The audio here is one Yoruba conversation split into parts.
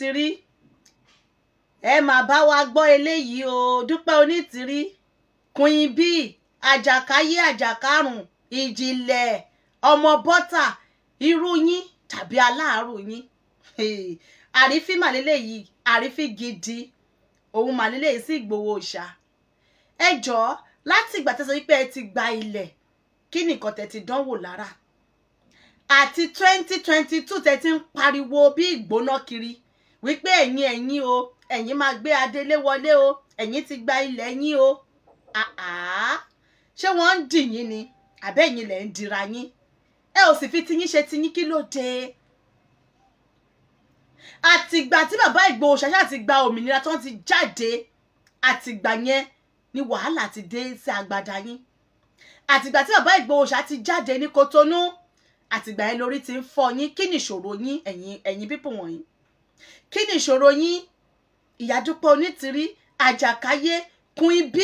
Tiri, ẹ máa bá wa gbọ́ eléyìí o dúpẹ́ onítìrí queen bee àjàkáyé àjàkárùn ìjìnlẹ̀ ọmọ bọ́tà irú yín tàbí aláàárù yín àrífín màlélẹ̀ yìí àrífín gidi òun màlélẹ̀ yìí sí ìgbowó òòṣà ẹ jọ̀ọ́ láti ìgbà tẹ́sán wípé ẹ ti gba ilẹ̀ kí nìkan tẹ́ ti dánwò lára àti twenty twenty two tẹ́ ti ń pariwo bí ìgbóná kiri wípé ẹ̀yin ẹ̀yin o ẹ̀yin máa gbé adélé wọlé o ẹ̀yin ti gba ilẹ̀ yín o ṣé wọ́n ń dì yín ni àbẹ́yìn lẹ̀ ń dira yín ẹ ò sì fi tiyín ṣe tiyín kí ló dé àtìgbà tí bàbá Ìgbòho ṣàṣà ti gba òmìnira tó ń ti jáde àtìgbà yẹn ni wàhálà ti dé sí agbada yín àtìgbà tí bàbá Ìgbòho ṣá ti jáde ní Kotonu àtìgbà yẹn lórí ti ń fọ yín kí ni ìṣòro yín ẹ̀yin pípò wọ̀nyí kí ni ìṣòro yín ìyádúpọ̀ onítìrí àjàkáyé queen b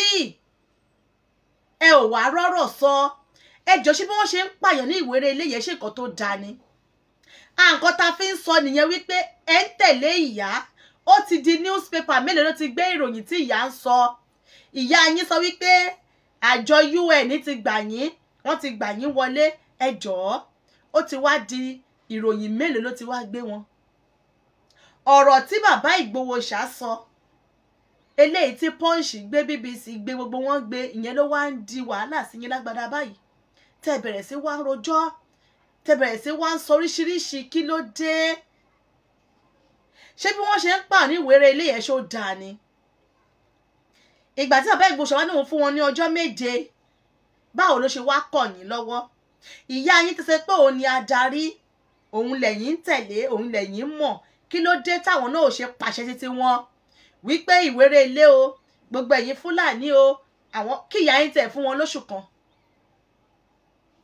ẹ ò wá rọ́rọ̀ sọ ẹ jọ ṣé bí wọ́n ṣe ń pààyàn ní ìwéré iléyẹ ṣe nǹkan tó dáa ni àǹkan tá a fi ń sọ nìyẹn wípé ẹ ń tẹ̀lé ìyá ó ti di newspaper mélòó ló ti gbé ìròyìn tí ìyá ń sọ ìyá yín sọ wípé àjọ UN ti gbà yín wọ́n ti gbà yín wọlé ẹ jọ̀ọ́ ó ti wá di ìròyìn mélòó ló ti wá gbé wọn ọ̀rọ̀ tí bàbá Ìgbòho ṣá sọ eléyìí tí Punch gbé BBC gbé gbogbo wọn gbé ìyẹn ló wá ń di wàhálà sí yín lágbádá báyìí tẹ́ bẹ̀rẹ̀ sí wá rojọ́ tẹ́ bẹ̀rẹ̀ sí wá ń sọ oríṣiríṣi kí ló dé ṣé bí wọ́n ṣe ń pà ní ìwéré ilé yẹn ṣó dáa ni ìgbà tí bàbá Ìgbòho ṣá wá níwọ̀n fún wọn ní ọjọ́ méje báwo ló ṣe wá kọ̀ yín lọ́wọ́ ìyá yín ti ṣe pé òun ni adarí òun lẹ́yìn tẹ̀lé òun lẹ́yìn mọ̀ kí ló dé táwọn náà ò ṣe pàṣẹ títí wọn wípé ìwéré ilé o gbogbo ẹ̀yin fúlàní o àwọn kíyà yín tẹ̀ fún wọn lóṣù kan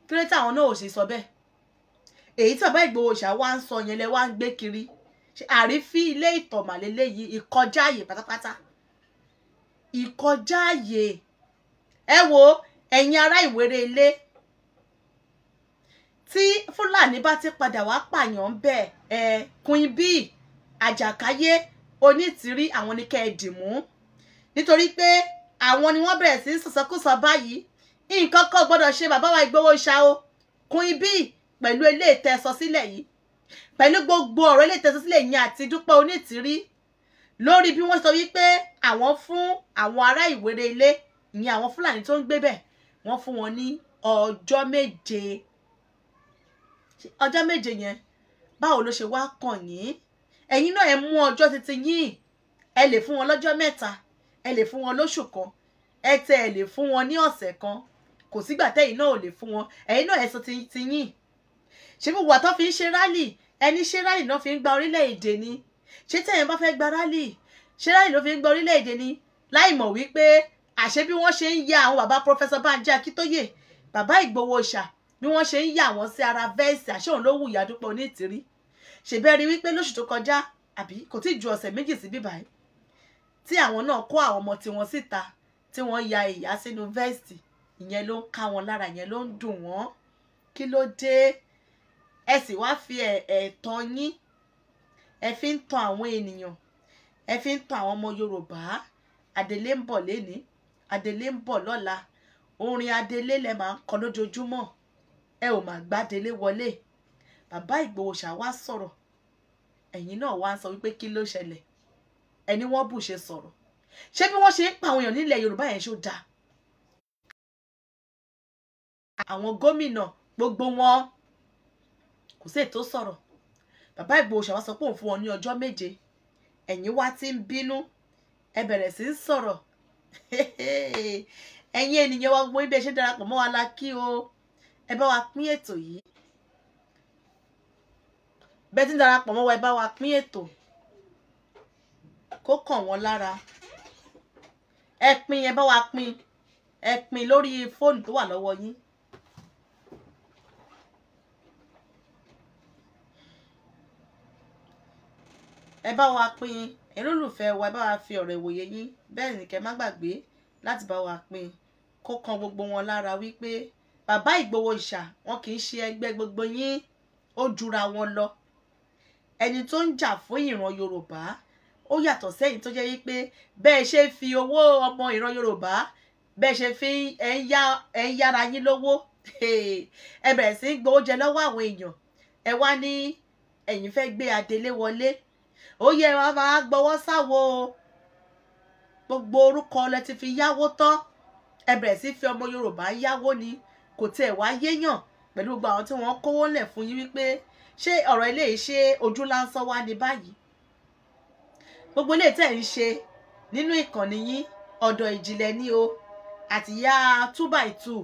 kí ló táwọn náà ò ṣe sọ bẹ́ẹ̀ èyí tí bàbá Ìgbòho ṣá wá ń sọ yẹn lẹ wá ń gbé kiri àrífín ilé ìtọ̀màlélé yìí ìkọjá àyè pátápátá ìkọjá àyè ẹ wo ẹ̀yin ará ìwéré ilé tí fúlàní bá ti padà wá pààyàn ń bẹ̀ ẹ̀ Queen Bee àjàkáyé onítìrí àwọn ni kẹ́ ẹ dì mú nítorí pé àwọn ni wọ́n bẹ̀rẹ̀ sí sọ̀sọ́kùsọ báyìí nǹkan kan gbọ́dọ̀ ṣe bàbá wa Ìgbòho ṣá o kún ibí pẹ̀lú ilé ìtẹ́sọ sílẹ̀ yìí pẹ̀lú gbogbo ọ̀rọ̀ ilé ìtẹ́sọ sílẹ̀ yẹn àti Dúpẹ́ Onítìrí lórí bí wọ́n sọ wípé àwọn fún àwọn ará Ìwéré Ilé ìyẹn àwọn Fúlàní tó ń gbé bẹ̀ wọ́n fún wọn ní ọjọ́ méje ọjọ́ méje yẹn báwo ló ṣe wá kàn yín ẹ̀yin náà ẹ mú ọjọ́ títí yín ẹ lè fún wọn lọ́jọ́ mẹ́ta ẹ lè fún wọn lóṣù kan ẹ tẹ ẹ lè fún wọn ní ọ̀sẹ̀ kan kò sígbà tẹ́yìn náà ò lè fún wọn ẹ̀yin náà ẹ sọ ti yín ṣé gbogbo àtọ́ fi ń ṣe rálì ẹni ṣe rálì náà fi ń gba orílẹ̀-èdè ni ṣé tẹ̀yìn bá fẹ́ gba rálì ṣe rálì ló fi ń gba orílẹ̀-èdè ni láì mọ̀ wípé àṣẹ bí wọ́n ṣe ń ya àwọn bàbá pọfẹsọ Bánjí Akíntóyè bàbá Ìgbòho Òòṣà bí wọ́n ṣe ń ya àwọn sí ara vẹ́ẹ̀sì àṣẹ òun ló wù Ìyá Dúpẹ́ Onítìrí ṣèbẹ́ rí wípé lóṣù tó kọjá àbí kò tí ì ju ọ̀sẹ̀ méjì sí bíbá yìí tí àwọn náà kó àwọn ọmọ tiwọn síta tí wọ́n ya ìyá sínú vẹ́ẹ̀sì ìyẹn ló ń ká wọn lára ìyẹn ló ń dùn wọ́n kí ló dé ẹ sì wá fi ẹ̀tọ́ yín ẹ fi ń tan àwọn ènìyàn ẹ fi ń tan àwọn ọmọ Yorùbá àdélé ń bọ̀ léni àdélé ń bọ̀ lọ́la orin adélé lẹ máa ń kọ lójoojúmọ́ ẹ ò máa gbádélé wọlé bàbá Ìgbòho ṣá wá sọ̀rọ̀ ẹ̀yin náà wá ń sọ wípé kí ló ṣẹlẹ̀ ẹni wọ́n bù ṣe sọ̀rọ̀ ṣé bí wọ́n ṣe ń pa àwọn èèyàn nílẹ̀ Yorùbá yẹn ṣó dáa àwọn gómìnà gbogbo wọn kò sí ètò sọ̀rọ̀ bàbá Ìgbòho ṣá wá sọ pé òun fún wọn ní ọjọ́ méje ẹ̀yin wá ti ń bínú ẹ bẹ̀rẹ̀ sí ń sọ̀rọ̀ ẹ̀yin ènìyàn wa gbogbo ibi ẹ ṣe darapọ̀ mọ́ wa la kí o ẹ bá wa pín ètò yìí bẹ́ẹ̀ tí ń darapọ̀ mọ́ wa ẹ bá wa pín ètò kó kàn wọ́n lára ẹ pín ẹ bá wa pín ẹ pín lórí fóònù tó wà lọ́wọ́ yín. ẹ bá wa pín olólùfẹ́ wa ẹ bá wa fi ọ̀rọ̀ ìwòye yín bẹ́ẹ̀ ni kẹ́ má gbàgbé láti bá wa pín kó kan gbogbo wọn lára wípé bàbá Ìgbòho ìṣà wọn kì í ṣe ẹgbẹ́ gbogbo yín ó jura wọn lọ ẹni tó ń jà fún ìran yorùbá ó yàtọ̀ sẹ́yìn tó jẹ́ wípé bẹ́ẹ̀ ṣe fi owó ọmọ ìran yorùbá bẹ́ẹ̀ ṣe fi ẹ̀ ń yára yín lówó ẹ bẹ̀rẹ̀ sí í gbowó jẹ lọ́wọ́ àwọn èèyàn ẹ wá ní ẹ̀yin fẹ́ gbé adelé wọlé ó yẹ wá máa gbọ́wọ́ sáwo gbogbo orúkọ lẹ ti fi yáwó tán ẹ bẹ̀rẹ̀ sí fi ọmọ yorùbá yáwó ni kò tiẹ̀ wá yéèyàn pẹ̀lú gbogbo àwọn tí wọ́n kówó lẹ̀ fún yín wípé ṣé ọ̀rọ̀ eléyìí ṣe ojú lásán wá ní báyìí gbogbo eléyìí tẹ̀ ń ṣe nínú ìkànnì yín ọ̀dọ̀ ìjìnlẹ̀ ni o àti ìyá two by two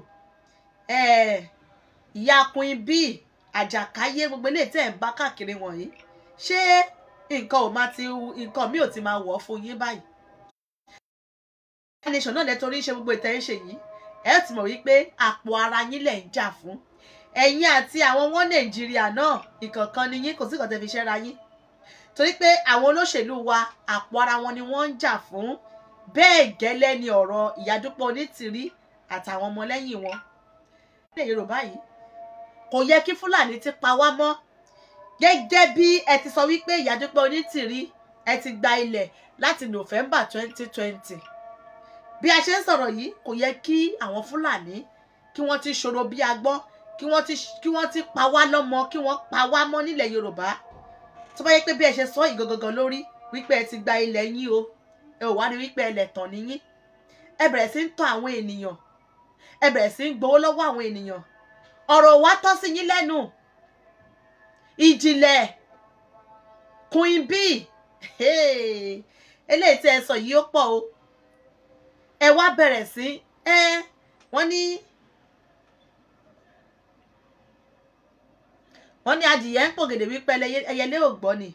ìyá queen b àjàkáyé gbogbo eléyìí tẹ̀ ń bá káàkiri wọ̀nyí ṣé nǹkan ò máa ti nǹkan mi ò ti máa wọ̀ fún yín báyìí. ẹnìṣàn náà lẹ́tọ́rí ṣe gbogbo ìtẹ̀ ń ṣe yìí ẹ ti mọ̀ wípé àpò ara yín lẹ̀ ń jà fún ẹ̀yin àti àwọn wọn nàìjíríà náà ìkọ̀ọ̀kan ni yín kò sí ìkọ̀tẹ́ fi ṣẹ́ra yín torí pé àwọn olóṣèlú wa àpò ara wọn ni wọ́n ń jà fún bẹ́ẹ̀ gẹ́lẹ́ ni ọ̀rọ̀ ìyádúpọ̀ onítìrí àtàwọn ọmọlẹ́yìn wọn. ilẹ̀ yorùbá yìí kò yẹ kí fúlàní ti pa wá mọ́ gẹ́gẹ́ bí ẹ ti sọ wípé ìyádúpọ̀ onítìrí ẹ ti gba ilẹ̀ láti november twenty twenty bí a ṣe ń sọ̀rọ̀ yìí kò yẹ kí àwọn fúlàní kí wọ́n ti ṣòro bí agbọ́n kí wọ́n ti kí wọ́n ti pa wá lọ́mọ kí wọ́n pa wá mọ́ nílẹ̀ yorùbá tó bá yẹ pé bí ẹ ṣe sọ ìgangangan lórí wípé ẹ ti gba ilẹ̀ yín o ẹ ò wá rí wípé ẹ lẹ̀ tàn níyín ẹ bẹ̀rẹ̀ sí ń tàn àwọn ènìyàn ẹ bẹ̀rẹ̀ sí ń gbowó lọ́wọ́ àwọn ènìyàn ọ̀rọ̀ wa tọ́ sí yín lẹ́nu ìjìnlẹ̀ queen b eléyìí tí ẹ sọ yìí ó pọ̀ o ẹ wá bẹ̀rẹ̀ sí ẹ wọ́n ní. wọ́n ní adìyẹ ń pògèdè wípé ẹyẹlé ò gbọ́ ni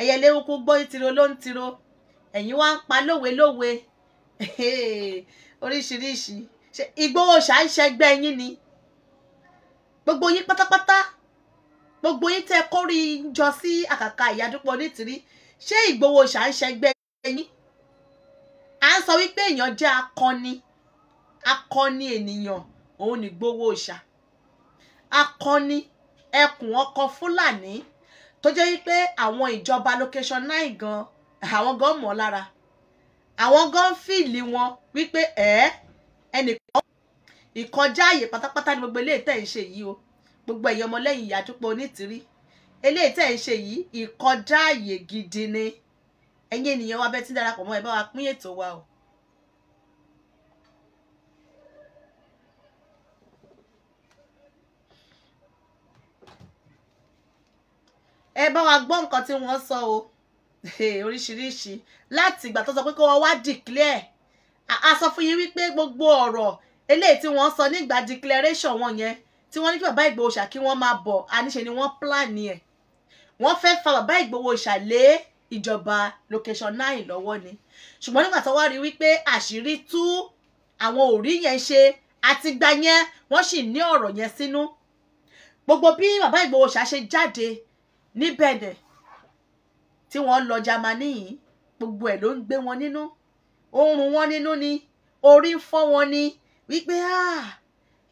ẹyẹlé kúkú gbọ́ ìtiro ló ń tiro ẹ̀yin wá ń pa lówe lówe oríṣiríṣi ṣe Ìgbòho ṣàǹṣẹgbẹ́ yín ni gbogbo yín pátápátá gbogbo yín tẹ kórí jọ sí àkàkà ìyádúpọ̀ nítìrí ṣé Ìgbòho ṣàǹṣẹgbẹ́ yín à ń sọ wípé èèyàn jẹ́ akọni akọni ènìyàn òun ní ṣà akọni ẹkùn ọkọ̀ fúlàní tó jẹ́ wípé àwọn ìjọba location nine gan àwọn gan mọ̀ lára àwọn gan fìlì wọn wípé ẹ ẹnìkan ìkọjá àyè pátápátá ni gbogbo eléyìí tẹ̀ ń ṣe yìí o gbogbo ẹ̀yọ́ ọmọlẹ́yìn ìyá Àdúpẹ́ Onítìrí eléyìí tẹ̀ ń ṣe yìí ìkọjá àyè gidi ni ẹ̀yin ènìyàn wa bẹ́ẹ̀ tí darapọ̀ mọ́ ẹ bá wa pín ètò wa o ẹ bá wa gbọ́ nǹkan tí wọ́n sọ o oríṣiríṣi láti ìgbà tó sọ pé kí wọ́n wá declare a sọ fún yín wípé gbogbo ọ̀rọ̀ eléyìí tí wọ́n sọ nígbà declaration wọn yẹn tí wọ́n ní kí bàbá Ìgbòho ṣà kí wọ́n máa bọ̀ àníṣe ni wọ́n plan ẹ̀ wọ́n fẹ́ fa bàbá Ìgbòho ṣà lé ìjọba location nine lọ́wọ́ ni ṣùgbọ́n nígbà tó wá rí wípé àṣírí tú àwọn òrí yẹn ṣe àtìgbà yẹn wọ́n sì ní ọ̀rọ̀ yẹn sínú gbogbo bí bàbá Ìgbòho ṣà ṣe jáde ní Benin tí wọ́n lọ Jámánì yìí gbogbo ẹ̀ ló ń gbé wọn nínú ó wọn nínú ni orí ń fọ́ wọn ni wípé ah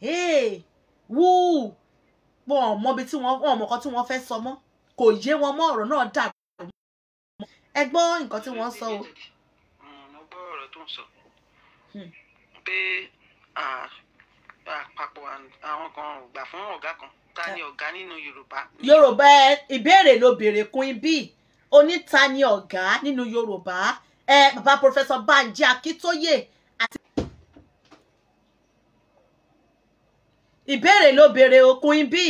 hey woo, wọn ò mọbi tí wọn wọn ò mọkàn tí wọ́n fẹ́ sọ mọ́ kò yé wọn mọ́ ọ̀rọ̀ náà dà ẹ gbọ́ nǹkan tí wọ́n sọ o. mo gbọ́ ọ̀rọ̀ tó ń sọ pé àwọn kan ò gbà fún ọ̀gá kan ta ni ọ̀gá nínú yorùbá. yorùbá ìbéèrè ló béèrè kún ibí oní ta ni ọ̀gá nínú yorùbá ẹ bàbá pòfẹsọ Bánjí Akíntóyè àti. ìbéèrè ló béèrè okun ibí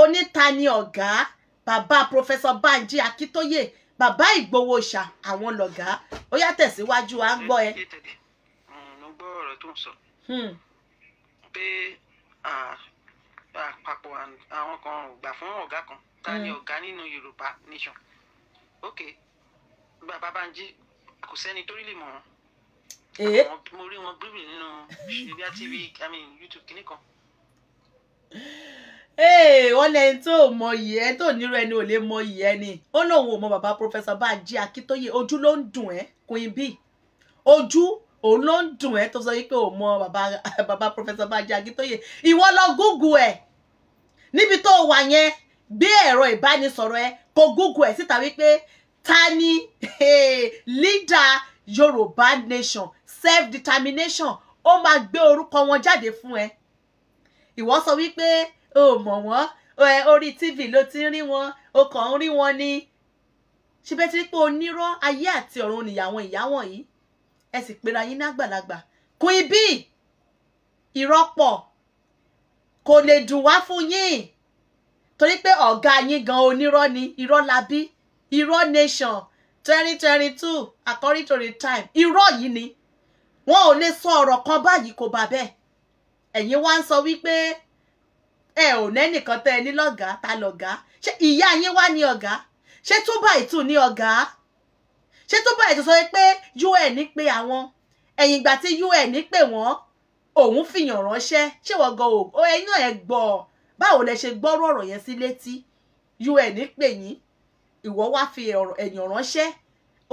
oní ni ọ̀gá bàbá pòfẹsọ Bánjí Akíntóyè bàbá Ìgbòho àwọn lọ̀gá ó yá tẹ̀síwájú à ń gbọ́ ẹ. mo gbọ́ ọ̀rọ̀ tó ń sọ hmm. pé àpapọ̀ àwọn kan ò gbà fún ọ̀gá kan ta ni hmm. ọ̀gá nínú Yorùbá nation ok bàbá Bánjí kò sẹ́ni tó rí lè mọ̀ wọn mo rí wọn bíbí nínú Yorùbá TV I mean YouTube kìíní kan eh, wọ́n lẹ́yìn tó mọyì ẹ tó nírú ẹni ò lè mọyì ẹ ni ó lóun ò mọ bàbá pọfẹsọ Bánjí Akíntóyè ojú ló ń dùn ẹ Queen Bee ojú òun ló ń dùn ẹ́ tó sọ yìí pé òun mọ bàbá Baba, pọfẹsọ Bánjí Akíntóyè ìwọ lọ gúgù ẹ níbi tó wà yẹn gbé ẹ̀rọ ìbánisọ̀rọ̀ ẹ kó gúgù ẹ síta wípé ta ni lídà Yorùbá nation self determination ó máa gbé orúkọ wọn jáde fún ẹ ìwọ sọ wípé o mọ̀ wọ́n orí tv ló ti rí wọn o kàn ń rí wọn ni ṣe bẹ́ẹ̀ ti rí pé onírọ́ ayé àti ọ̀run nìyàwó ìyá wọ̀nyí ẹ sì pera yín ní àgbàlagbà Queen B ìrọ́pọ̀ kò lè dùn wá fún yín torí pé ọ̀gá yín gan onírọ́ ni irọ́ labí irọ́ nation twenty twenty two according to the time irọ́ yìí ni wọn ò lè sọ ọ̀rọ̀ kan báyìí kò bá bẹ́ẹ̀ ẹ̀yin wá ń sọ wípé ẹ ò nẹ́nìkan tẹ́ ẹ ní lọ́gàá ta lọ́gàá ṣé ìyá yín wá ní ọ̀gá ṣé túbà ìtù ní ọ̀gá ṣé tó bá ètò sọ pé un pe àwọn ẹ̀yìn ìgbà tí un pè wọ́n òun fìyàn ránṣẹ́ ṣé wọ́n gan o ẹ̀yin náà ẹ gbọ́ ọ báwo lẹ ṣe gbọ́rọ̀ ọ̀rọ̀ yẹn sí létí un pè yín ìwọ wá fi ẹ̀yàn ránṣẹ́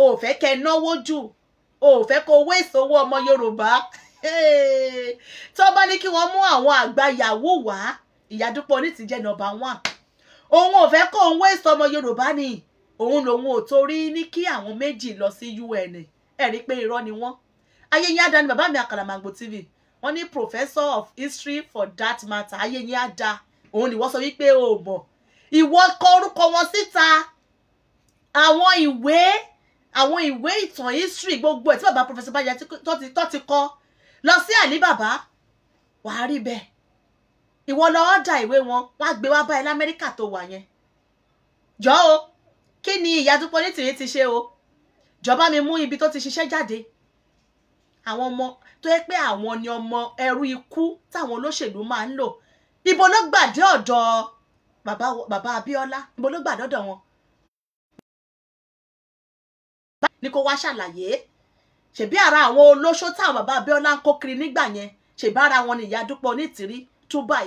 o ò fẹ́ kẹ́ náwó jù o ò fẹ́ kó owó ìsowó ọmọ yorùbá tó bá ní kí wọ́n mú àwọn àgbà yahoo wá ìyá Dúpẹ́ Onítìrí jẹ́ nọ́mbà one òun ò fẹ́ kó owó ìsọmọ yorùbá ni òun lòun ò torí ní kí àwọn méjì lọ sí UN ẹ rí i pé irọ́ ni wọ́n ayé yín á da ni bàbá mi àkàlàmàgbò TV wọ́n ní professor of history for that matter ayé yín á da òun ni wọ́n sọ wípé o mọ̀ ìwọ kọ orúkọ wọn síta àwọn ìwé àwọn ìwé ìtàn history gbogbo ẹ̀ tí bàbá professor bá yẹ tó ti kọ lọ sí àlí bàbá wàá rí bẹ́ẹ̀ ìwọ lọ ọ́dà ìwé wọn wàá gbé wá báyìí lamẹ́ríkà tó wà yẹn jọ́ o kí ni ìyá Dúpẹ́ Onítìrí ti ṣe o ìjọba mi mú ibi tó ti ṣiṣẹ́ jáde àwọn ọmọ tó yẹ pé àwọn ni ọmọ ẹrú ikú táwọn olóṣèlú máa ń lò ibo ló gbàdé ọ̀dọ̀ bàbá Abíọ́lá ibo ló gbàdé ọ̀dọ̀ wọn ni kó wá ṣàlàyé ṣèbí ara àwọn olóṣó táwọn bàbá Abíọ́lá ń kó kiri nígbà yẹn ṣèbá ara wọn ni ìyá Dúpẹ́ Onítìrí two by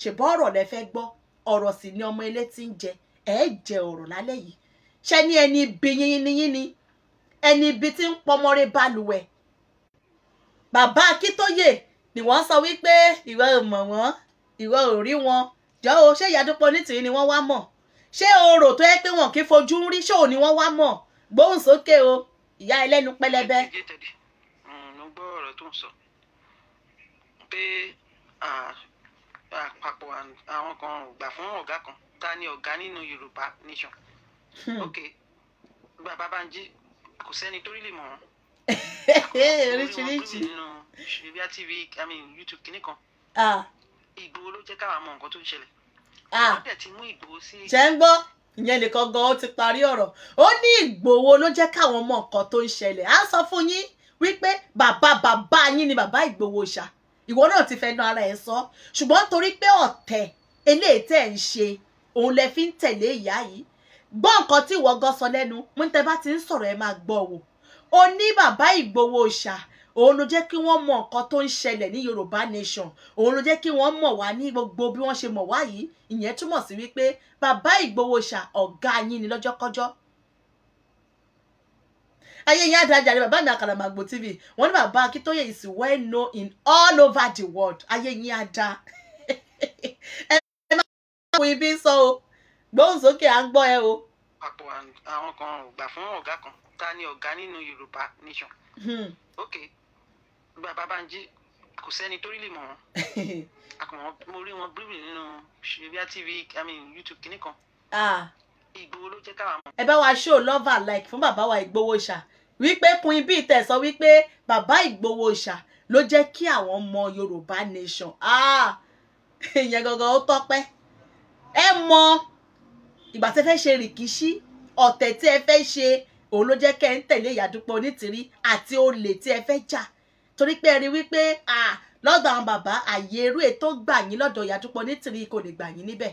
ṣèbá ọ̀rọ̀ lẹ gbọ́ ọ̀rọ̀ sì ni ọmọ ilé ti ń jẹ ẹ̀ ọ̀rọ̀ lálẹ́ yìí ṣe ni ẹni ibi yín ni ni ẹni ibi tí ń pọmọre balùwẹ̀ bàbá akíntóyè ni wọ́n sọ wípé ìwọ ò mọ̀ wọ́n ìwọ ò rí wọn jọ o ṣé ìyádúpọ̀ nítìrí ni wọ́n wá mọ̀ ṣé orò tó yẹ pé wọn kì í fojú rí ṣòwò ni wọ́n wá mọ̀ gbóhùn sókè o ìyá ẹlẹ́nu pẹlẹbẹ. àpapọ̀ àwọn kan ò gbà fún ọ̀gá kan ta ni ọ̀gá nínú Yorùbá nation Hmm. ok gba Babánjí kò sẹ́ni tó rí lè mọ̀ ọ́n oríṣiríṣi nínú Ṣòyíbíà TV i mean YouTube kìíní kan ah. Ìgbòho ló jẹ́ káwa mọ nǹkan tó ń ṣẹlẹ̀ wọ́n ah. dẹ̀ ti mú Ìgbòho sí. ṣé ń gbọ́ ìyẹn nìkan gan ó ti parí ọ̀rọ̀ ó ní Ìgbòho ló jẹ́ káwọn mọ nǹkan tó ń ṣẹlẹ̀ á sọ fún yín wípé bàbá bàbá yín ni bàbá Ìgbòho ṣá ìwọ náà ti fẹnu ara ẹ sọ ṣùgbọ́n torí pé ọ̀tẹ̀ eléyìí tẹ̀ ń ṣe òun lẹ fi ń tẹ̀lé ìyá yìí gbọ́ nǹkan tí ìwọ gan sọ lẹ́nu mo ní tẹ bá ti ń sọ̀rọ̀ ẹ máa gbọ́ wò ó ní bàbá Ìgbòho Òòṣà òun ló jẹ́ kí wọ́n mọ nǹkan tó ń ṣẹlẹ̀ ní Yorùbá nation òun ló jẹ́ kí wọ́n mọ̀ wá ní gbogbo bí wọ́n ṣe mọ̀ wá yìí ìyẹn túmọ̀ sí wípé bàbá Ìgbòho Òòṣà ọ̀gá yín ni lọ́jọ́kọ́jọ́ ayé yẹn adájà ni bàbá mi àkàlàmàgbò tv wọn ní bàbá Akíntóyè is well known in all over the world ayé yẹn adá ẹ máa ń wo ibi sọ o gbóhùn sókè à ń gbọ́ ẹ o. àpò àwọn kan ò gbà fún ọ̀gá kan ta ni ọ̀gá nínú Yorùbá nation. Hmm. ok bàbá Bánjí kò sẹ́ni tó rí lè mọ̀ wọ́n àkànwọ́n mo rí wọn bíbí nínú ṣèbíà tv i mean youtube kìnnì kan. Ìgbòho ló jẹ́ káwa mọ̀. ẹ bá wa show love like fún bàbá wa Ìgbòho ṣá wípé Queen Bee tẹ̀sọ wípé bàbá Ìgbòho ṣá ló jẹ́ kí àwọn ọmọ Yorùbá nation ìyẹn gangan ó tọ́pẹ́ ẹ mọ ìgbà tẹ́ fẹ́ ṣe rìkíṣí ọ̀tẹ̀ tí ẹ fẹ́ ṣe òun ló jẹ́ kẹ́ ń tẹ̀lé ìyàdúpọ̀ onítìrí àti olè tí ẹ fẹ́ jà torí pé ẹ rí wípé lọ́dọ̀ àwọn bàbá àyè eré tó gbà yín lọ́dọ̀ ìyàdúpọ̀ onítìrí kò lè gbà yín níbẹ̀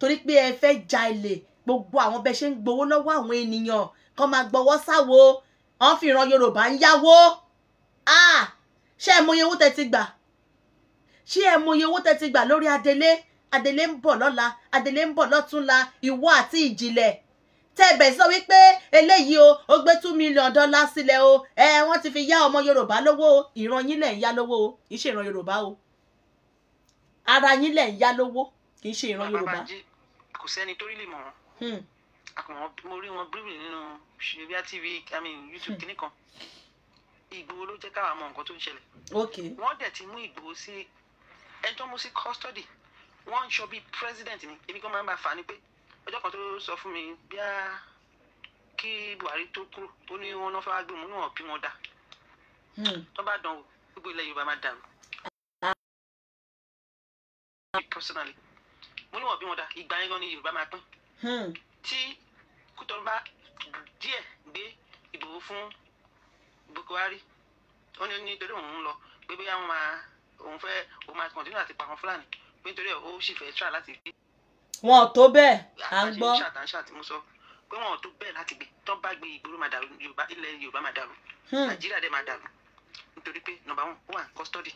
torí pé ẹ fẹ́ ja ilé gbogbo àwọn bẹ́ẹ̀ ṣe ń gbowó lọ́wọ́ àwọn ènìyàn kọ́ máa gbọ́wọ́ sáwo wọ́n fi ìran yorùbá ń yáwó ṣé ẹ mọyé owó tẹ́ ti gbà ṣé ẹ mọyé owó tẹ́ ti gbà lórí adelé adelé ń bọ̀ lọ́la adelé ń bọ̀ lọ́túnla ìwọ àti ìjìnlẹ̀ tẹ́ẹ̀bẹ̀ sọ wípé eléyìí o ó gbé two million dollars sílẹ̀ o ẹ wọ́n ti fi yá ọmọ yorùbá lówó o ìran yín lẹ̀ ń yá lówó o kì í ṣe ìran yorùbá o ara yín lẹ̀ ń yá lówó kì í ṣe ìran yorùbá. kò sẹ́ni tó rí lè hmm. mọ̀ wọ́n mo rí wọn bíbí nínú ṣèbíà tv i mean youtube hmm. kìnnì kan ìgbòho ló jẹ́ káwa mọ nǹkan tó ń ṣẹlẹ̀ wọ́n dẹ̀ ti mú ìgbòho sí ẹjọ́ mú sí custody wọ́n ń sọ bíi president ni èmi kan máa ń bá fani pé ọjọ́ kan tó sọ fún mi bíá kí Buhari tó kúrò ó ní wọn náà fẹ́ gbé mu níwọ̀n bí wọ́n dá hmm. tó bá dán o gbogbo ilẹ̀ Yorùbá máa dàrú. Ah. personally mo níwọ̀n bí wọ́n dá ìgbà yẹn gan ni Yorùbá máa pín hmm. tí kútọ́rọ́ bá díẹ̀ gbé ìbòwò fún Buhari ó ní nítorí òun ń lọ pé bóyá òun máa òun fẹ́ òun máa kọ̀ntínú àti pa àwọn Fúlàní nítorí ẹ̀ ó sì fẹ́ try láti gbé. wọn ò tó bẹ́ẹ̀ à ń gbọ́. àtàṣe àtàṣe àti mo sọ pé wọn ò tó bẹ́ẹ̀ láti gbé tán bá gbé ìgboro máa dàrú ilẹ̀ yorùbá máa dàrú hmm. nàìjíríà dẹ̀ máa dàrú nítorí pé nọ́mbà wọn ó wà custody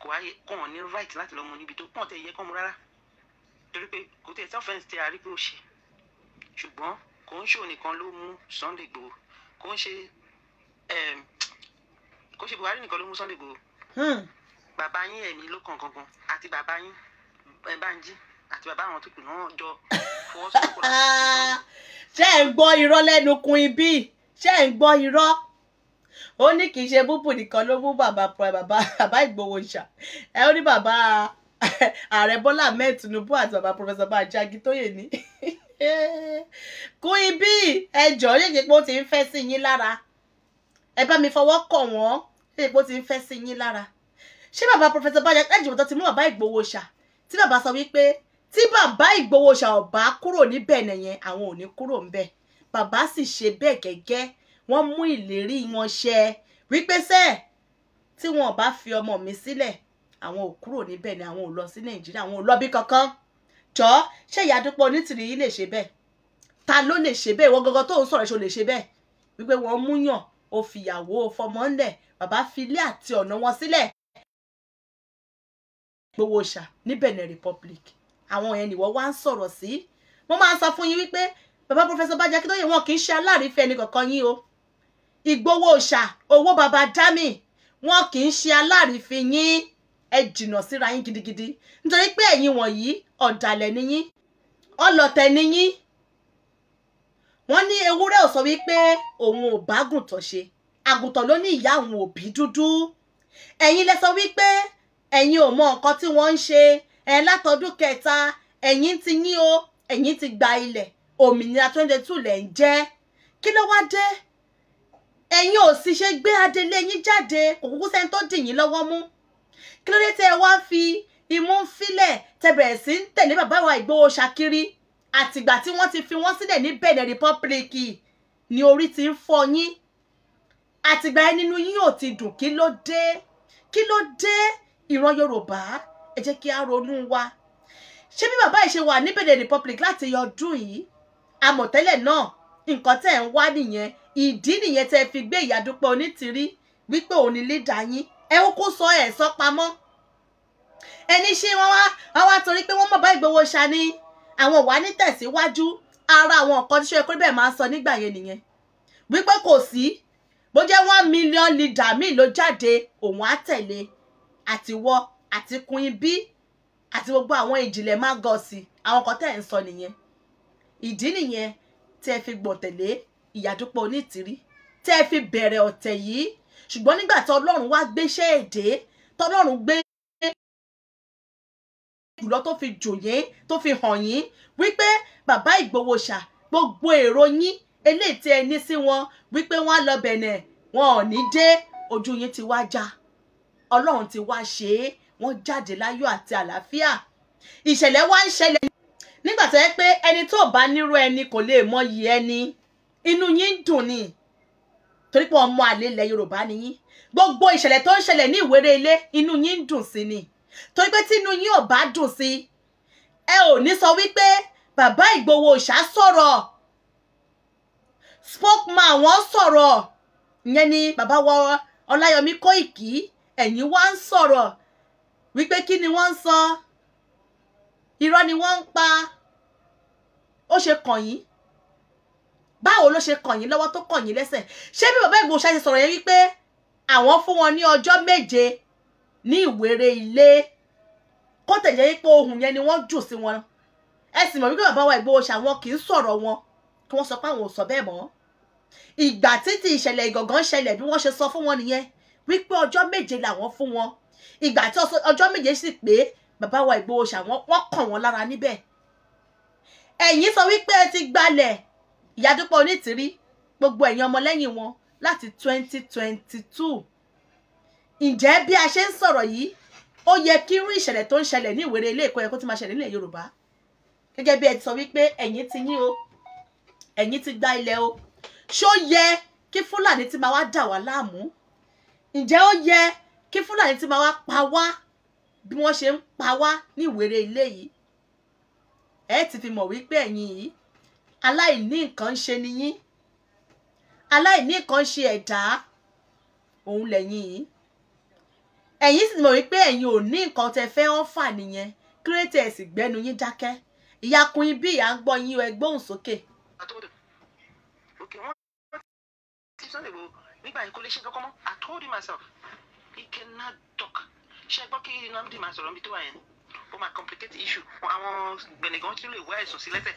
kò wáyé kò wọn ní right láti lọ níbi tó kàn tẹ yẹ kàn mú rárá torí pé kò tẹ self-defense tẹ àrí ṣùgbọ́n kò ń ṣòwò nìkan ló mú Sunday Igboho kò ń ṣe kò ṣe Buhari nìkan ló mú Sunday Igboho hmm bàbá yín ẹ̀mí ló kàn gangan àti bàbá yín Bánjí àti bàbá àwọn tó kù náà jọ fọwọ́sowọ́pọ̀ láti. ṣé ẹ̀ ń gbọ́ irọ́ lẹ́nu kun ibi ṣé ẹ̀ ń gbọ́ irọ́ ó ní kì í ṣe búbù nìkan ló mú bàbá bàbá Ìgbòho ṣà ẹ ó ní bàbá ààrẹ Bọ́lá Ahmed Tinubu àti bàbá pọfẹsọ Banji Akíntóyè ní kun ibi ẹjọ́ yéèké pé ti ń fẹ́ sí yín lára ẹ bá mi fọwọ́ kọ̀ wọ́n yéèké ti ń fẹ́ sí yín lára ṣé bàbá Professor Báyọ̀ ẹ̀jẹ̀ tó ti mú bàbá Ìgbòho ṣà tí bàbá sọ wípé tí bàbá Ìgbòho ṣà ọ̀bá kúrò níbẹ̀ nìyẹn àwọn ò ní kúrò ńbẹ̀ bàbá sì ṣe bẹ́ẹ̀ gẹ́gẹ́ wọ́n mú ìlérí wọn ṣẹ wípé sẹ́ẹ̀ tí wọn ò bá fi ọmọ mi sílẹ̀ àwọn ò kúrò níbẹ̀ ni àwọn ò lọ sí Nàìjíríà àwọn ò lọ bí kankan jọ ṣé ìyá Dúpẹ́ Onítìrí yìí lè ṣe bẹ́ẹ̀ ta ló lè ṣe bẹ́ẹ̀ ìwọ gangan tó ń sọ̀rọ̀ ṣe ò lè ṣe bẹ́ẹ̀ wípé wọ́n múyàn ó fìyàwó fọmọ bàbá fi ilé àti ọ̀nà wọn sílẹ̀ gbowóṣà ní Benin Republic àwọn yẹn nìwọ wá ń sọ̀rọ̀ sí mo máa ń sọ fún yín wípé bàbá pọfẹsọ Bánjí Akíntóyè wọn kì í ṣe aláàrífẹ ẹnì kọ̀ọ̀kan yín o ìgbowóṣà owó bàbá dámì wọn kì í ṣe aláàrífẹ yín ẹ jìnnà síra yín gidigidi nítorí pé ẹ̀yin wọ̀nyí ọ̀dàlẹ̀ ni yín ọlọ̀tẹ̀ ni yín wọ́n ní ewúrẹ́ ò sọ wípé òun ò bá gùntàn ṣe àgùntàn ló ní ìyá òun òbí dúdú ẹ̀yin lẹ sọ wípé ẹ̀yin ò mọ nǹkan tí wọ́n ń ṣe ẹ látọdún kẹta ẹ̀yin ti yín o ẹ̀yin ti gba ilẹ̀ òmìnira twenty two lẹ̀ ń jẹ́ kí ló wá dé ẹ̀yin ò sì ṣe gbé adelé yín jáde kò kúkú sẹ́ni tó dì yín lọ́wọ́ mú kí ló dé tẹ́ ẹ wá fi imú ń filẹ̀ sí ń tẹ̀lé bàbá wa Ìgbòho Ṣakiri àtìgbà tí wọ́n ti fi wọ́n sílẹ̀ ní Benin Republic ni orí ti ń fọ́ yín àtìgbà yẹn nínú yín ò ti dùn kí ló dé kí ló dé ìran yorùbá ẹ jẹ́ kí a ronú wa ṣé bí bàbá yìí ṣe wà ní Benin Republic láti ọdún yìí àmọ̀tẹ́lẹ̀ náà nǹkan tẹ̀ ń wá nìyẹn ìdí nìyẹn tẹ́ fi gbé ìyàdúpẹ́ onítìrí wípé òun ni lídà yín ẹ ó kó sọ ẹ̀ sọ pamọ́ ẹni ṣé wọ́n wá wọ́n wá torí pé wọ́n mọ̀ bá Ìgbòho ṣá ni àwọn wà ní tẹ̀síwájú ara àwọn nǹkan tíṣe pé bẹ́ẹ̀ máa ń sọ nígbà yẹn nìyẹn wípé kò sí bó jẹ́ one million leader míì ló jáde òun á tẹ̀lé àtiwọ́ àti Queen B àti gbogbo àwọn ìjìnlẹ̀ má gọ̀ sí àwọn kan tẹ̀ ń sọ nìyẹn ìdí nìyẹn tẹ́ fi gbọ̀tẹ̀lé ìyàdúpọ̀ onítìrí tẹ́ fi bẹ̀rẹ̀ ọ̀tẹ̀ yìí ṣùgbọ́n nígbà tí ọlọ́run wá gbéṣẹ́ èdè tọ́lọ́run gbé jùlọ tó fi jòyè tó fi hàn yín wípé bàbá ìgbowóṣà gbogbo èrò yín eléyìí tí ẹ ní sí wọn wípé wọn lọ bẹ̀nẹ̀ wọn ò ní dé ojú yín ti wá já. Ja ọlọ́run ti wá ṣe é wọ́n jáde láyọ̀ àti àlàáfíà ìṣẹ̀lẹ̀ wá ń ṣẹlẹ̀ nígbà tó yẹ pé ẹni tó bá nírú ẹni kò lè mọyì ẹni inú yín dùn ni torí pé ọmọ àlè ilẹ̀ yorùbá ni yín gbogbo ìṣẹ̀lẹ̀ tó ń ṣẹlẹ̀ ní ìwéré ilé inú yín ń dùn sí ni torí pé tí inú yín ò bá dùn sí ẹ ò ní sọ wípé bàbá ìgbòho ìṣá sọ̀rọ̀ spokesman wọn sọ̀rọ̀ ìyẹn ni bàbá wa ọláyọmí kóìkì ẹ̀yin wá ń sọ̀rọ̀ wípé kí ni wọ́n ń sọ irọ́ ni wọ́n ń pa ó ṣe kàn yín báwo ló ṣe kàn yín lọ́wọ́ tó kàn yín lẹ́sẹ̀ ṣé bí bàbá ìgbòho ṣe sọ̀rọ̀ yẹn wípé àwọn fún wọn ní ọjọ́ méje ní ìwéré ilé kó tẹ̀jẹ́ wípé ohun yẹn ni wọ́n jù sí wọn ẹ sì mọ̀ wípé bàbá wa ìgbòho ṣàwọn kì í sọ̀rọ̀ wọn kí wọ́n sọ pé àwọn ò sọ bẹ́ẹ̀ mọ́ ìgbà títí ìṣẹ̀lẹ̀ ìgangan ṣẹlẹ̀ bí wọ́n ṣe sọ fún wọn nìyẹn wípé ọjọ́ méje làwọn fún wọn ìgbà tí ọjọ́ méje sì pé bàbá wa Ìgbòho ṣàwọn wọ́n kàn wọ́n lára níbẹ̀ ẹ̀yin sọ wípé ẹ ti gbalẹ̀ ìyádúpọ̀ onítìrí gbogbo ẹ̀yin ọmọlẹ́yìn wọn láti twenty twenty two ǹjẹ́ bí a ṣe ń sọ̀rọ̀ yìí ó yẹ kí irú ìṣẹ̀lẹ̀ tó ń ṣẹlẹ̀ ní Ìwéré ilé ẹ̀kọ́ yẹ kó ti máa ṣẹlẹ̀ nílẹ̀ Yorùbá gẹ́gẹ́ bí ẹ ti sọ wípé ẹ̀yin ti yín o ẹ̀yin ti gba ilẹ̀ o ṣó yẹ kí Fúlàní ti máa wá dà wá láàmú ǹjẹ́ ó yẹ kí fúlàní ti máa wá pa wá bí wọ́n ṣe ń pa wá ní ìwéré ilé yìí ẹ ti fi mọ̀ wípé ẹ̀yin yìí aláìní nǹkan ṣe ni yín aláìní nǹkan ṣe ẹ̀dá òun lẹ̀yin yìí ẹ̀yin sì mọ̀ wípé ẹ̀yin ò ní nǹkan tẹ fẹ́ ọ́fà nìyẹn kírètẹ̀sì gbẹ́nu yín dákẹ́ ìyàkùn ibi ìyá ń gbọ́ yín ẹgbóhùn sókè nígbà yẹn kò lè ṣe I told him myself he cannot talk ṣe gbọ́ kí Nnamdi máa sọ̀rọ̀ mi tó wà yẹn ó máa complicate issue àwọn gbẹ̀nẹ̀gàn tí ó lè wá ẹ̀sùn sí lẹ́sẹ̀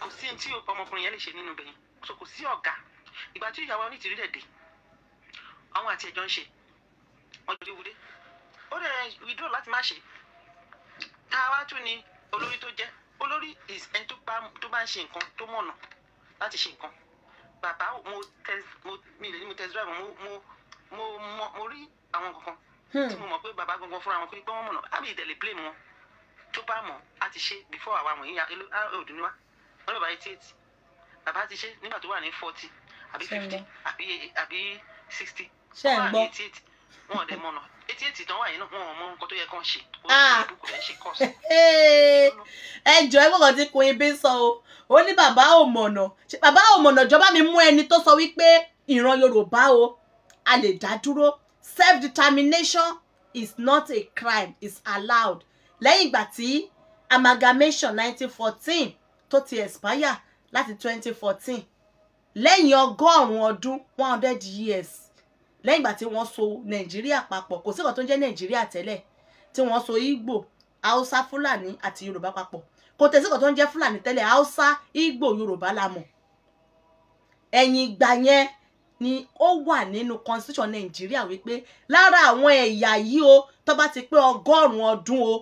kò sí ẹni tí ọmọkùnrin yẹn lè ṣe nínú ibẹ̀ yẹn so kò sí ọ̀gá ìgbà tí ìyàwó onítìrí dẹ̀ dé àwọn àti ẹ̀jọ́ ń ṣe wọ́n jọ wúdé ó dẹ̀ withdraw láti má ṣe tá a wá tún ni olórí tó jẹ́ olórí ẹni tó bá ń ṣe nǹkan tó mọ̀nà láti ṣe nǹkan bàbá mo test mo mi ní mo test drive mo mo mo mo rí àwọn kankan hmm. tí mo mọ̀ pé bàbá gangan fúnra wọn pé pé mọ̀nà àbí ìdẹ̀lẹ̀ blame wọn tó bá mọ̀ á ti ṣe before àwa wọ̀nyí òdù ni wá wọ́n lọ bá eighty eight bàbá ti ṣe nígbà tó wà ní forty àbí fifty àbí àbí sixty wọ́n wà eighty eight wọ́n ọ̀dẹ̀ mọ̀nà etí ètì tán wà yìí náà wọn ò mọ nǹkan tó yẹ kán ṣe ah. olùdókòwò ẹ ṣe kọ́ọ̀sì. ẹ jọ ẹ mọ̀kàn tí kun ibi sọ o ó ní bàbá òmọ̀nà bàbá òmọ̀nà jọba mi mú ẹni tó sọ wípé ìran yorùbá o a lè dá dúró self determination is not a crime it's allowed lẹ́yìn ìgbà tí amalgamation nineteen fourteen tó ti expire láti twenty fourteen lẹ́yìn ọgọ́rùn-ún ọdún one hundred years lẹ́yìn ìgbà tí wọ́n so nàìjíríà papọ̀ kò sí nǹkan tó ń jẹ́ nàìjíríà tẹ́lẹ̀ tí wọ́n so ìgbò haúsá fúlàní àti yorùbá papọ̀ kò tẹ̀sí nǹkan tó ń jẹ́ fúlàní tẹ́lẹ̀ haúsá ìgbò yorùbá la mọ̀ ẹ̀yìn ìgbà yẹn ni ó wà nínú constitution nàìjíríà wípé lára àwọn ẹ̀yà yìí o tó bá ti pé ọgọ́rùn-ún ọdún o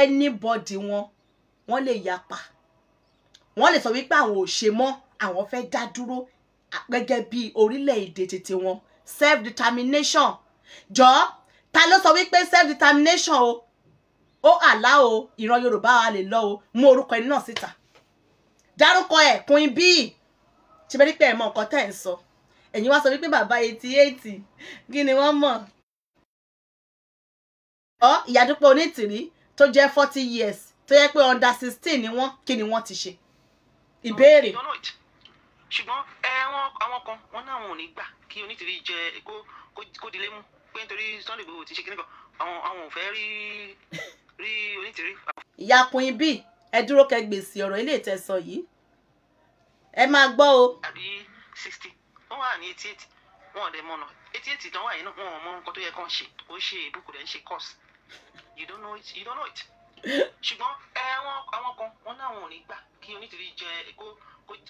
anybody wọn wọ́n lè yapa wọ́n lè sọ wípé àwọn ò ṣe mọ́ àwọn fẹ́ dá dúró gẹ́gẹ́ bí orílẹ̀-èdè tètè wọn self determination jọ ta ló sọ wípé self determination o ó àlá o ìran yorùbá wa lè lọ o mú orúkọ ẹni náà síta dárúkọ ẹ kún in bíi ṣe bẹ́ẹ̀ ni pé ẹ̀ mọ nǹkan tẹ́ ẹ̀ ń sọ ẹ̀yin wá sọ wípé bàbá eighty eighty kí ni wọ́n mọ̀ ọ ìyàdúpọ̀ onítìrí tó jẹ́ forty years tó yẹ pé under sixteen ni wọ́n kí ni wọ́n ti ṣe ìbéèrè. No, ṣùgbọ́n ẹ̀wọ̀n àwọn kan wọn náà wọn ò ní gbà kí Onítìrí jẹ kó kó dilé mú pé nítorí Sunday Igboho ti ṣe kíní kan àwọn ò fẹ́ rí rí Onítìrí. ìyá ibi ẹ dúró kẹgbèsì ọ̀rọ̀ ilé ìtẹ̀sọ̀ yìí ẹ máa gbọ́ o. àbí sixty wọ́n wà ní eighty eight wọn ò dẹ̀ mọ̀nà eighty eight tán wà yìí náà wọn ò mọ nǹkan tó yẹ kán ṣe ó ṣe ìbùkún rẹ̀ ń ṣe course you don't know it you don't know it ṣùgbọ́n ẹ̀wọ̀n àwọn kan wọn náà wọn ò ní gbà kí Onítìrí jẹ kó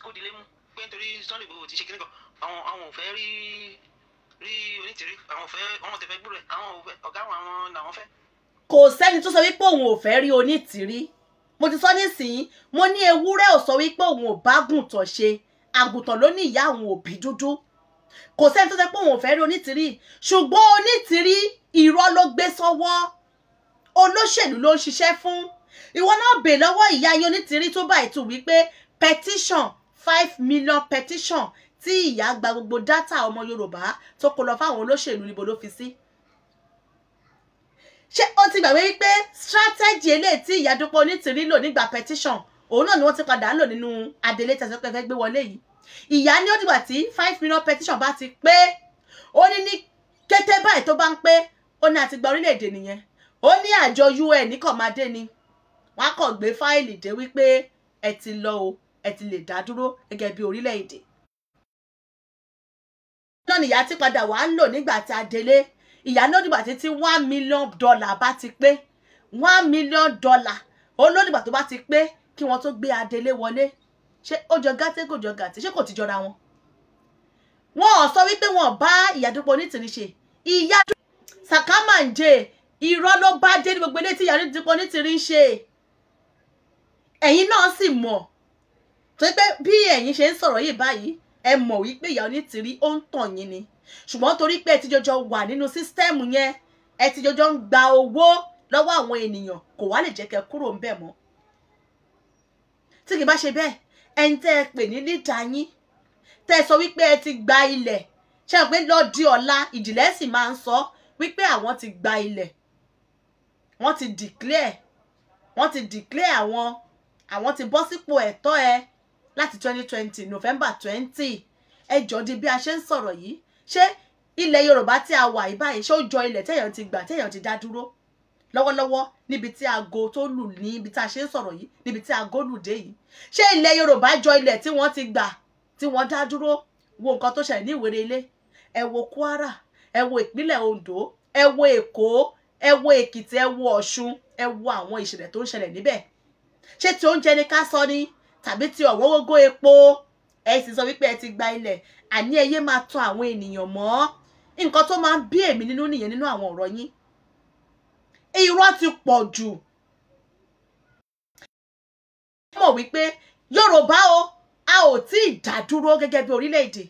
kó dilé mú pé nítorí Sunday Igboho ti ṣe kíní kan àwọn àwọn ò fẹ́ rí rí onítìrí àwọn ò fẹ́ àwọn ò tẹ̀ fẹ́ gbúrò ẹ̀ àwọn ọ̀gá àwọn àwọn làwọn fẹ́. kò sẹ́ni tó sọ wípé òun ò fẹ́ rí onítìrí mo ti sọ nísìnyí mo ní ewúrẹ́ ò sọ wípé òun ò bá gùntàn ṣe àgùntàn ló ní ìyá àwọn òbí dúdú kò sẹ́ni tó sọ pé òun ò fẹ́ rí onítìrí ṣùgbọ́n onítìrí irọ́ ló gbé sọ́wọ́ olóṣèlú ló ń ṣiṣẹ́ fún ìwọ náà bè lọ́wọ́ ìyá yín onítìrí tó bá ìtù wípé petition five million petition tí ìyá gba gbogbo dátà ọmọ Yorùbá tó kó lọ fáwọn olóṣèlú níbo ló fi sí. ṣé o ti gbàgbé wípé strategy eléyìí tí ìyá Dúpẹ́ Onítìrí lò nígbà petition òun náà ni wọ́n ti padà lò nínú adelé tí a sọ pé fẹ́ gbé wọlé yìí ìyá ní ó dìgbà tí five million petition bá ti pé ó ní ní kété báyìí tó bá ń pé ó ní àti gba orílẹ̀-èdè nìyẹn ó ní àjọ UN kọ̀ máa dé ni wọ́n á kọ̀ gbé fáìlì dé wípé ẹ ti lọ o ẹ ti lè dá dúró gẹ́gẹ́ bí orílẹ̀-èdè. náà nìyá tí padà wàá ń lò nígbà tá a délé ìyá náà nígbà tí one million dollar bá ti pé one million dollar ó lónìgbà tó bá ti pé kí wọ́n tó gbé adélé wọlé ṣé ó jọ gàtẹ́ kò jọ gàtẹ́ ṣé kò ti jọra wọn. wọn ò sọ wípé wọn bá ìyá Dúpẹ́ Onítìrí ṣe ìyá sàkámà ń jẹ irọ́ ló bá jẹ́ ní gbogbo ilé tí ìyá Dúpẹ́ Onítìrí ń ṣe ẹ̀yin náà sì mọ̀ tó pé bí ẹ̀yin ṣe ń sọ̀rọ̀ yìí báyìí ẹ mọ̀ wípé ìyá onítìrí ó ń tàn yín ni ṣùgbọ́n torí pé ẹ ti jọjọ wà nínú sísítẹ́ẹ̀mù yẹn ẹ ti jọjọ ń gba owó lọ́wọ́ àwọn ènìyàn kò wá lè jẹ́ kẹ́ kúrò ń bẹ̀ mọ́ tí kì bá ṣe bẹ́ẹ̀ ẹni tẹ́ ẹ pè ní lídà yín tẹ́ ẹ sọ wípé ẹ ti gba ilẹ̀ ṣe pé lọ́ọ́dí ọ̀la ìdílé sì máa ń sọ wípé àwọn ti gba ilẹ̀ wọ́n ti declare wọ́n ti declare àwọn àwọn ti bọ́ sípò ẹ̀tọ́ ẹ láti twenty twenty november twenty ẹjọ́ di bí a ṣe ń sọ̀rọ̀ yìí ṣé ilẹ̀ yorùbá tí a wà báyìí ṣé ó jọ ilẹ̀ téèyàn ti gbà téèyàn ti dá dúró lọ́wọ́lọ́wọ́ níbi tí aago tó lù níbi tá a ṣe ń sọ̀rọ̀ yìí níbi tí aago lù dé yìí ṣé ilẹ̀ yorùbá jọ ilẹ̀ tí wọ́n ti gbà tí wọ́n dá dúró wo nǹkan tó ṣẹlẹ̀ ní ìwéré ilé ẹ wo kwara ẹ wo ìpínlẹ̀ ondo ẹ wo èkó ẹ wo èkìtì ẹ wo ọ̀ṣun ẹ wo àwọn ìṣẹ̀lẹ̀ tó ń ṣẹlẹ̀ níbẹ̀ ṣé ti oúnjẹ ni ká sọ ni tàbí ti ọ̀wọ́ngógó epo ẹ sì sọ wípé ẹ ti gba ilẹ̀ àní ẹyẹ máa tan àwọn ènìyàn mọ́ nǹkan tó máa ń bí èmi nínú nìyẹn nínú àwọn ọ̀rọ̀ yín irọ́ ti pọ̀ jù ẹ mọ̀ wípé Yorùbá o a ò tí ì dádúró gẹ́gẹ́ bí orílẹ̀-èdè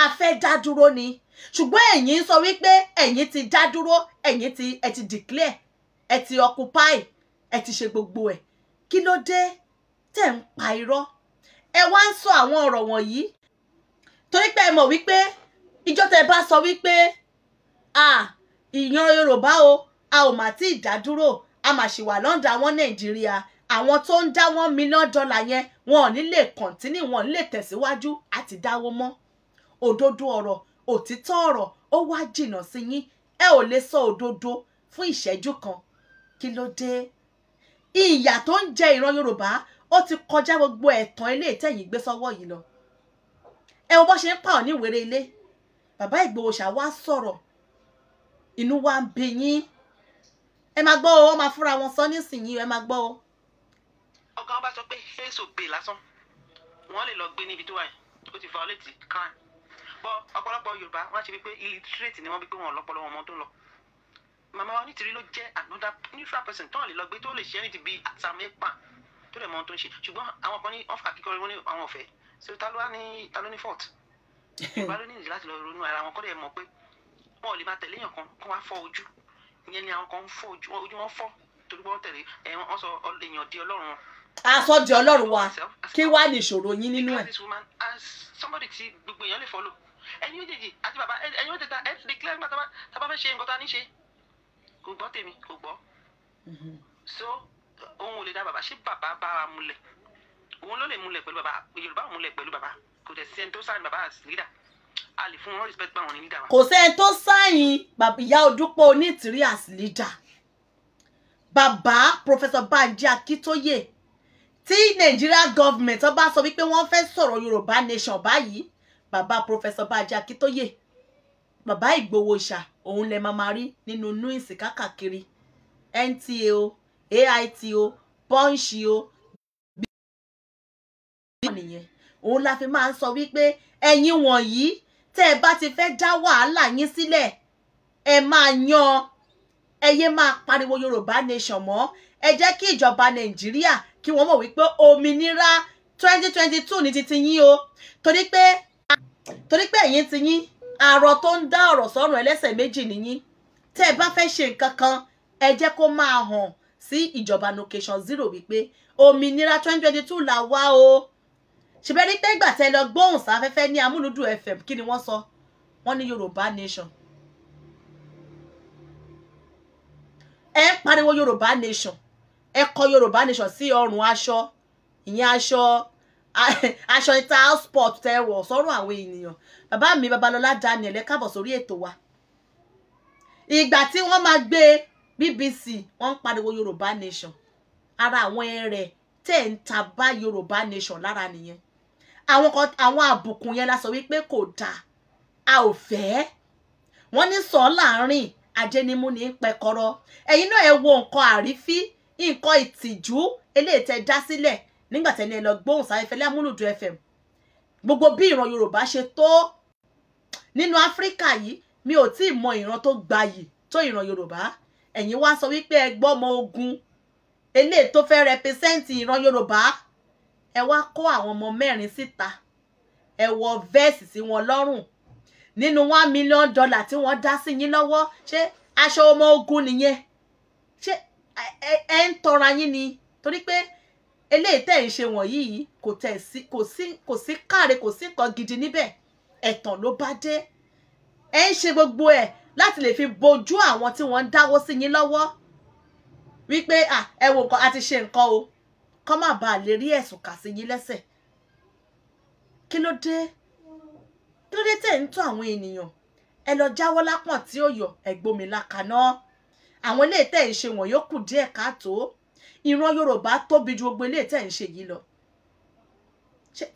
a fẹ́ dádúró ni ṣùgbọ́n ẹ̀yin sọ wípé ẹ̀yin ti dádúró ẹ̀yin ti ẹ ti declare ẹ ti occupy ẹ ti ṣe gbogbo ẹ̀ kí ló dé tẹ̀ ń pa irọ́ ẹ wá ń sọ àwọn ọ̀rọ̀ wọ̀nyí torí pé ẹ mọ̀ wípé ìjọ tẹ bá sọ wípé à ìyan Yorùbá o a ò mà tí ì dádúró a mà ṣì wà lọ́ndà àwọn Nàìjíríà àwọn tó ń dá wọn mílíọ̀n dọ́là yẹn wọn ò ní lè kọ̀ǹtínì wọn ò ní lè tẹ̀síwájú àti dáwó mọ́ òdodo ọ̀rọ̀ òtítọ́ ọ̀rọ̀ ó wá jìnnà sí yín ẹ ò lè sọ òdodo fún ìṣẹ́jú kan kí ló dé ìyà tó ń jẹ ìran Yorùbá ó ti kọjá gbogbo ẹ̀tàn ilé ìtẹ̀yìn gbé sọ́wọ́ yìí lọ ẹ wo bó ṣe ń pààrọ̀ ní wèrè ilé bàbá Ìgbòho ṣá wá sọ̀rọ̀ inú wa ń bẹ yín ẹ máa gbọ́ o wọ́n máa fúnra wọn sọ nísìnyí ẹ máa gbọ́ o. ọ̀gá ọba sọ pé fèsò gbè lásán wọ́n lè lọ gbé níbi tó wà yìí ó ti violate kan bọ́ ọ̀pọ̀lọpọ̀ Yorùbá wọ́n ṣe wípé illiterate ni wọ́n wípé wọn lọ́pọlọ wọn ọmọ tó ń lọ màmá wa nítorí ló jẹ́ another neutral person tó lè lọ gbé tó lè ṣe anything bíi àtàmẹ́pà tó lè mọ ohun tó ń ṣe ṣùgbọ́n àwọn kan ní wọ́n fà kíkọ́ wọn ní àwọn ọ̀fẹ́ so ta ló wá ní ta ló ní fault ìbá ló ní ìdí láti lọ ronú ara wọn kọ́ lè mọ̀ pé wọn ò lè máa tẹ̀lé èèyàn kan kó wá fọ́ ojú ìyẹn ni àwọn kan ń fọ́ ojú ojú wọn fọ́ torí wọn tẹ̀lé ẹ̀ wọ́n sọ èèyàn di ọlọ́run wọn aṣọ di ọlọ́run wa kí wàá ní ìṣòro yín nínú ẹ̀. somebody ti gbogbo èèyàn lè follow ẹ̀yin méjèèjì àti bàbá ẹ̀yin méjèèjì ẹ̀ ti declare nígbà tá a bá fẹ́ ṣe nǹkan tá a ní ṣe kò gbọ́ tèmi kò gbọ́. Mm-hmm. so òun ò lè dá bàbá ṣé bàbá bára múlẹ̀ òun ló lè múlẹ̀ pẹ̀lú bàbá yorùbá ò múlẹ̀ pẹ̀lú bàbá kò dẹ̀ sí ẹni tó sáyìn bàbá as leader a lè fún wọn respect báwọn ní leader wa. kò sẹ́ni tó sáyìn ìyá odúpọ̀ onítìrí as bàbá professor banji akitoye tí nigeria government ọba sọ wípé wọ́n fẹ́ sọ̀rọ̀ yorùbá nation báyìí bàbá professor banji akitoye bàbá ìgbowó ṣá òun lè máa rí nínú nuisi kákàkiri nta o AIT o punch o bí wọ́n nìyẹn òun la fi máa ń sọ wípé ẹ̀yin wọ̀nyí tẹ́ ẹ bá ti fẹ́ dá wàhálà yín sílẹ̀ ẹ máa yan ẹyẹ máa pariwo Yorùbá nation mọ́ ẹ jẹ́ kí ìjọba Nàìjíríà kí wọ́n mọ̀ wípé òmìnira twenty twenty two ní ti ti yín o torí pé torí pé ẹ̀yin ti yín àrọ̀ tó ń dá ọ̀rọ̀ sọ́rùn ẹlẹ́sẹ̀ méjì nìyí tẹ́ ẹ bá fẹ́ ṣe nǹkan kan ẹ jẹ́ kó máa hàn sí ìjọba location zero wípé òmìnira twenty twenty two là wá o ṣùgbọ́n ní tẹ́gbà tẹ lọ gbóhùn sáfẹ́fẹ́ ní amúlùdù fm kí ni wọ́n sọ wọ́n ní yorùbá nation ẹ ń pariwo yorùbá nation ẹ kọ yorùbá nation sí ọrùn aṣọ ìyẹn aṣọ aṣọ ìta sport tẹ wọ sọrùn àwọn ènìyàn bàbá mi babalọlá daniel ẹ káàbọ̀ sórí ètò wa ìgbà tí wọ́n máa gbé e bbc wọ́n ń pariwo yorùbá nation ara àwọn ẹrẹ̀ tẹ̀ ń ta bá yorùbá nation lára nìyẹn àwọn kan àwọn àbùkù yẹn la sọ wípé kò dáa a ò fẹ́ wọ́n ní sọ láàrin ajẹnimú ní pẹkọrọ ẹ̀yin náà ẹ wo nǹkan àrífí nǹkan ìtìjú eléyìí tẹ́ dá sílẹ̀ nígbà tẹ́ni ẹ lọ gbóhùn sáfẹ́fẹ́ amúlùdù fm gbogbo bí ìran yorùbá ṣe tó nínú áfíríkà yìí mi ò tí ì mọ ìran tó gbayì tó ìran yorùbá ẹ̀yin wá sọ wípé ẹ gbọ́mọ ogun eléyìí tó fẹ́ rẹpẹsẹ́ǹtì ìran yorùbá ẹ wá kó àwọn ọmọ mẹ́rin síta ẹ wọ vẹ́ẹ̀sì sí wọn lọ́rùn nínú one million dollar tí wọ́n dá sí yín lọ́wọ́ ṣé aṣọ ọmọ ogun nìyẹn ṣé ẹ ń tọra yín ni torí pé eléyìí tẹ̀ ń ṣe wọ̀nyí kò tẹ̀ sí kò sí kò sí káre kò sí nǹkan gidi níbẹ̀ ẹ̀tàn ló bá dé ẹ ń ṣe gbogbo ẹ̀ láti lè fi bojú àwọn tí wọ́n ń dáwó sí yín lọ́wọ́ wípé ẹ wo a ti ṣe nǹkan o kọ́ má bàa lè rí ẹ̀sùn kà sí yín lẹ́sẹ̀ kí ló dé kí ló dé tẹ̀ ń tọ́ àwọn ènìyàn ẹ lọ jáwọ́ lápọ̀n tí ó yọ ẹ̀gbọ́mi lákaná àwọn ilé tẹ̀ ń ṣe wọ̀n yóò kù díẹ̀ káàtó ìran Yorùbá tóbi ju gbogbo ilé tẹ̀ ń ṣe yìí lọ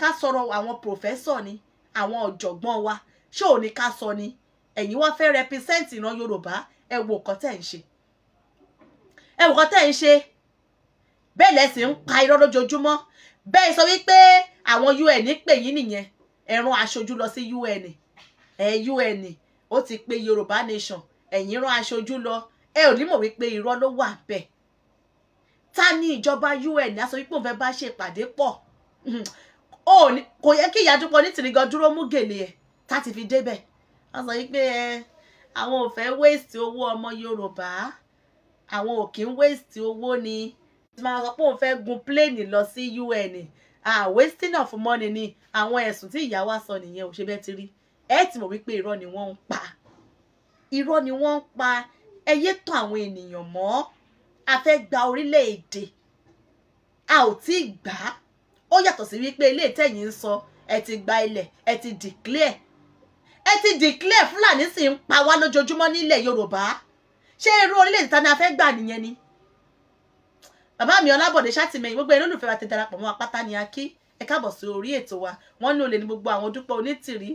ká sọ̀rọ̀ àwọn pòfẹ́sọ̀ ni àwọn ọ̀jọ̀gbọ́n wa ṣé òní ká sọ ni ẹ̀yin wá fẹ́ represent ìran Yorùbá ẹ wo nǹkan tẹ́ ń ṣe ẹ wo nǹkan tẹ́ ń ṣe bẹ́ẹ̀ lẹ́sìn ń pa irọ́ lójoojúmọ́ bẹ́ẹ̀ sọ wípé àwọn UN pè yín nìyẹn ẹ̀rùn aṣojú lọ sí UN ẹ̀ UN ó ti pe Yorùbá nation ẹ̀yin rán aṣojú lọ ẹ ò ní mọ̀ wípé irọ́ ló wà bẹ́ẹ̀ ta ni ìjọba UN aṣọ wípé òun fẹ́ bá ṣe ìpàdé pọ̀ kò yẹ kí ìyá dúpọ̀ nítìrí gan dúró mú gèlè ẹ̀ tá ti fi débẹ̀ wọ́n sọ wípé ẹ àwọn ò fẹ́ wéèsì owó ọmọ Yorùbá àwọn ò kí ń wéèsì owó ni tí máa sọ pé òun fẹ́ gun pléènì lọ sí UN ah wasting of money ni àwọn ẹ̀sùn tí ìyá wa sọ nìyẹn ò ṣe bẹ́ẹ̀ ti rí ẹ ti mọ̀ wípé irọ́ ni wọ́n ń pa irọ́ ni wọ́n ń pa ẹ yé tàn àwọn ènìyàn mọ́ a fẹ́ gba orílẹ̀-èdè a ò tí ì gbà á ó yàtọ̀ sí wípé ilé ìtẹ̀yìn ń sọ ẹ ti gba ilẹ̀ ẹ ti declare ẹ ti declare fúlàní sì ń pa wá lójoojúmọ́ nílẹ̀ yorùbá ṣé irú orílẹ̀-èdè ta ni a fẹ́ gbà nìyẹn ni bàbá mi ọlábọ̀dé ṣàtìmẹ́yìn gbogbo ìrònúfẹ́ wa ti darapọ̀ mọ́ apáta ni a kí ẹ káàbọ̀ sí orí ètò wa wọ́n ní olè ní gbogbo àwọn dúpọ̀ onítìrí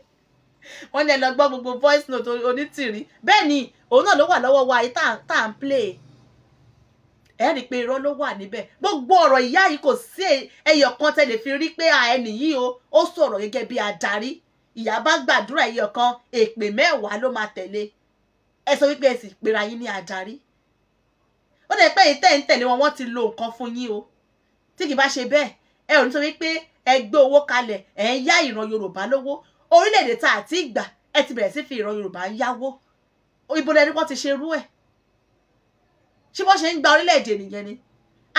wọ́n ní ẹ lọ gbọ́ gbogbo voice note onítìrí bẹ́ẹ̀ ni òun náà ló wà lọ́wọ́ wa yìí tá à ń play ẹ rí i pé irọ́ ló wà níbẹ̀ gbogbo ọ̀rọ̀ ìyá yìí kò sí ẹyọ kan tẹ lè fi rí pé ẹnì yìí o ó sọ̀rọ̀ gẹ́gẹ́ bí adarí ìyá bá gbàdúrà ẹyọ kan èpè mẹ́wàá ló máa tẹ̀lé ẹ sọ wípé ẹ sì pera yín ní ajarí ó dẹ̀ pé yìí tẹ̀ ń tẹ̀lé wọn wọ́n ti lo nǹkan fún yín o tí kì bá ṣe bẹ́ẹ̀ ẹ ò ní sọ wípé ẹ gbé owó kalẹ̀ ẹ ń yá ìran Yorùbá lówó orílẹ̀-èdè tá a ti gbà ẹ ti bẹ̀rẹ̀ sí fi ìran Yorùbá ń yáwó ibo lẹni wọ́n ti ṣe rú ẹ̀ ṣé wọ́n ṣe ń gba orílẹ̀-èdè nìyẹn ni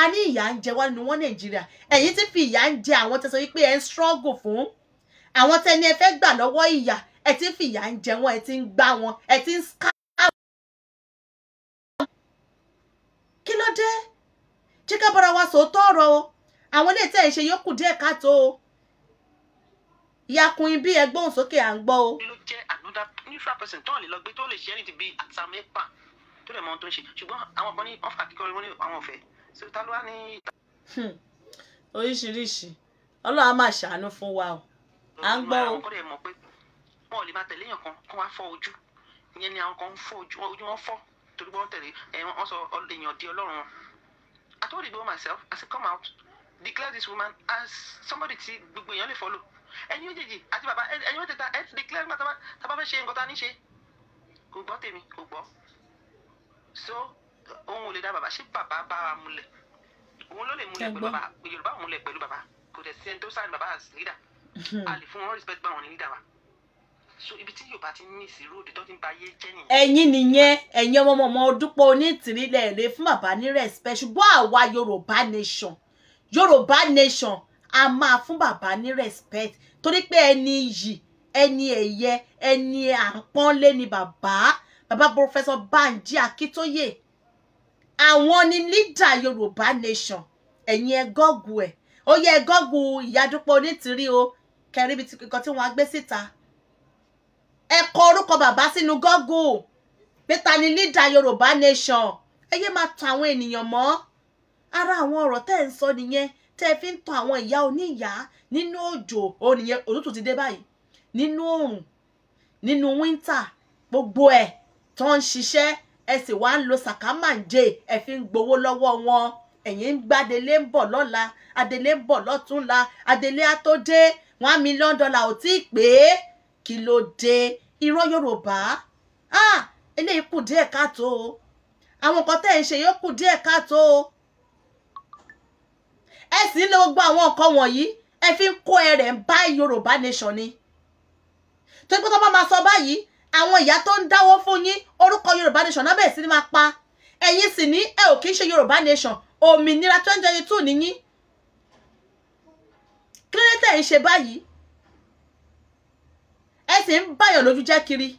a ní ìyà ń jẹ wá nínú wọn Nàìjíríà ẹ̀yin ti fi ìyà ń jẹ àwọn tẹ̀sán wípé ẹ ń struggle fún àwọn tẹni ẹ fẹ́ gbà lọ́wọ́ ìyà ẹ ti ń fìyà ń jẹ wọn ẹ ti ń gbá wọn ẹ ti ń ká. kí ló dé jẹ́ ká wa sòótọ́ ọ̀rọ̀ o àwọn ilé tẹ̀ ń ṣe yókù díẹ̀ káàtó o yakun ibi ẹgbọ́n sókè à ń gbọ́ o. ló jẹ́ ànúdá nífà pẹ̀sẹ̀ tó lè lọ gbé tó lè ṣe ẹni ti bí àtàmẹ́pà tó lè mọ ohun tó ń ṣe ṣùgbọ́n àwọn kan ní ọ̀fà kíkọ́ wọn ní àwọn ọ̀fẹ́ ṣé ta ló wá ní. Hmm. oríṣiríṣi ọlọ́run á máa ṣàánú fún wa o à ń gbọ́ mọ̀ pé wọn ò lè máa tẹ̀lé èèyàn kan kó wá fọ́ ojú ìyẹn ni àwọn kan ń fọ́ ojú ojú wọn fọ́ torí wọ́n tẹ̀lé wọ́n sọ èèyàn di ọlọ́run wọn. I told the girl myself as I come out declare this woman as somebody tí gbogbo èèyàn lè follow ẹ̀yin méjèèjì àti bàbá ẹ̀yin méjèèjì ẹ ti declare nígbà tá a bá fẹ́ ṣe nǹkan tá a ní ṣe kò gbọ́ tèmi kò gbọ́ so òun ò lè dá bàbá ṣé bàbá bá wa múlẹ̀ òun ló lè múlẹ̀ pẹ̀lú bàbá Yorùbá múlẹ̀ pẹ̀lú bàbá kò dẹ̀ sí ẹni tó sáré bàbá as leader Mhm. a lè fún wọn respect báwọn ní leader wa so ibi tí yorùbá ti ní ìsirò òde tó ti ń ba ayé jẹ́ nìyẹn. ẹ̀yin nìyẹn ẹ̀yin ọmọ ọmọ Dúpẹ́ Onítìrí lẹ fún bàbá ní respect ṣùgbọ́n àwa yorùbá nation yorùbá nation a máa fún bàbá ní respect torí pé ẹni yìí ẹni ẹ̀yẹ ẹni àpọ́nlé ni bàbá bàbá pòfẹsọ Bánjí Akíntóyè àwọn ni leader yorùbá nation ẹ̀yin ẹ gọ́gù ẹ̀ ó yẹ gọ́gù ìyá Dúpẹ́ Onítìrí o kẹrí ibi nǹkan tí wọ́n á gbé síta ẹ kọ orúkọ bàbá sínú Google pé ni lídà Yorùbá nation ẹ yé máa tan àwọn ènìyàn mọ́ ara àwọn ọ̀rọ̀ tẹ́ ẹ̀ ń sọ nìyẹn tẹ́ ẹ fi ń tan àwọn ìyá oníyá nínú òjò ònìyẹn òtútù ti dé báyìí nínú oòrùn nínú wíńtà gbogbo ẹ̀ tó ń ṣiṣẹ́ ẹ sì wá ń lo sàkámàǹjẹ ẹ fi ń gbowó lọ́wọ́ wọn ẹ̀yin ń gbá ń bọ̀ lọ́la adelé ń bọ̀ lọ́túnla adelé á one million dollar ò tí ì pé kí ló dé irọ́ yorùbá ah eléyìí kù díẹ̀ káàtó o àwọn nǹkan tẹ́ ẹ̀ ń ṣe yóò kù díẹ̀ káàtó o ẹ sì ń lo gbogbo àwọn nǹkan wọ̀nyí ẹ fi ń kó ẹrẹ̀ ń bá yorùbá nation ni tó ń pẹ́ tó bá máa sọ báyìí àwọn ìyá tó ń dáwó fún yín orúkọ yorùbá nation náà bẹ̀rẹ̀ sí ni máa pa ẹ̀yin sì ní ẹ ò kí ń ṣe yorùbá nation òmìnira twenty twenty two nìyí tẹ̀ ń ṣe báyìí ẹ sì ń báyọ̀ lójú jẹ́ kiri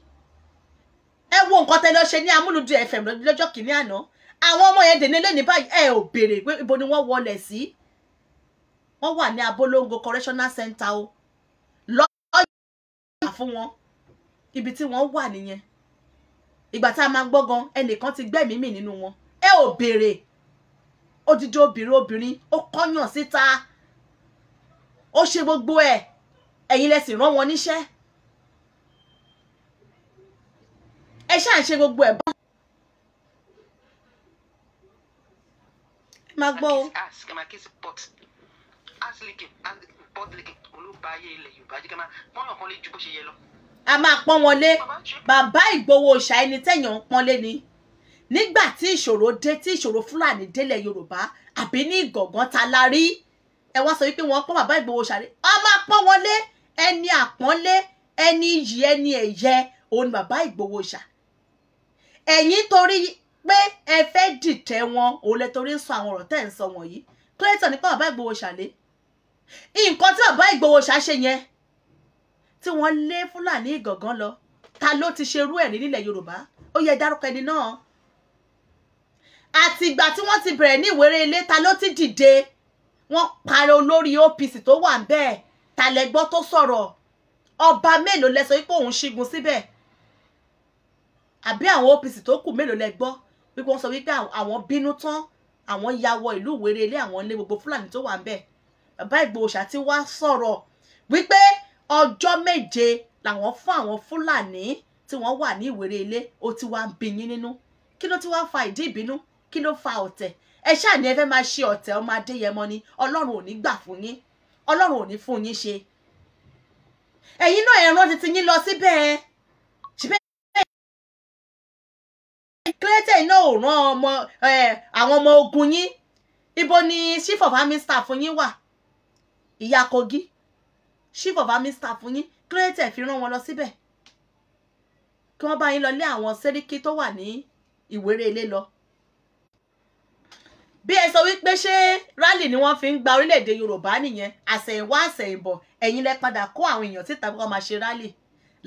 ẹ wo nǹkan tẹ lọ ṣe ní amúlùdún fm lọ́jọ́ kìíní àná àwọn ọmọ yẹn dèní lẹ́ni báyìí ẹ ò béèrè pé ibo ni wọ́n wọlé sí wọ́n wà ní abolongo correctional center o lọ́ọ́ yà fún wọn ibi tí wọ́n wà nìyẹn ìgbà tá a máa gbọ́ gan ẹnìkan ti gbẹ́mìí mì nínú wọn ẹ ò béèrè odidi obìnrin obìnrin ó kọ́yàn síta ó ṣe gbogbo ẹ̀ ẹ̀yin lẹ sì rán wọn níṣẹ́ ẹ ṣáà ń ṣe gbogbo ẹ̀ bá. máa gbọ́ o. a máa pọ́n wọn lé bàbá Ìgbòho ṣá ẹni tẹ̀yàn ń pọ́n lé ni nígbà tí ìṣòro dé tí ìṣòro Fúlàní délẹ̀ Yorùbá àbí ní ìgàngán ta la rí ẹ wá sọ wípé wọ́n pọ́n bàbá Ìgbòho Ṣàdé a máa pọ́n wọn lé ẹni àpọ́nlé ẹni iyì ẹni ẹ̀yẹ òun ni bàbá Ìgbòho Ṣà ẹ̀yin torí pé ẹ fẹ́ dìtẹ̀ wọn òun lẹ torí ń sọ àwọn ọ̀rọ̀ tẹ́ ń sọ wọ̀nyí clayton nípa bàbá Ìgbòho Ṣàlé nǹkan tí bàbá Ìgbòho Ṣà ṣe yẹn tí wọ́n lé Fúlàní ìgàngán lọ ta ló ti ṣerú ẹ̀ ní nílẹ̀ Yorùbá ó yẹ dárúkọ ẹni náà àtìgbà tí wọ́n ti bẹ̀rẹ̀ ní ìwéré ilé ta ló ti dìde wọ́n parẹ́ olórí OPC tó wà ń bẹ́ẹ̀ tàlẹ́gbọ́ tó sọ̀rọ̀ ọba mélòó lẹ sọ wípé òun ṣígun síbẹ̀ àbí àwọn OPC tó kù mélòó lẹ gbọ́ wípé wọ́n sọ wípé àwọn bínú tán àwọn ya wọ ìlú Ìwéré ilé àwọn ilé gbogbo Fúlàní tó wà ń bẹ̀ bàbá Ìgbòho ṣàti wá sọ̀rọ̀ wípé ọjọ́ méje làwọn fún àwọn Fúlàní tí wọ́n wà ní Ìwéré ilé ó ti wá ń nínú kí ló ti wá fa ìdí ìbínú kí ló fa ọ̀tẹ̀ ẹ ṣáà ní ẹ fẹ́ máa ṣe ọ̀tẹ̀ ọmọ adéyẹmọ ni ọlọ́run ò ní gbà fún yín ọlọ́run ò ní fún yín ṣe ẹ̀yin náà ẹ̀rọ ti ti yín lọ síbẹ̀ ẹ̀ ṣùgbọ́n kílẹ̀tẹ̀ náà ò rán àwọn ọmọ ogun yín ibo ni chief of army staff yín wà ìyá kogi chief of army staff yín kílẹ̀tẹ̀ fi rán wọn lọ síbẹ̀ kí wọ́n bá yín lọ lé àwọn sẹ́ríkì tó wà ní ìwéré ilé lọ bí ẹ sọ wípé ṣé rally ni wọ́n fi ń gba orílẹ̀-èdè yorùbá nìyẹn àsẹ̀yìnwá àsẹ̀yìnbọ̀ ẹ̀yin lẹ padà kó àwọn èèyàn títa bí wọ́n máa ṣe rally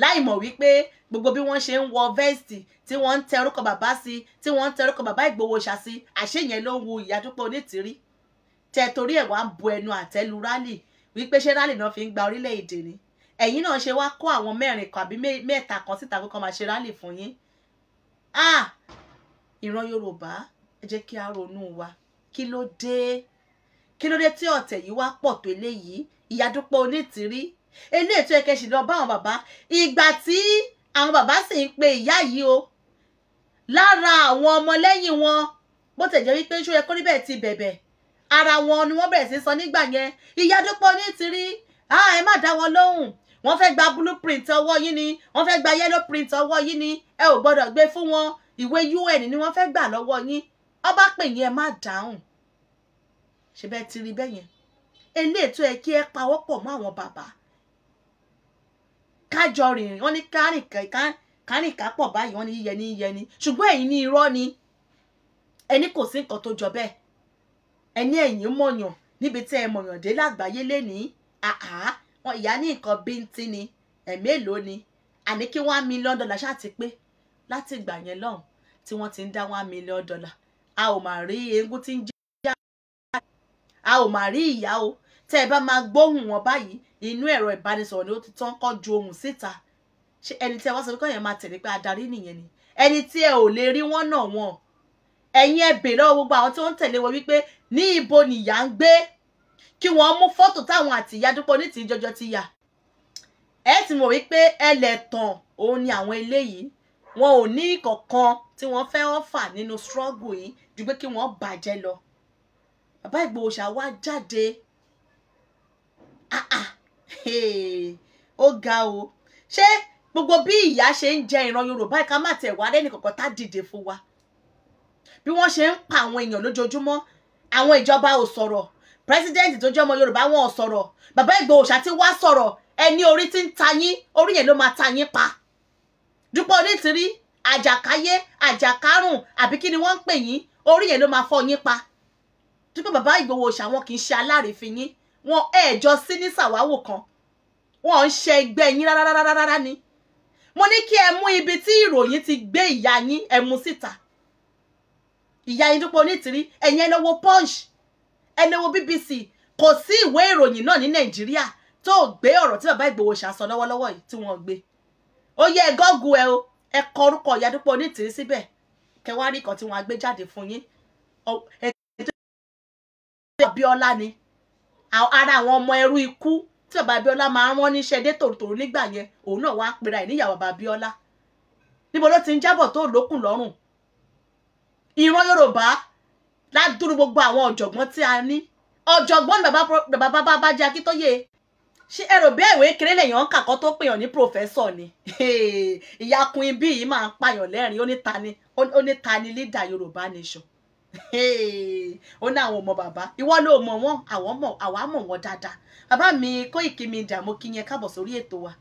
láì mọ̀ wípé gbogbo bí wọ́n ṣe ń wọ vẹ́ẹ̀sì tí wọ́n ń tẹ orúkọ bàbá sí tí wọ́n ń tẹ orúkọ bàbá ìgbowó ṣá sí àṣeyẹn ló ń wu ìyádúpọ̀ onítìrí tẹ torí ẹ̀ wá ń bu ẹnu àtẹ́lu rally wípé ṣé rally náà fi ń gba orílẹ̀-èdè ni ẹ̀yin náà ṣe wá kó àwọn mẹ́rin kan àbí mẹ́ta kan síta kó kan máa ṣe rally fún yín ah ìran yorùbá ẹ jẹ́ kí a ronú wa kí ló dé kí ló dé tí ọ̀tẹ̀ yìí wá pọ̀ tó eléyìí ìyá Dúpẹ́ Onítìrí eléyìí tó yẹ kẹ́ ṣì lọ bá àwọn bàbá ìgbà tí àwọn bàbá sì ń pe ìyá yìí o lára àwọn ọmọlẹ́yìn wọn bó tẹ̀ jẹ́ wípé ṣó yẹ kó níbẹ̀ ti bẹ̀bẹ̀ ara wọn ni wọ́n bẹ̀rẹ̀ sí sọ nígbà yẹn ìyá Dúpẹ́ Onítìrí ẹ má dá wọn lóhùn wọ́n fẹ́ gba blue print ọwọ́ yín ni wọ́n fẹ́ gba yellow print ọwọ́ yín ni ẹ ò gbọ́dọ̀ gbé fún wọn ìwé UN ni wọ́n fẹ́ gbà lọ́wọ́ yín ọba pè yín ẹ má dáhùn ṣebẹ́ ti rí bẹ́yẹn eléyìí tó yẹ kí ẹ pawọ́pọ̀ mọ́ àwọn bàbá kájọ rìnrìn wọn ní kárìnká pọ̀ báyìí wọn ní yíyẹni yíyẹni ṣùgbọ́n ẹ̀yin ní irọ́ ni ẹni kò sí nǹkan tó jọ bẹ́ẹ̀ ẹni ẹ̀yin mọ̀yàn níbi tí ẹ mọ̀yàn dé lágbàáyé lénìí àhá wọn ìyá ní nǹkan bíntín ni ẹ̀mí èlò ni àní kí one million dollar ṣáà ti pé láti ìgbà yẹn lọ́hùn tí wọ́n ti ń dá one million dollar a ò mà rí eégún tí ń jẹ́ a ò mà rí ìyá o tẹ́ ẹ bá máa gbóhùn wọn báyìí inú ẹ̀rọ ìbánisọ̀rọ̀ ni ó ti tán kọ́ ju ohùn síta ṣé ẹni tí ẹ wá sọ pé kọ́yàn máa tẹ̀lé pé adarí nìyẹn ni ẹni tí ẹ ò lè rí wọn náà wọn ẹ̀yin ẹ bèèrè lọ́wọ́ gbogbo àwọn tí wọ́n ń tẹ̀lé wọn wípé ní ibo nìyá ń gbé kí wọ́n mú fọ́tò táwọn àti ìyá dúpọ̀ ní tìjọjọ ti yà ẹ ti mọ̀ wípé ẹlẹ́tàn òun ni àwọn eléyìí wọn ò ní kankan tí wọ́n fẹ́ ọ̀fà nínú struggle yìí ju pé kí wọ́n bàjẹ́ lọ bàbá Ìgbòho ṣá wá jáde ah ah ó ga o ṣé gbogbo bí ìyá ṣe ń jẹ ìran Yorùbá ìka má tẹ̀ wá lẹ́nu kankan tá dìde fún wa bí wọ́n ṣe ń pa àwọn èèyàn lójoojúmọ́ àwọn ìjọba ò sọ̀rọ̀ pírẹsidẹ́ǹtì tó jẹ́ ọmọ Yorùbá wọn ò sọ̀rọ̀ bàbá Ìgbòho ṣá ti wá sọ̀rọ̀ ẹni orí ti ń ta yín orí yẹn ló máa ta yín pa. Dúpẹ́ Onítìrí àjàkáyé àjàkárùn àbí kí ni wọ́n ń pè yín orí yẹn ló máa fọ́ yín pa Dúpẹ́ bàbá Ìgbòho ṣà wọn kì í ṣe alárèéfín yín wọn ẹ̀ẹ́jọ sí ní sàwáwò kan wọn ò ń ṣe ẹgbẹ́ yín rárá ni mo ní kí ẹ mú ibi tí ìròyìn ti gbé ìyá yín ẹ mú síta ìyá yín Dúpẹ́ Onítìrí ẹ̀yin ẹ lọ wo Punch ẹ lọ wo BBC kò sí ìwé ìròyìn náà ní Nàìjíríà tó gbé ọ̀rọ̀ tí bàbá Ìgbòho ṣà sọ lọ́wọ́lọ́wọ́ yìí tí wọ́n gbé ó yẹ gọ́ọ̀gù ẹ o ẹ kọ orúkọ Ìyá Dúpẹ́ Onítìrí síbẹ̀ kẹ wá rí nǹkan tí wọ́n á gbé jáde fún yín Abíọ́lá ni ara àwọn ọmọ ẹrú ikú tí bàbá Abíọ́lá máa ń rán níṣẹ́ dé tòrótòró nígbà yẹn òun náà wá pera ẹ̀ níyàwó bàbá Abíọ́lá níbo ló ti ń jábọ̀ tó lókùn lọ́rùn ìran Yorùbá ládùrú gbogbo àwọn ọ̀jọ̀gbọ́n tí a ní ọ̀jọ̀gbọ́n ni bàbá bàbá bàbá jẹ́ Akíntóyè ṣé ẹ rò bí ìwé kéré lèèyàn ń kà kó tó pèèyàn ní pòfẹ́sọ̀ ni ìyá kun ibi yìí máa ń pààyàn lẹ́rìn oníta ni leader Yorùbá nation ó ní àwọn ọmọ bàbá ìwọ ló mọ wọn àwọn mọ àwa mọ̀ wọn dáadáa bàbá mi Koiki Media mo kí yẹn káàbọ̀ sórí ètò wa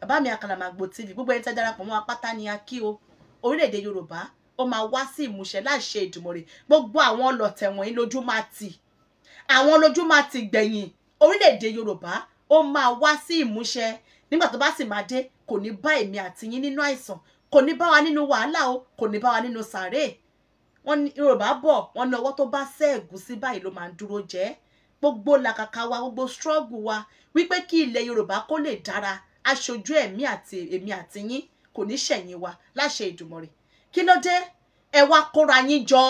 bàbá mi Àkàlàmàgbò TV gbogbo ẹni tẹ́ darapọ̀ mọ́ apáta ni a kí o orílẹ̀-èdè Yorùbá ó máa wá sí ìmúṣẹ láṣẹ Èdùmàrè gbogbo àwọn ọlọ̀tẹ̀ lójú máa tì àwọn lójú máa tì gbẹ̀yìn orílẹ̀-èdè Yorùbá ó máa wá sí ìmúṣẹ nígbà tó bá sì máa dé kò ní bá èmi àti yín nínú àìsàn kò ní bá wa nínú wàhálà o kò ní bá wa nínú sàárè wọn ní yorùbá bọ̀ wọn ní ọwọ́ tó bá sẹ́ ẹ̀gúsí báyìí ló máa ń dúró jẹ́ gbogbo làkàkà wa gbogbo struggle wa wípé kí ilẹ̀ yorùbá kó lè dára aṣojú ẹ̀mí àti èmi àti yín kò ní ṣẹ̀yìn wa láṣẹ Èdùmàrè kí ló dé ẹ wá kóra yín jọ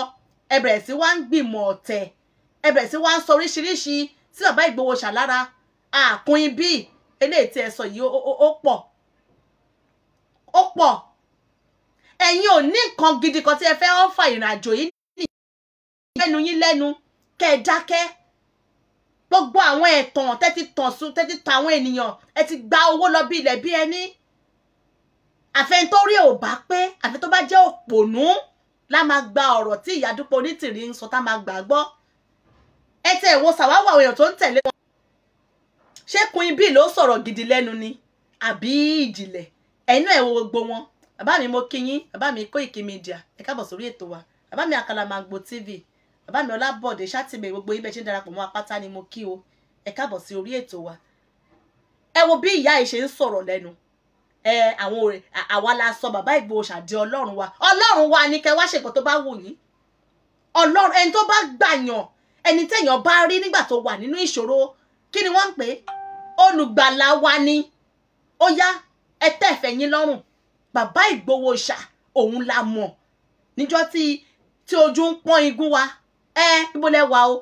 ẹ bẹ̀rẹ̀ sí wá ń gbìmọ̀ ọ̀tẹ̀ ẹ bẹ̀rẹ̀ sí wá ń sọ oríṣiríṣi sí bàbá Ìgbòho ṣàlára àkún ibi eléyìí tí ẹ sọ yìí ó pọ̀ ó pọ̀ ẹ̀yin ò ní nǹkan gidi kan tí ẹ fẹ́ ọ́fà ìrìnàjò yìí lẹ́nu yín lẹ́nu kẹ́ ẹ dákẹ́ gbogbo àwọn ẹ̀tàn tẹ́tí tàn sún tẹ́tí ta àwọn ènìyàn ẹ ti gba owó lọ bí ilẹ̀ bí ẹni àfẹnitórí ò bá pé àfi bá jẹ́ òpònú la máa gba ọ̀rọ̀ tí ìyá Dúpẹ́ Onítìrí ń sọ tá máa gbà gbọ́ ẹ tẹ ìwo sàwáwà èèyàn tó ń tẹ̀lé wọn ṣé queen bee ló sọ̀rọ̀ gidi lẹ́nu ni àbí ìjìnlẹ̀ ẹ̀yin náà ẹ̀ wo gbogbo wọn bàbá mi mo kí yín bàbá mi Koiki Media ẹ káàbọ̀ sórí ètò wa bàbá mi Àkàlàmàgbò TV bàbá mi Ọlábọ̀dé sátìmẹ̀ gbogbo ibẹ̀ ṣe ń darapọ̀ mọ́ apáta ni mo kí o ẹ káàbọ̀ sí orí ètò wa ẹ wo bí ìyá yìí ṣe ń sọ̀rọ̀ lẹ́nu ẹ àwọn òrè àwa la sọ bàbá Ìgbòho ṣàdé ọlọ́run wa ọlọ́run wa ni kẹ wá ṣe nǹkan tó bá wù yín ọlọ́run ẹni tó bá gbàyàn ẹni téèyàn bá rí nígbà tó wà nínú ìṣòro kí ni wọ́n ń pè é olùgbàlà wa ni ó yá ẹ tẹ́ ẹ̀fẹ̀ yín lọ́rùn bàbá Ìgbòho ṣá òun la mọ̀ níjọ́ tí tí ojú ń pọ́n igún wa ẹ ibo lẹ wà o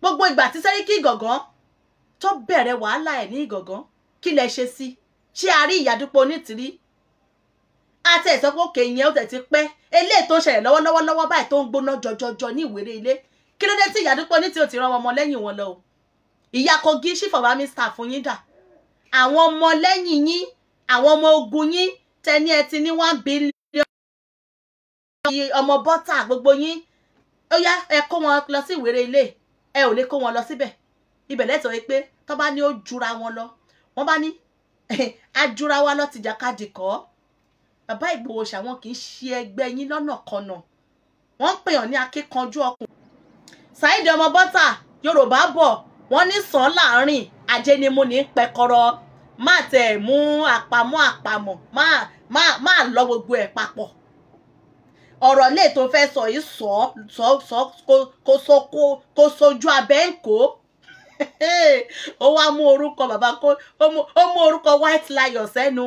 gbogbo ìgbà tí Sẹ́ríkì Ìgàngán tó bẹ̀rẹ̀ wàhálà ẹ̀ ní Ìgàngán kí lẹ ṣe sí ṣé a rí ìyàdúpọ̀ onítìrí àti ìsọpọ̀kè yẹn ó tẹ̀sí pẹ́ eléyìí tó ń ṣẹlẹ̀ lọ́wọ́lọ́wọ́ báyìí tó ń gbóná jọjọjọ ní ìwéré ilé kí ló dé tí ìyàdúpọ̀ onítìrí ò ti rán ọmọ lẹ́yìn wọn lọ o ìyá Kogi chief of army staff yín dà àwọn ọmọ lẹ́yìn yín àwọn ọmọ ogun yín tẹni ẹ ti ní one billion ọmọ bọ́tà gbogbo yín ó yá ẹ kó wọn lọ sí ìwéré ilé ẹ ò lè kó wọn lọ síbẹ̀ ibẹ̀ lẹ́tọ̀ọ́ pé tó bá ní ó jura wọn lọ wọ́n bá ní ajura wa lọ tìjàkadì kọ́ bàbá Ìgbòho ṣàwọn kì í ṣe ẹgbẹ́ yín lọ́nà kọ̀nà wọ́n ń pèèyàn ní akíkanjú ọkùnrin Saheed ọmọ bọ́tà Yorùbá bọ̀ wọ́n ní sàn láàrin ajé ni mo ní pẹkọrọ má tẹ̀ mú àpamọ́ àpamọ́ má má má lọ gbogbo ẹ̀ papọ̀ ọ̀rọ̀ lè tó fẹ́ sọ yìí sọ sọ sọ kó so kó kó sojú abẹ́ ń kó ó wá mú orúkọ bàbá kó ó mú orúkọ white lion sẹ́nu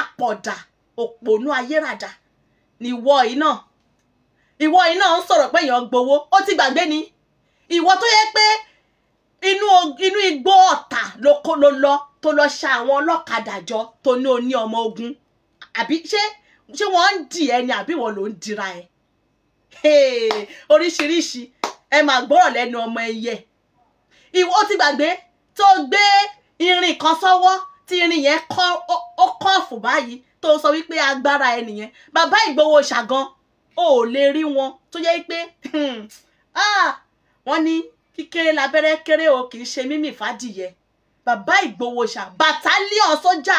apọ̀dà òpònú ayérada ni ìwọ yìí náà ìwọ yìí náà ń sọ̀rọ̀ pé èèyàn gbowó ó ti gbàgbé ni ìwọ tó yẹ pé inú inú igbó ọ̀tà ló kó ló lọ tó lọ ṣa àwọn ọlọ́kadà jọ tó ní oní ọmọ ogun àbí ṣé ṣé wọ́n ń dì ẹ ni àbí wọ́n ló ń dira ẹ oríṣiríṣi ẹ máa gbọ́rọ̀ lẹ́nu ọmọ ẹyẹ ìwọ ti gbàgbé tó gbé irin kan sọ́wọ́ tí irin yẹn kọ́ ó kọ́ọ̀fù báyìí tó sọ wípé agbára ẹ nìyẹn bàbá Ìgbòho ṣàgan ò lè rí wọn tó yẹ pé hmm, ah, wọ́n ní kíkéré lábẹ́rẹ́ kéré o kì í ṣe mímì fàdìyẹ bàbá ìgbowóṣà bàtálíọ̀n sójà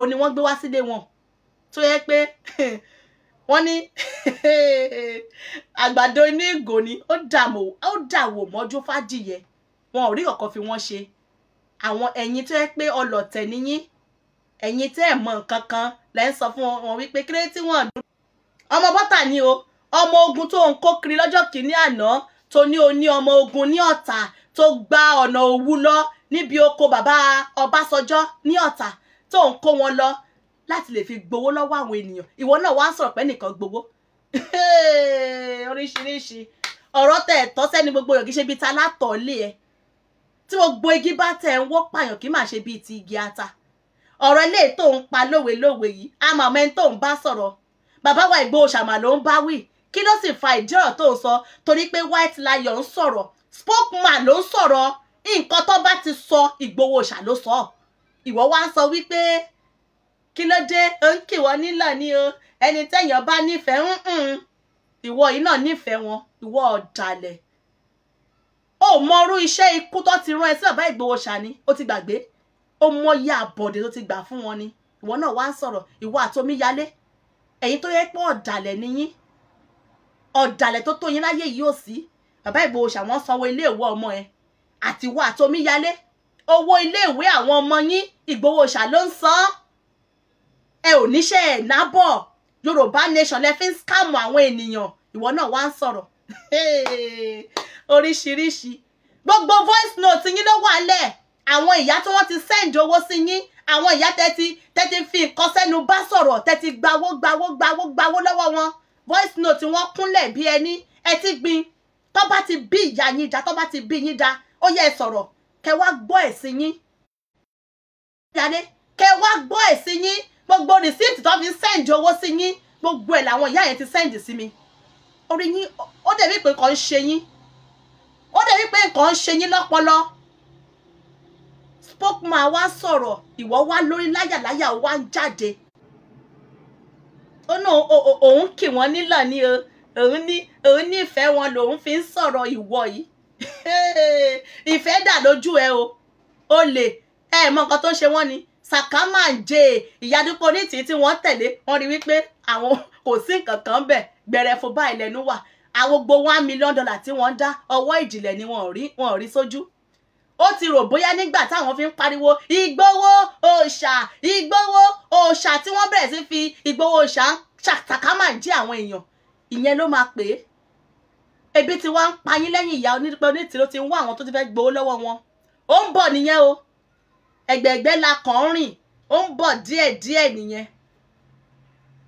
o ní wọ́n gbé wá sílé wọn tó yẹ pé wọ́n ní àgbàdo inú ìgò ni ó dàwò mọ́jú fàdìyẹ wọn ò rí ọ̀kan fi wọ́n ṣe àwọn ẹ̀yin tó yẹ pé ọlọ̀tẹ̀ níyí ẹ̀yin tẹ́ ẹ̀ mọ̀ nǹkan lẹ́ ń sọ fún wọn wípé kéré tí wọ́n dùn ọmọ bọ́tà ni o ọmọ ogun tó ń kó kiri lọ́jọ́ kìíní àná tó ní oní ọmọ ogun ní ọ̀tà tó gba ọ̀nà òwu lọ níbi oko bàbá Ọbásanjọ́ ní ọ̀tà tó ń kó wọn lọ láti lè fi gbowó lọ́wọ́ àwọn ènìyàn ìwọ náà wá sọ̀rọ̀ pé nìkan gbowó oríṣiríṣi ọ̀rọ̀ tẹ̀ tọ́ sẹ́ni gbogbo yàn kì í ṣe bíi ta látọ̀ọ́lé ẹ tí gbogbo igi bá tẹ̀ ń wó pààyàn kì í ṣe bíi ti igi ata ọ̀rọ̀ ilé tó ń pa lówe lówe yìí àmọ́ ọmọ ẹni tó ń bá sọ̀rọ̀ bàbá wa Ìgbòho Ṣàmà ló ń bá wí kí ló sì fa ìdí ọ̀rọ̀ tó ń sọ torí pé white lion ń sọ̀rọ̀ spokesman ló ń sọ̀rọ̀ nǹkan tó bá ti sọ Ìgbòho ṣà ló sọ ìwọ wá ń sọ wípé kí ló dé ó ń kì wọ́n nílò ni o ẹni tẹ́yàn bá nífẹ̀ẹ́ ń ìwọ yìí náà nífẹ̀ẹ́ wọn ìwọ ọ̀dàlẹ̀ o mọrú iṣẹ́ ikú tó ti rán ẹ sí bàbá Ìgbòho ṣà ni ó ti gbàgbé ó mọyé àbọ̀dé tó ti gbà fún wọn ni ìwọ náà wá ń sọ̀rọ̀ ìwọ àtomíyalé ẹ̀yin tó yẹ pé ọ̀dàlẹ̀ ni yín ọ̀dàlẹ̀ tó tó yín láyé yìí ò sí bàbá Ìgbòho ṣàwọn sanwó iléèwé ọmọ ẹ àtiwọ́ àtomíyalé owó iléèwé àwọn ọmọ yín Ìgbòho ṣà ló ń san ẹ ò níṣẹ́ ẹ̀ nábọ̀ Yorùbá nation lẹ fi ń skáàmù àwọn ènìyàn ìwọ náà wá ń sọ̀rọ̀ oríṣiríṣi gbogbo voice note yín ló wà lẹ̀ àwọn ìyá tí wọ́n ti send owó sí yín àwọn ìyá tẹ́tí tẹ́tí fi nǹkan sẹ́nu bá sọ̀rọ̀ tẹ́tí gbawó gbawó gbawó gbawó lọ́wọ́ wọn voice note wọn kúnlẹ̀ bí ẹni ẹ ti gbin tó bá ti bí ìyá yín já tó bá ti bí yín dá ó yẹ ẹ sọ̀rọ̀ kẹ wá gbọ́ ẹ̀sìn yín yàrá kẹ wá gbọ́ ẹ̀sìn yín gbogbo receipt tó fi send owó sí yín gbogbo ẹ̀ làwọn ìyá yẹn ti send sí mi orí yín ó dẹ̀ wípé nǹkan ń ṣe yín ó dẹ̀ wípé nǹkan ń ṣe yín lọ́pọlọ spokesman wá sọ̀rọ̀ ìwọ wá lórí láyàláyà wá ń jáde ó náà òun kì wọ́n nílà ni o òun ní òun nífẹ̀ẹ́ wọn lòun fi ń sọ̀rọ̀ ìwọ yìí ìfẹ́ dà lójú ẹ o ó lè ẹ mọ nǹkan tó ń ṣe wọ́n ni sàkámà ń jẹ ìyádúpọ̀ ní tìí tí wọ́n tẹ̀lé wọ́n rí wípé àwọn kò sí nǹkan kan bẹ̀ gbẹrẹfo báyìí lẹ́nu wà àwọn gbogbo one million dollar tí wọ́n dá ọwọ́ ìjìnlẹ̀ ni wọ́n rí wọ́n rí sójú ó ti rò bóyá nígbà táwọn fi ń pariwo ìgbowó òòṣà ìgbowó òòṣà tí wọ́n bẹ̀rẹ̀ sí fi ìgbowó òòṣà ṣàtàkàmà jí àwọn èèyàn ìyẹn ló máa pè é ebi tí wọ́n ń pa yín lẹ́yìn ìyá onípẹ́ onítìró ti ń wá àwọn tó ti fẹ́ gbowó lọ́wọ́ wọn ó ń bọ̀ nìyẹn o ẹgbẹ̀gbẹ́ la kàn ń rìn ó ń bọ̀ díẹ̀díẹ̀ nìyẹn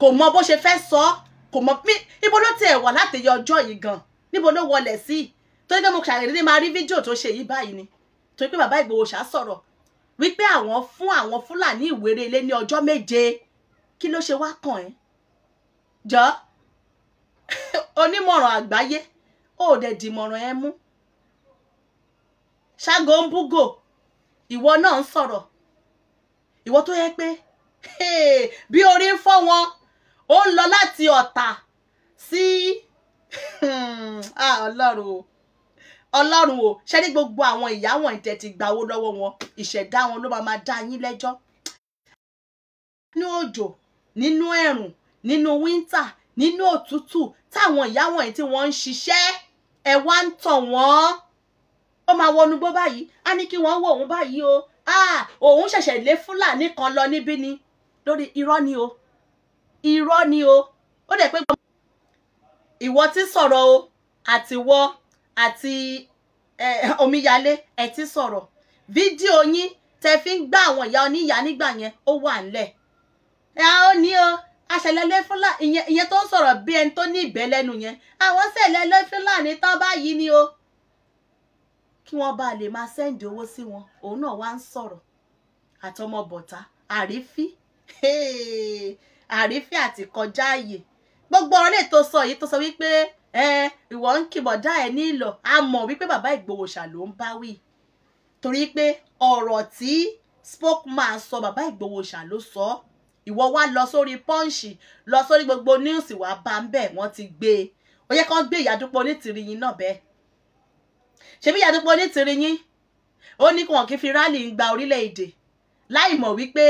kò mọ bó ṣe fẹ́ sọ kò mọ mí ibo ló tiẹ̀ wà látẹ̀yẹ ọjọ́ yìí gan níbo ló wọlé sí torí pé mo ṣàdédé máa rí fídíò tó ṣe yìí báyìí ni torí pé bàbá Ìgbòho ṣá sọ̀rọ̀ wípé àwọn fún àwọn Fúlàní ìwéré ilé ní ọjọ́ méje kí ló ṣe wá kàn ẹ́ jọ onímọ̀ràn àgbáyé ó dẹ̀ dìmọ̀ràn ẹ mú ṣágo ń búgò ìwọ náà ń sọ̀rọ̀ ìwọ tó yẹ pé bí orí ń fọ́ wọn ó ń lọ láti ọ̀tà sí hmm, ah, ọlọ́run o ọlọ́run o ṣe ní gbogbo àwọn ìyá wọn ìtẹ̀ ti gbà owó lọ́wọ́ wọn ìṣẹ̀dá wọn ló máa dá yín lẹ́jọ́. nínú òjò nínú ẹ̀rùn nínú wíńtà nínú òtútù táwọn ìyá wọn tí wọ́n ń ṣiṣẹ́ ẹ̀ wá ń tàn wọ́n. ó máa wọnú gbó báyìí á ní kí wọ́n wọ òun báyìí o òun ṣẹ̀ṣẹ̀ lé fúlàní kan lọ níbí ni lórí irọ́ ni o irọ́ ni o ó dẹ̀ pé ìwọ ti sọ̀rọ̀ o àtiwọ́ àti omíyalé ẹ ti sọ̀rọ̀ fídíò yín tẹ fi ń gbá àwọn ìyá oníyà nígbà yẹn ó wà ńlẹ̀ ẹ ó ní o àṣẹlẹlẹ fúlàní ìyẹn tó ń sọ̀rọ̀ bí ẹni tó ní ìbẹ́ lẹ́nu yẹn àwọn ṣẹlẹlẹ fúlàní tán báyìí ni o kí wọ́n bá lè máa sẹ́ǹdì owó sí wọn òun náà wá ń sọ̀rọ̀ àtọmọbọ̀tá àrífí àrífí àti kọjá ààyè gbogbo ọ̀rọ̀ tó sọ yìí tó sọ wípé ẹ ìwọ ń kìbọ̀dá ẹ nílò a mọ̀ wípé bàbá Ìgbòho ṣà ló ń bá wí torí pé ọ̀rọ̀ tí spokesman sọ bàbá Ìgbòho ṣà ló sọ ìwọ wá lọ sórí pọ́ǹṣì lọ sórí gbogbo níùsì wàá bá ń bẹ̀ wọ́n ti gbé e ó yẹ kán gbé ìyàdúpọ̀ onítìrí yín náà bẹ́ẹ̀ ṣebí ìyàdúpọ̀ onítìrí yín ó ní kí wọn kì í fi rálì ń gba orílẹ̀-èdè láì mọ̀ wípé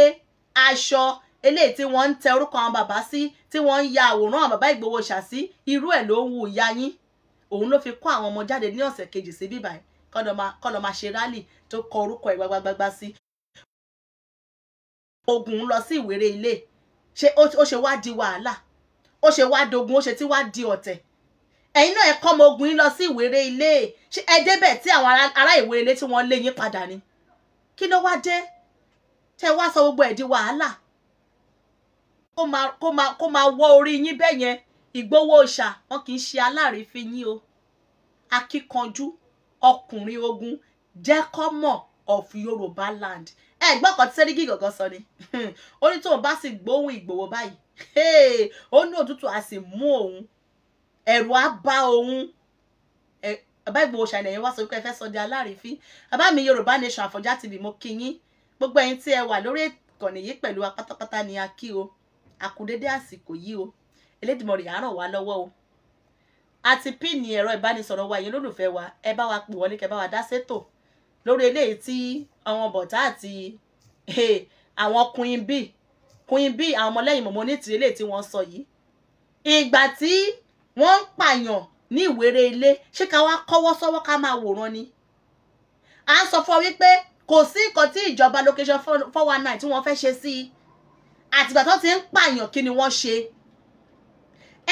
aṣọ eléyìí tí wọ́n ń tẹ orúkọ àwọn bàbá sí tí wọ́n ń ya àwòrán àwọn bàbá Ìgbòho ṣà sí irú ẹ̀ ló ń wù ìyá yín òun ló fi kó àwọn ọmọ jáde ní ọ̀sẹ̀ kejì sí bíbáyìí kọ́nà máa ṣe rálì tó kọ orúkọ ẹ̀ gbagbagba sí. ogun ń lọ sí ìwéré ilé ṣé ó ṣe wá di wàhálà ó ṣe wá dogun ó ṣe ti wá di ọ̀tẹ̀ ẹ̀yin náà ẹ kọ́ ọmọ ogun yín lọ sí ìwéré ilé ṣé ẹ débẹ̀ tí àwọn ará ìwéré ilé tí wọ́n lé yín padà ni kí ló wá dé tẹ wá sọ gbogbo ẹ̀ di wàhálà kó máa kó máa kó máa wọ́ orí yín bẹ́ẹ̀ yẹn ìgbowó ọ̀ṣà wọn kì í ṣe aláàrífín yín o akíkanjú ọkùnrin ogun jẹ́kọ́mọ̀ of Yorùbá land ẹ gbọ́ kan tí Sẹ́ríkì gọ̀gán sọ ni ó ní tóun bá sì gbóhùn Ìgbòho báyìí ó ní òtútù á sì mú òun ẹ̀rù á bá òun bàbá Ìgbòho ṣàlẹ̀ yẹn wá sọ pé ẹ fẹ́ sọ di aláàrífín bàbá mi Yorùbá Nation Àfọ̀njá TV mo kí yín gbogbo ẹ̀yin tí ẹ wà lórí ìkànnì yìí pẹ̀lú wa pátápátá ni a kí o àkùndédé àsìkò yìí o Elédùmarè á ràn wá lọ́wọ́ o àti píìnì ẹ̀rọ ìbánisọ̀rọ̀ wa yẹn lólùfẹ́ wa ẹ bá wa pè wọlé kẹ bá wa dá sétò lórí eléyìí tí àwọn bọ̀tá àti àwọn queen bee queen bee àwọn ọmọlẹ́yìn mọ̀mọ́ onítìrí eléyìí tí wọ́n sọ yìí ìgbà tí wọ́n ń pààyàn ní ìwéré ilé ṣé ká wá kọ́wọ́ sọ́wọ́ ká máa wòran ni à ń sọ fún ọ wípé kò sí nǹkan tí ìjọba location four one nine tí wọ́n fẹ́ ṣe sí i àtìgbà tó ti ń pààyàn kí ni wọ́n ṣe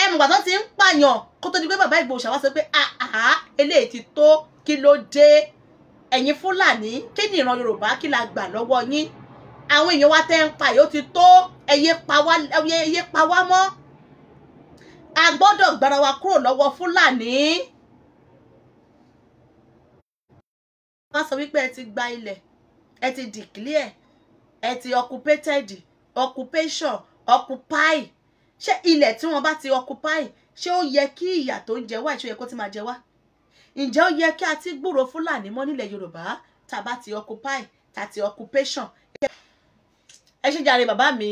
ẹ mọ̀gbà tó ti ń pààyàn kó tó di pé bàbá Ìgbòho ṣàwá sọ pé àhá ah, ah, eléyìí ti tó kí ló dé ẹ̀yin Fúlàní kí ni ìran Yorùbá kí la gbà lọ́wọ́ yín àwọn èèyàn wa tẹ́ ń pa yìí ó ti tó ẹ yé pa wá mọ́ a gbọ́dọ̀ gbára wa kúrò lọ́wọ́ Fúlàní. wọ́n sọ wípé ẹ ti gba ilẹ̀ ẹ ti declare ẹ ti occupated occupation occupy ṣé ilẹ̀ tí wọ́n bá ti occupy ṣé ó yẹ kí ìyà tó ń jẹ wá ìṣó yẹ kó ti máa jẹ wá ǹjẹ́ ó yẹ kí a ti gbúrò fúlàní mọ́ nílẹ̀ yorùbá tàbá ti occupy tàti occupation ẹ ṣe jàre bàbá mi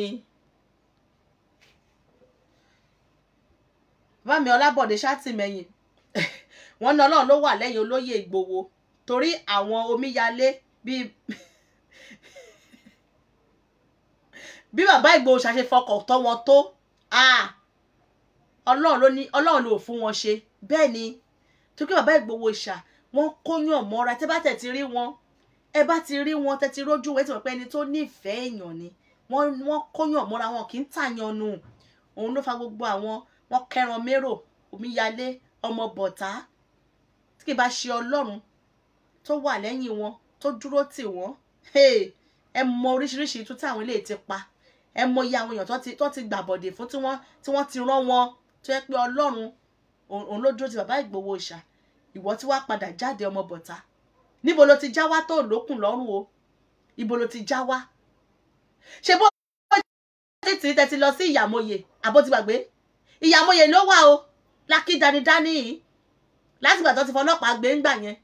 bàbá mi ọlábọ̀dé ṣátìmẹ̀yìn wọ́n ní ọlọ́run ló wà lẹ́yìn olóyè ìgbòho torí àwọn omíyalé bíi bí bàbá Ìgbòho ṣàṣe fọkàn tọ́ wọn tó ọlọ́run ló ní ọlọ́run ló fún wọn ṣe bẹ́ẹ̀ ni tó kí bàbá Ìgbòho ṣà wọ́n kóyàn mọ́ra tẹ́ bá tẹ̀ ti rí wọn ẹ bá ti rí wọn tẹ́ ti rójú wọn ẹ ti mọ̀ pé ẹni tó nífẹ̀ẹ́ èèyàn ni wọ́n kóyàn mọ́ra wọn kì í tàyàn nù òun ló fa gbogbo àwọn wọn kẹran mérò omíyalé ọmọ bọ̀tá tí kì bá ṣe ọlọ́run tó wà lẹ́yìn wọn tó dúró tì wọ́n ẹ mọ oríṣiríṣi tó táwọn ilé ti pa ẹ mọyì àwọn èèyàn tó ti gbàbọ̀dè fún tí wọ́n ti rán wọn tó yẹ pé ọlọ́run òun ló dúró ti bàbá Ìgbòho Òòṣà ìwọ tí wàá padà jáde ọmọ bọ̀tá níbo ló ti já wá tó lókùn lọ́rùn o ibo ló ti já wá ṣe bó ti tì í tẹ́tí lọ sí ìyàmóye àbó ti gbàgbé ìyàmóye ló wà o lákì dánidání yìí láti gbà tó ti fọlọ́pàá gbé ńgbà yẹn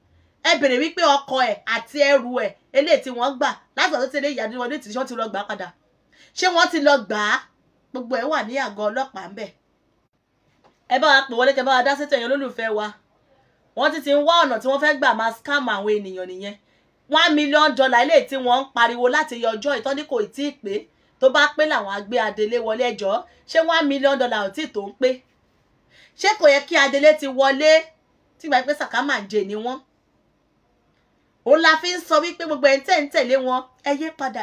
ẹ bèrè wípé ọkọ ẹ àti ẹrù ẹ eléyìí tí wọ́n gbà láti gbà tó ti lé ìyàdínwọlé tí wọ́n ti lọ gbà padà ṣé wọ́n ti lọ gbà á gbogbo ẹ̀ wà ní àgọ́ ọlọ́pàá ńbẹ̀ ẹ bá wa pè wọlé kẹ bá wa dá sétò ẹ̀yin olólùfẹ́ wa wọ́n ti ti ń wá ọ̀nà tí wọ́n fẹ́ gbà máa scam àwọn ènìyàn nìyẹn one million dollar ilé tí wọ́n ń pariwo láti yọ ọjọ́ ìtọ́ni kò tí ì pé tó bá pé làwọn agbé adelé wọlé ẹjọ́ ṣé one million dollar ò tí ì tó ń pé ṣé kò yẹ kí adelé ti wọlé tí gbàgbé sàkámà jẹ ni wọ́n òun la fi ń sọ wípé gbogbo ẹ̀ ń tẹ̀ ń tẹ̀lé wọn ẹ yé padà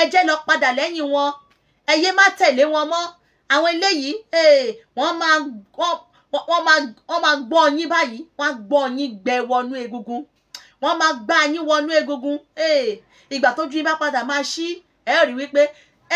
ẹ jẹ́ lọ padà lẹ́yìn wọn ẹ yé má tẹ̀lé wọn mọ́ àwọn eléyìí eh, wọ́n máa wọ́n máa gbọ́ yín báyìí wọ́n á gbọ́ yín gbẹ wọnú egungun wọ́n máa gbá yín wọnú egungun eh, ìgbà tójú yín bá padà máa ṣí ẹ rí wípé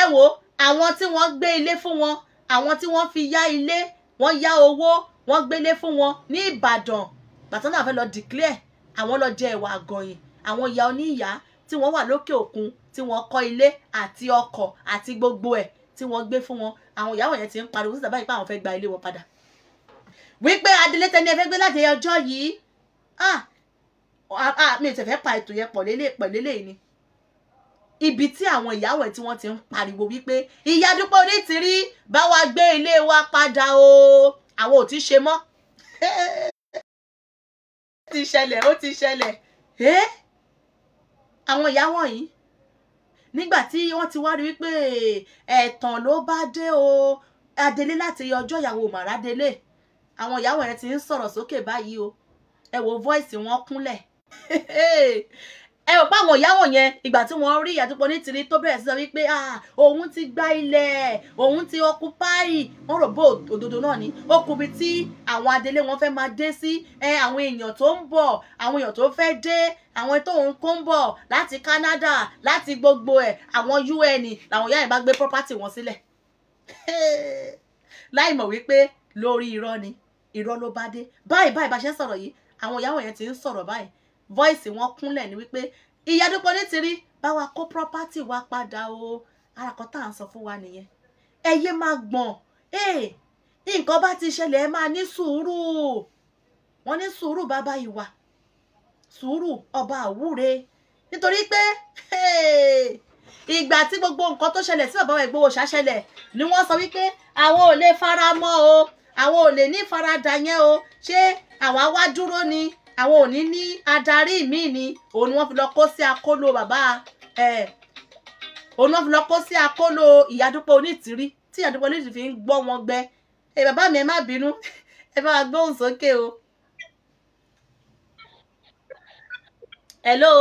ẹ wo àwọn tí wọ́n gbé ilé fún wọn àwọn tí wọ́n fi yá ilé wọ́n yá owó wọ́n gbélé fún wọn ní Ìbàdàn bàtà náà fẹ́ lọ declare àwọn lọ jẹ ẹwà àgọ̀yìn àwọn ìyá oníyà tí wọ́n wà lókè òkun tí wọ́n kọ́ ilé àti ọkọ̀ àti gbogbo ẹ̀ tí wọ́n gbé fún wọn àwọn ìyàwó yẹn ti ń pariwo síta báyìí pé àwọn fẹ́ gba ilé wọn padà wípé adelé tẹni ẹ fẹ́ gbé láti ọjọ́ yìí ah ah, ah mi ò tẹ̀ fẹ́ pa ètò yẹn pọ̀ lélẹ̀ pọ̀ lélẹ̀ ni ibi tí àwọn ìyàwó ẹ̀ tí wọ́n ti ń pariwo wípé ìyá Dúpẹ́ Onítìrí bá wa gbé ilé wa padà o àwọn ò ti ṣe mọ́ ti ṣẹlẹ̀ ó ti ṣẹlẹ̀ ẹ́ àwọn ìyá wọ̀nyí nígbà tí wọ́n ti wá rí wípé ẹ̀tàn ló bá dé o adelé láti ọjọ́ ìyàwó màrádélé àwọn ìyá wọ̀nyẹn ti ń sọ̀rọ̀ sókè báyìí o ẹ wo voice wọn kúnlẹ̀ ẹ ò pa àwọn ìyá wọ̀nyẹn ìgbà tí wọ́n rí àtúpọ̀ ní tìrí tó bẹ̀rẹ̀ sí sọ wípé òun ti gba ilẹ̀ òun ti ọkùpáì wọ́n rò bó òdodo náà ni ó kubi tí àwọn adelé wọn fẹ́ máa dé sí àwọn èèyàn tó ń bọ̀ àwọn èèyàn tó fẹ́ dé àwọn tó ń kó ń bọ̀ láti Canada láti gbogbo ẹ̀ àwọn UN làwọn ìyá yẹn bá gbé property wọn sílẹ̀ láì mọ̀ wípé lórí irọ́ ni irọ́ ló bá dé báyìí báyìí bá ṣe ń sọ̀rọ̀ yìí àwọn ìyá wọ̀nyẹn ti ń sọ̀rọ̀ báyìí voice wọn kúnlẹ̀ ni wípé ìyá Dúpẹ́ Onítìrí bá wa kó property wa padà o arakọ tá à ń sọ fún wa nìyẹn ẹyẹ máa gbọ̀n ee nǹkan bá ti ṣẹlẹ̀ ẹ máa ní sùúrù wọ́n ní sùúrù bàbá ìwà sùúrù ọba àwúre nítorí pé ìgbà tí gbogbo nǹkan tó ṣẹlẹ̀ sí bàbá Ìgbòho ṣàṣẹlẹ̀ ni wọ́n sọ wípé àwọn ò lè fara mọ́ o àwọn ò lè ní ìfaradà yẹn o ṣé àwa wá dúró ni àwọn òní ní adarí míì ni òun ni fi lọ kó sí akóló bàbá òun ni fi lọ kó sí akóló ìyádúpọ̀ onítìrí tí ìyádúpọ̀ onítìrí fi ń gbọ́ wọn gbẹ ẹ bàbá mi ẹ má bínú ẹ bá wa gbóhùn sókè o. hello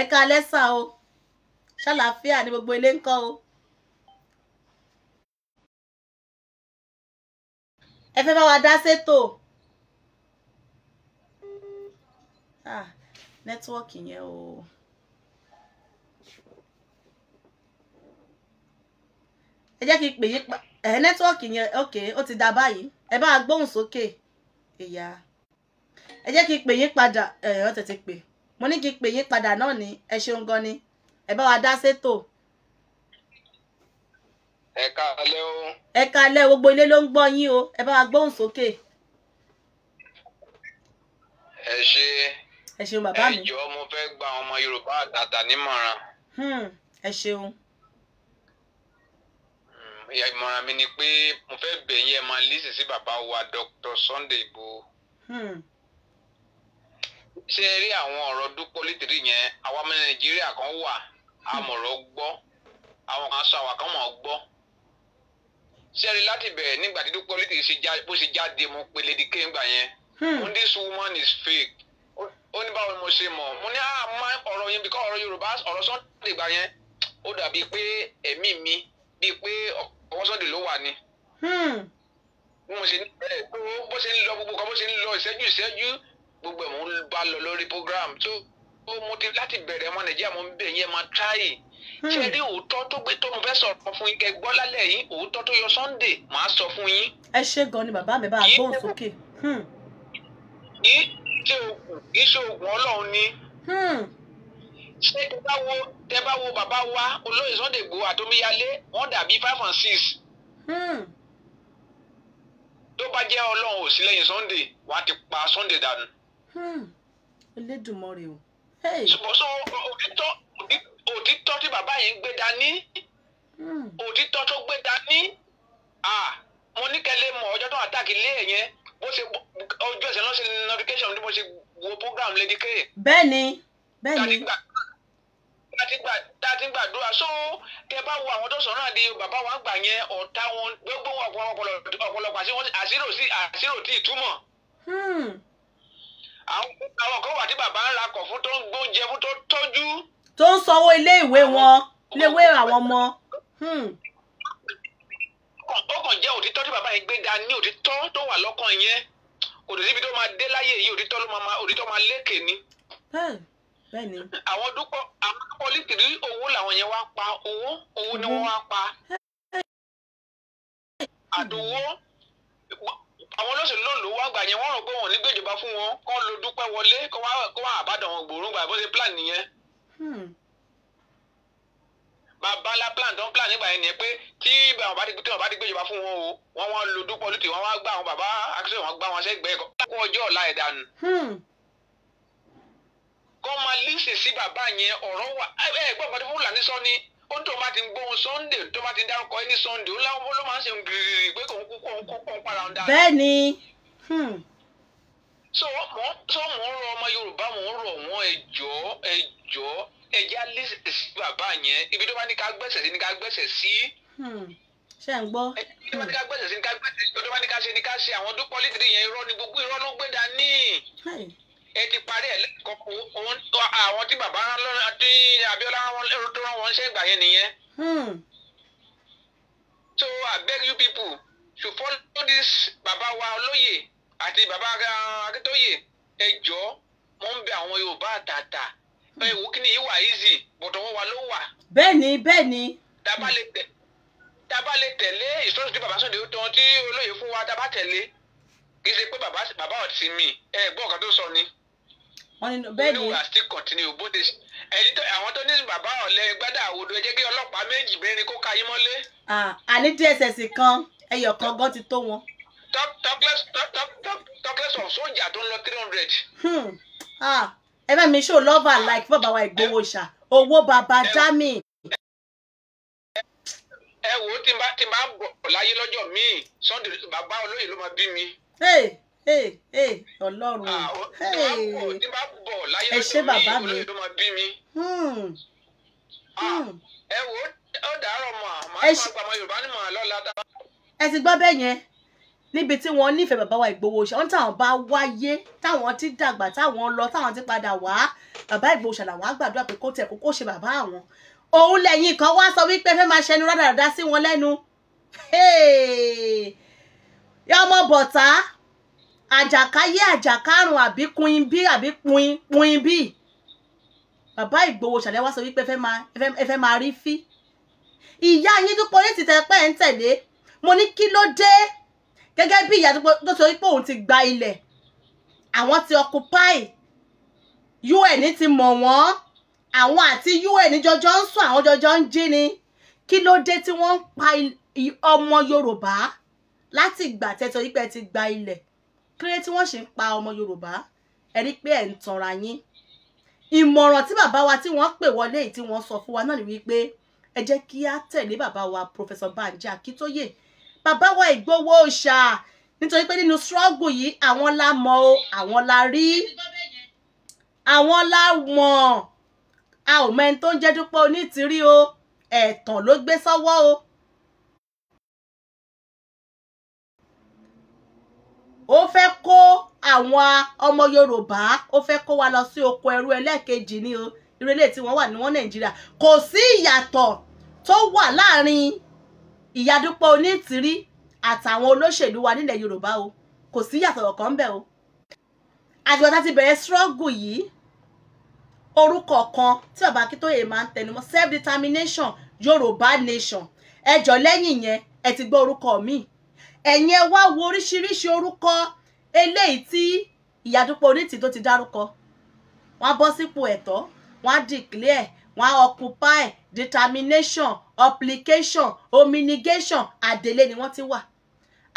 ẹ ká lẹ́sà o ṣàlàáfíà ní gbogbo ilé ńkọ́ o. ẹ fẹ́ bá wa dá sétò. ah nẹ́tíwọ́ọ̀kì yẹn o ẹ jẹ́ kí n pè yín pa ẹ nẹ́tíwọ́ọ̀kì yẹn ok ó ti da báyìí ẹ bá gbóhùn sókè ìyá ẹ jẹ́ kí n pè yín padà ẹ ọ tètè pè mo ní kí n pè yín padà náà ni ẹ ṣeun gan ni ẹ bá wa dá sétò. ẹ káalẹ́ o. ẹ káalẹ́ gbogbo ilé ló ń gbọ́ yín o ẹ bá wa gbóhùn sókè. ẹ ṣe ẹ ṣeun bàbá mi. ẹ mo fẹ́ gba ọmọ Yorùbá àtàtà nímọ̀ràn. Hmm, ẹ ṣeun. Hmm, ìmọ̀ràn mi ni pé mo fẹ́ bẹ̀yìn ẹ̀ máa lísì sí bàbá wa Dr. Sunday Igboho. Hmm. ṣé ẹ rí àwọn ọ̀rọ̀ dúpọ̀ létìrí yẹn àwa ọmọ Nàìjíríà kan wà àmọ̀rọ̀ gbọ́ àwọn kan sọ àwọn kan mọ̀ gbọ́ sẹ́ni láti bẹ̀rẹ̀ nígbà tí dúpọ̀ létìrí bó ṣe jáde mo pe lady kéńgbà yẹn. this woman is fake ó ní báwo ni mo ṣe mọ̀ mo ní àmọ́ ah, ọ̀rọ̀ yẹn bíkọ́ ọ̀rọ̀ Yorùbá ọ̀rọ̀ Sunday gbà yẹn ó dàbí pé ẹ̀mí mi bíi pé ọwọ́ Sunday ló wà ni. Hmm. bí mo ṣe ní bẹ́ẹ̀ tó bó ṣe ń lọ gbogbo kan bó ṣe ń lọ ìṣẹ́jú ìṣẹ́jú gbogbo ẹ̀ mò ń bá lọ lórí program tó ó mo ti láti bẹ̀rẹ̀ ọmọ Nàìjíríà mo ń bẹ̀ yẹn máa tráyì hmm. ṣe rí òótọ́ tó gbé tó mo fẹ́ sọ̀rọ̀ fún yín gbọ́ lálẹ́ yìí òótọ́ tó yọ Sunday màá sọ fún yín. ẹ ṣe gan ni bàbá mi bá gbóhùn sókè. Hmm ṣé oògùn kì í ṣe oògùn ọlọ́run ni. Hmm. ṣé tẹ bá wo tẹ bá wo bàbá wa olóyè Sunday Igboho àtọmíyálé wọ́n dàbí five and six. Hmm. tó bá jẹ́ ọlọ́run ò sí lẹ́yìn Sunday wàá ti pa Sunday dànù. Hmm. Elédùmarè o. ṣùgbọ́n sọ òtítọ́ òtítọ́ tí bàbá yìí ń gbé dání òtítọ́ tó gbé dání mo ní kẹ́lẹ́ mọ̀ ọjọ́ tó àtàkì lé ẹ̀ bó ṣe ojú ẹsẹ̀ náà ṣe ní notification bí mo ṣe wo program lady k. bẹ́ẹ̀ni bẹ́ẹ̀ni tati gbàdúrà so tẹ bá wo àwọn tó sọ̀rọ̀ àdé bàbá wa gbà yẹn ọ̀tá wọn gbogbo wọn ọ̀pọ̀lọpọ̀ àṣírò sí àṣírò tí ì túmọ̀ hmm. àwọn kan wà tí bàbá ń rakọ̀ fún tó ń gbóúnjẹ fún tó tọ́jú. tó ń sanwó iléèwé wọn léwé àwọn ọmọ. Hmm kàn tó kàn jẹ́ òtítọ́ tí bàbá yẹn gbé ga ní òtítọ́ tó wà lọ́kàn yẹn òtítọ́ ibi tó máa dé láyé yìí òtítọ́ ló máa òtítọ́ máa lékè ni. bẹ́ẹ̀ni. àwọn dúpọ̀ àwọn dúpọ̀ lítìrí owó làwọn yẹn wá pa owó owó ni wọ́n wá pa. àdúwó àwọn olóṣèlú ló lù wá gbà yẹn wọ́n rò pé wọ́n ní gbèjọba fún wọn kó lo dúpẹ́ wọlé kó wá àbádàn wọn gbòòrò gbà bó ṣe plan nìyẹn. Hmm bàbá la plan tó ń plan nígbà yẹn nìyẹn pé tí àwọn bá ti gbé tí wọn bá ti gbé ìjọba fún wọn o wọn wọn lo dúpọ̀ lùtì wọn wá gbá àwọn bàbá akíṣẹ́ wọn gbá wọn sẹ́gbẹ̀ẹ́ kọ́ kó ọjọ́ ọ̀la ẹ̀ dànù. Hmm. kọ́ máa lísì sí bàbá yẹn ọ̀rọ̀ wà ẹ ẹ gbọ́ nǹkan tí sọ ni ó tó máa ti gbóhùn Sunday tó máa ti dárúkọ ẹni Sunday ó láwọn ló máa ń ṣe gírì pé kòun kú kòun kú kòun para hmm. so mo so mo ń rọ ọmọ Yorùbá mo ń rọ wọn ẹjọ ẹjọ ẹ̀jẹ̀ á lé sí bàbá yẹn ibi tó bá ní ká gbẹ̀sẹ̀ sí ní ká gbẹ̀sẹ̀ sí. Hmm. ṣé ń gbọ́. ibi tó bá ní ká gbẹ̀sẹ̀ sí ní ká gbẹ̀sẹ̀ sí ibi tó bá ní ká ṣe ní ká ṣe àwọn dúpọ̀ lítìrì yẹn irọ́ ni gbogbo irọ́ ló gbé dání. ẹ ti parí ẹ lẹ́kọ̀ọ́ àwọn tí bàbá lọ́nà tí Abíọ́lá tó rán wọn ṣe ìgbà yẹn nìyẹn. Hmm. so I beg you people to follow this bàbá wa olóyè àti bàbá Akíntóyè ẹ jọ̀ọ́ mo ń bẹ àwọn Yorùbá àtàtà ẹ eh, wò kí ni yìí wà easy bọ̀dọ̀ wọn wà ló wà. bẹ́ẹ̀ni bẹ́ẹ̀ni. dábàá lè dábàá lè tẹ̀lé ìsọ́nù tí bàbá Sunday tán tí olóyè fún wa dábàá tẹ̀lé kì í ṣe pé bàbá bàbá ọ̀tí mi ẹ gbọ́ ọ̀kan tó sọ ni. wọ́n ní bẹ́ẹ̀ ni. olùwà still continue bóde ẹni tó àwọn tó ní bàbá ọ̀lẹ́ gbádà àwòdò ẹ jẹ́ kí ọlọ́pàá méjì mẹ́rin kó ka yín mọ́lé. àní DSS kan ẹyọ kan gan ti tó wọn. top topless top top topless of soldier tó ń lọ three hundred. Hmm ẹ bá mi show love and like bàbá wa Ìgbòho ṣá owó bàbá Jami. ẹ wo tí n bá tí n bá bọ̀ láyé lọ́jọ́ míì Sunday bàbá olóyè ló máa bí mi. ọlọ́run ah, ẹ ṣé bàbá mi. Hmm. Ah, hmm. ẹ wo ó dàárọ̀ mọ́ àmọ́ àgbàmọ́ Yorùbá ni màá lọ́la dáa. ẹ ti gbọ́ bẹ́ẹ̀ yẹn níbi tí wọ́n nífẹ̀ẹ́ bàbá wa Ìgbòho Òòṣà wọ́n táwọn bá wáyé táwọn ti dàgbà táwọn lọ táwọn ti padà wá bàbá Ìgbòho Òòṣà làwọn á gbàdúrà pé kó tẹ̀ kó kó ṣe bàbá àwọn òun lẹ́yìn kan wá sọ wípé fẹ́ máa ṣẹnu rádàrádá sí wọn lẹ́nu ọmọ bọ̀tá àjàkáyé àjàkárùn àbí bí àbí bí bàbá Ìgbòho Òòṣà wá sọ wípé ẹ fẹ́ máa rí fí ìyá yín dúpọ̀ ní tìtẹ́pẹ́ ń tẹ̀lé mo ní kí ló dé gẹ́gẹ́ bí ìyá tó sọ pé òun ti gba ilẹ̀ àwọn ti occupy UN ti mọ̀ wọ́n àwọn àti UN jọjọ́ ń sùn àwọn jọjọ́ ń jí ni kí ló dé tí wọ́n ń pa ọmọ Yorùbá láti ìgbà tẹ́tọ́ yí pé ẹ ti gba ilẹ̀ kí ló dé tí wọ́n ṣe ń pa ọmọ Yorùbá ẹ rí pé ẹ̀ ń tanra yín ìmọ̀ràn tí bàbá wa tí wọ́n pè wọlé tí wọ́n sọ fún wa náà ni wípé ẹ jẹ́ kí á tẹ̀lé bàbá wa Professor Banji Akíntóyè bàbá wa Ìgbòho ṣá nítorí pé nínú struggle yìí àwọn la mọ̀ o àwọn la rí àwọn la mọ̀ a ò mọ ẹni tó ń jẹ́ Dúpẹ́ Onítìrí o ẹ̀tàn ló gbé sọ́wọ́ o. ó fẹ́ kó àwọn ọmọ Yorùbá ó fẹ́ kó wa lọ sí oko ẹrú ẹlẹ́ẹ̀kejì ni o irú eléyìí tí wọ́n wà ní wọ́n Nàìjíríà kò sí ìyàtọ̀ tó wà láàrin ìyá Dúpẹ́ Onítìrí àtàwọn olóṣèlú wa nílẹ̀ Yorùbá o kò sí yàtọ̀ kan bẹ́ẹ̀ o àgbà tá ti bẹ̀rẹ̀ struggle yìí orúkọ kan tí bàbá Akíntóyè máa ń tẹnumọ́ self determination Yorùbá nation ẹjọ́ lẹ́yìn yẹn ẹ ti gbọ́ orúkọ mi ẹ̀yin ẹ wá wo oríṣiríṣi orúkọ eléyìí tí ìyá Dúpẹ́ Onítìrí tó ti dárúkọ wọ́n á bọ́ sípò ẹ̀tọ́ wọ́n á declare wọ́n occupy determination application ominigation àdélé ni wọ́n ti wà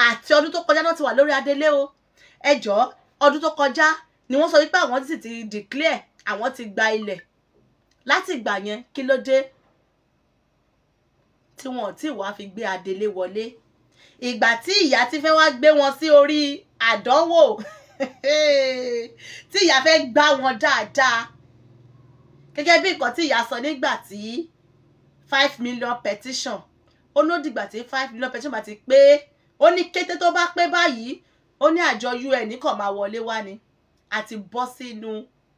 àti ọdún tó kọjá náà ti wà lórí adélé o ẹjọ́ ọdún tó kọjá ni wọ́n sọ wípé àwọn sì ti declare àwọn ti gba ilẹ̀ láti ìgbà yẹn kí ló dé tí wọn ò tí ì wá fi gbé adélé wọlé ìgbà tí ìyá ti fẹ́ wá gbé wọn sí orí àdánwò tí ìyá fẹ́ gbá wọn dáadáa gẹ́gẹ́ bí nǹkan tí ìyá sọ nígbà tí five million petition ó ló dìgbà tí five million petition bá ti pé ó ní kété tó bá pé báyìí ó ní àjọ UN kàn máa wọlé wá ni àti bọ́ sínú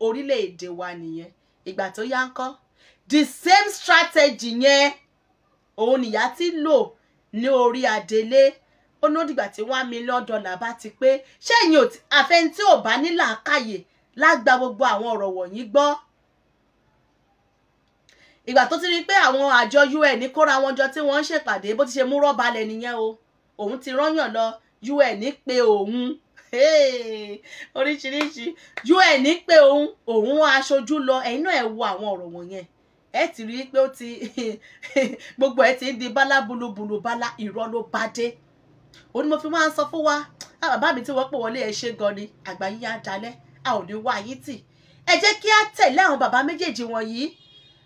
orílẹ̀-èdè wa nìyẹn ìgbà tó yá ń kọ́ the same strategy yẹn òun nìyá ti lò ní orí adelé ó ní tí one million dollar bá ti pé ṣé ìyẹn àfẹn tí ò bá ní làákàyè lágbà gbogbo àwọn ọ̀rọ̀ wọ̀nyí gbọ́ ìgbà tó ti rí pé àwọn àjọ UN kóra wọn jọ tí wọ́n ń ṣèpàdé bó ti ṣe mú rọ́ọ̀bà lẹ̀ nìyẹn o òun ti rányàn lọ UN pé òun oríṣiríṣi UN pé òun òun aṣojú lọ ẹ̀yin náà ẹ̀ wo àwọn ọ̀rọ̀ wọ̀nyẹn ẹ ti rí i pé ó ti gbogbo ẹ ti ń di bálá bulubulu bálá irọ́ ló bá dé òun ni mo fi máa ń sọ fún wa a ah, bàbá mi tí wọ́n pè wọlé ẹ ṣe gan ni àgbáyé á dalẹ̀ a ò ní wá yín tì ẹ jẹ́ kí á tẹ̀lé àwọn bàbá méjèèjì wọ̀nyí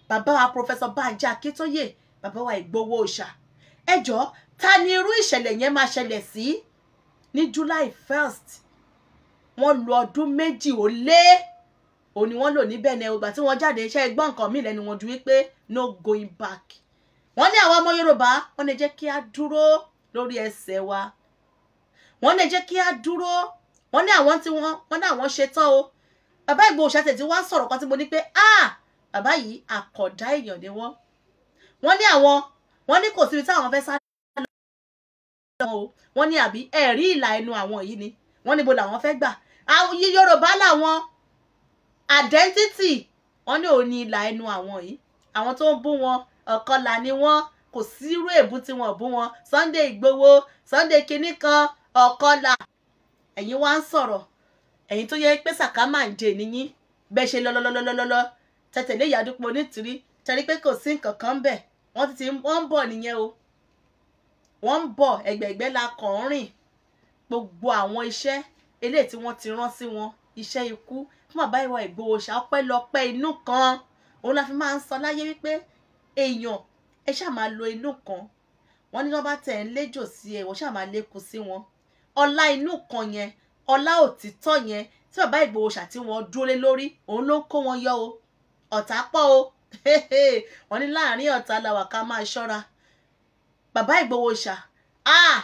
bàbá wa professor Bánjí Akíntóyè bàbá wa Ìgbòho Òòṣà ẹ jọ̀ọ́ ta ni irú ìṣẹ̀lẹ̀ yẹn máa ṣẹlẹ̀ sí ní July 1st wọ́n lo ọdún méjì ó lé òní wọ́n lò níbẹ̀ ní ọgbà tí wọ́n jáde iṣẹ́ ẹgbọ́n nǹkan míì lẹ́nu wọn ju wípé no going back wọ́n ní àwọn ọmọ Yorùbá wọ́n lè jẹ́ kí á dúró lórí ẹsẹ̀ wa wọ́n lè jẹ́ kí á dúró wọ́n ní àwọn tí wọ́n wọ́n ní àwọn ṣetán o bàbá Ìgbòho Òòṣà tètè wá sọ̀rọ̀ kan tí mo ní pé ah bàbá yìí àkọ̀dá èèyàn ni wọ́n wọ́n ní àwọn wọ́n ní kò síbi táwọn fẹ́ sáré lọ o wọ́n ní àbí ẹ̀rí ìlà ẹnu àwọn yìí ni wọ́n níbo làwọn fẹ́ gbà yí Yorùbá làwọn identity wọ́n ní òun ní ìlà ẹnu àwọn yìí àwọn tó ń bú wọn ọ̀kọlà ni wọ́n kò sírú èbú tí wọ́n bú wọn Sunday Ìgbòho Sunday kinní kan ọ̀kọlà ẹ̀yin wá ń sọ̀rọ̀ ẹ̀yin tó yẹ pé sàkámà ń jẹ nìyí bẹ́ẹ̀ ṣe lọ́lọ́lọ́lọ́lọ́ tẹ̀tẹ̀lé ìyàdúpọ̀ onítìrí tẹ̀rí pé kò sí nǹkan kan bẹ̀ wọ́n ti ti wọ́n ń bọ̀ nìyẹn o wọ́n ń bọ̀ ẹgbẹ̀gbẹ́ la kàn ń rìn gbogbo àwọn iṣẹ́ eléyìí tí wọ́n ti rán sí wọn iṣẹ́ ikú fún bàbá ìwà Ìgbòho ṣá ọpẹ́lọpẹ́ inú kan òun la fi máa ń sọ láyé wípé èèyàn ẹ ṣáà máa lo inú kan wọ́n ní wọ́n bá tẹ̀ ń léjò sí ẹ̀ wọ́n ṣáà máa lékun sí wọn ọlá inú kan yẹn ọlá òtítọ́ yẹn tí bàbá Ìgbòho ṣá dúró lé lórí òun ló ń kó wọn yọ o ọ̀tá pọ̀ o wọ́n ní láàrin ọ̀tá làwà ká máa ṣọ́ra bàbá Ìgbòho ṣá ah!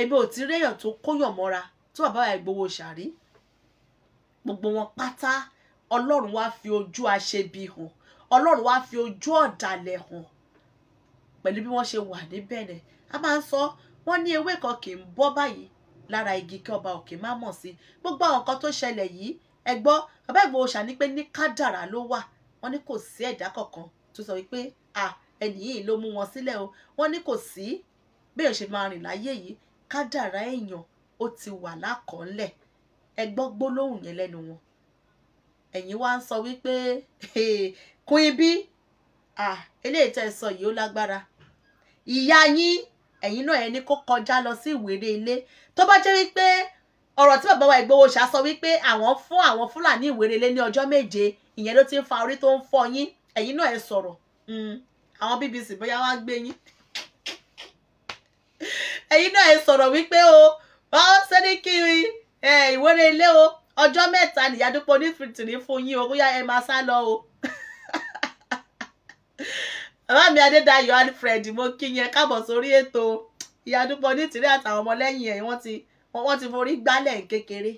èmi ò ti réyàn tó kóyàn mọ́ra tó bàbá Ìgbòho ṣá rí gbogbo wọn pátá ọlọ́run wá fi ojú aṣebi hàn ọlọ́run wá fi ojú ọ̀dàlẹ̀ hàn pẹ̀lú bí wọ́n ṣe wà níbẹ̀rẹ̀ a máa ń sọ wọ́n ní ewé kan kì í bọ́ báyìí lára igi kí ọba òkè má mọ̀ sí gbogbo àwọn nǹkan tó ṣẹlẹ̀ yìí ẹ gbọ́ bàbá Ìgbòho ṣà ní pé ní kádàrá ló wà wọ́n ní kò sí ẹ̀dá kankan tó sọ wípé à ẹnì yìí ló mú wọn sílẹ̀ o wọ́n ní kò sí bẹ́ẹ̀ ṣe máa rìn láyé yìí kádàrá èèyàn ó ti wà lákọọ́lẹ̀ ẹ gbọ́ gbólóhùn yẹn lẹ́nu wọn ẹ̀yin wá ń sọ wípé Queen Bee eléyìí tẹ́ ẹ sọ yìí ó lágbára ìyá yín ẹ̀yin náà ẹni kó kọjá lọ sí ìwéré ilé tó bá jẹ́ wípé ọ̀rọ̀ tí bàbá wa Ìgbòho ṣá sọ wípé àwọn fún àwọn Fúlàní ìwérelé ní ọjọ́ méje ìyẹn ló ti ń fa orí tó ń fọ́ yín ẹ̀yin náà ẹ sọ̀rọ̀ hmm. àwọn BBC bóyá wá gbé yín ẹ̀yin náà ẹ sọ̀rọ̀ wípé o wọ́n Sẹ́ríkì ìwérelé o ọjọ́ mẹ́ta nìyá Dúpẹ́ Onítìrí fún yín o bóyá ẹ máa sá lọ o bàbá mi Adédayọ̀ Alfred mo kí yẹn káàbọ̀ sórí ètò ìyá Dúpẹ́ Onítìrí àtàwọn ọmọlẹ́yìn ẹ̀ wọ́n ti ọ̀pọ̀ wọn ti forí gbálẹ̀ ń kékeré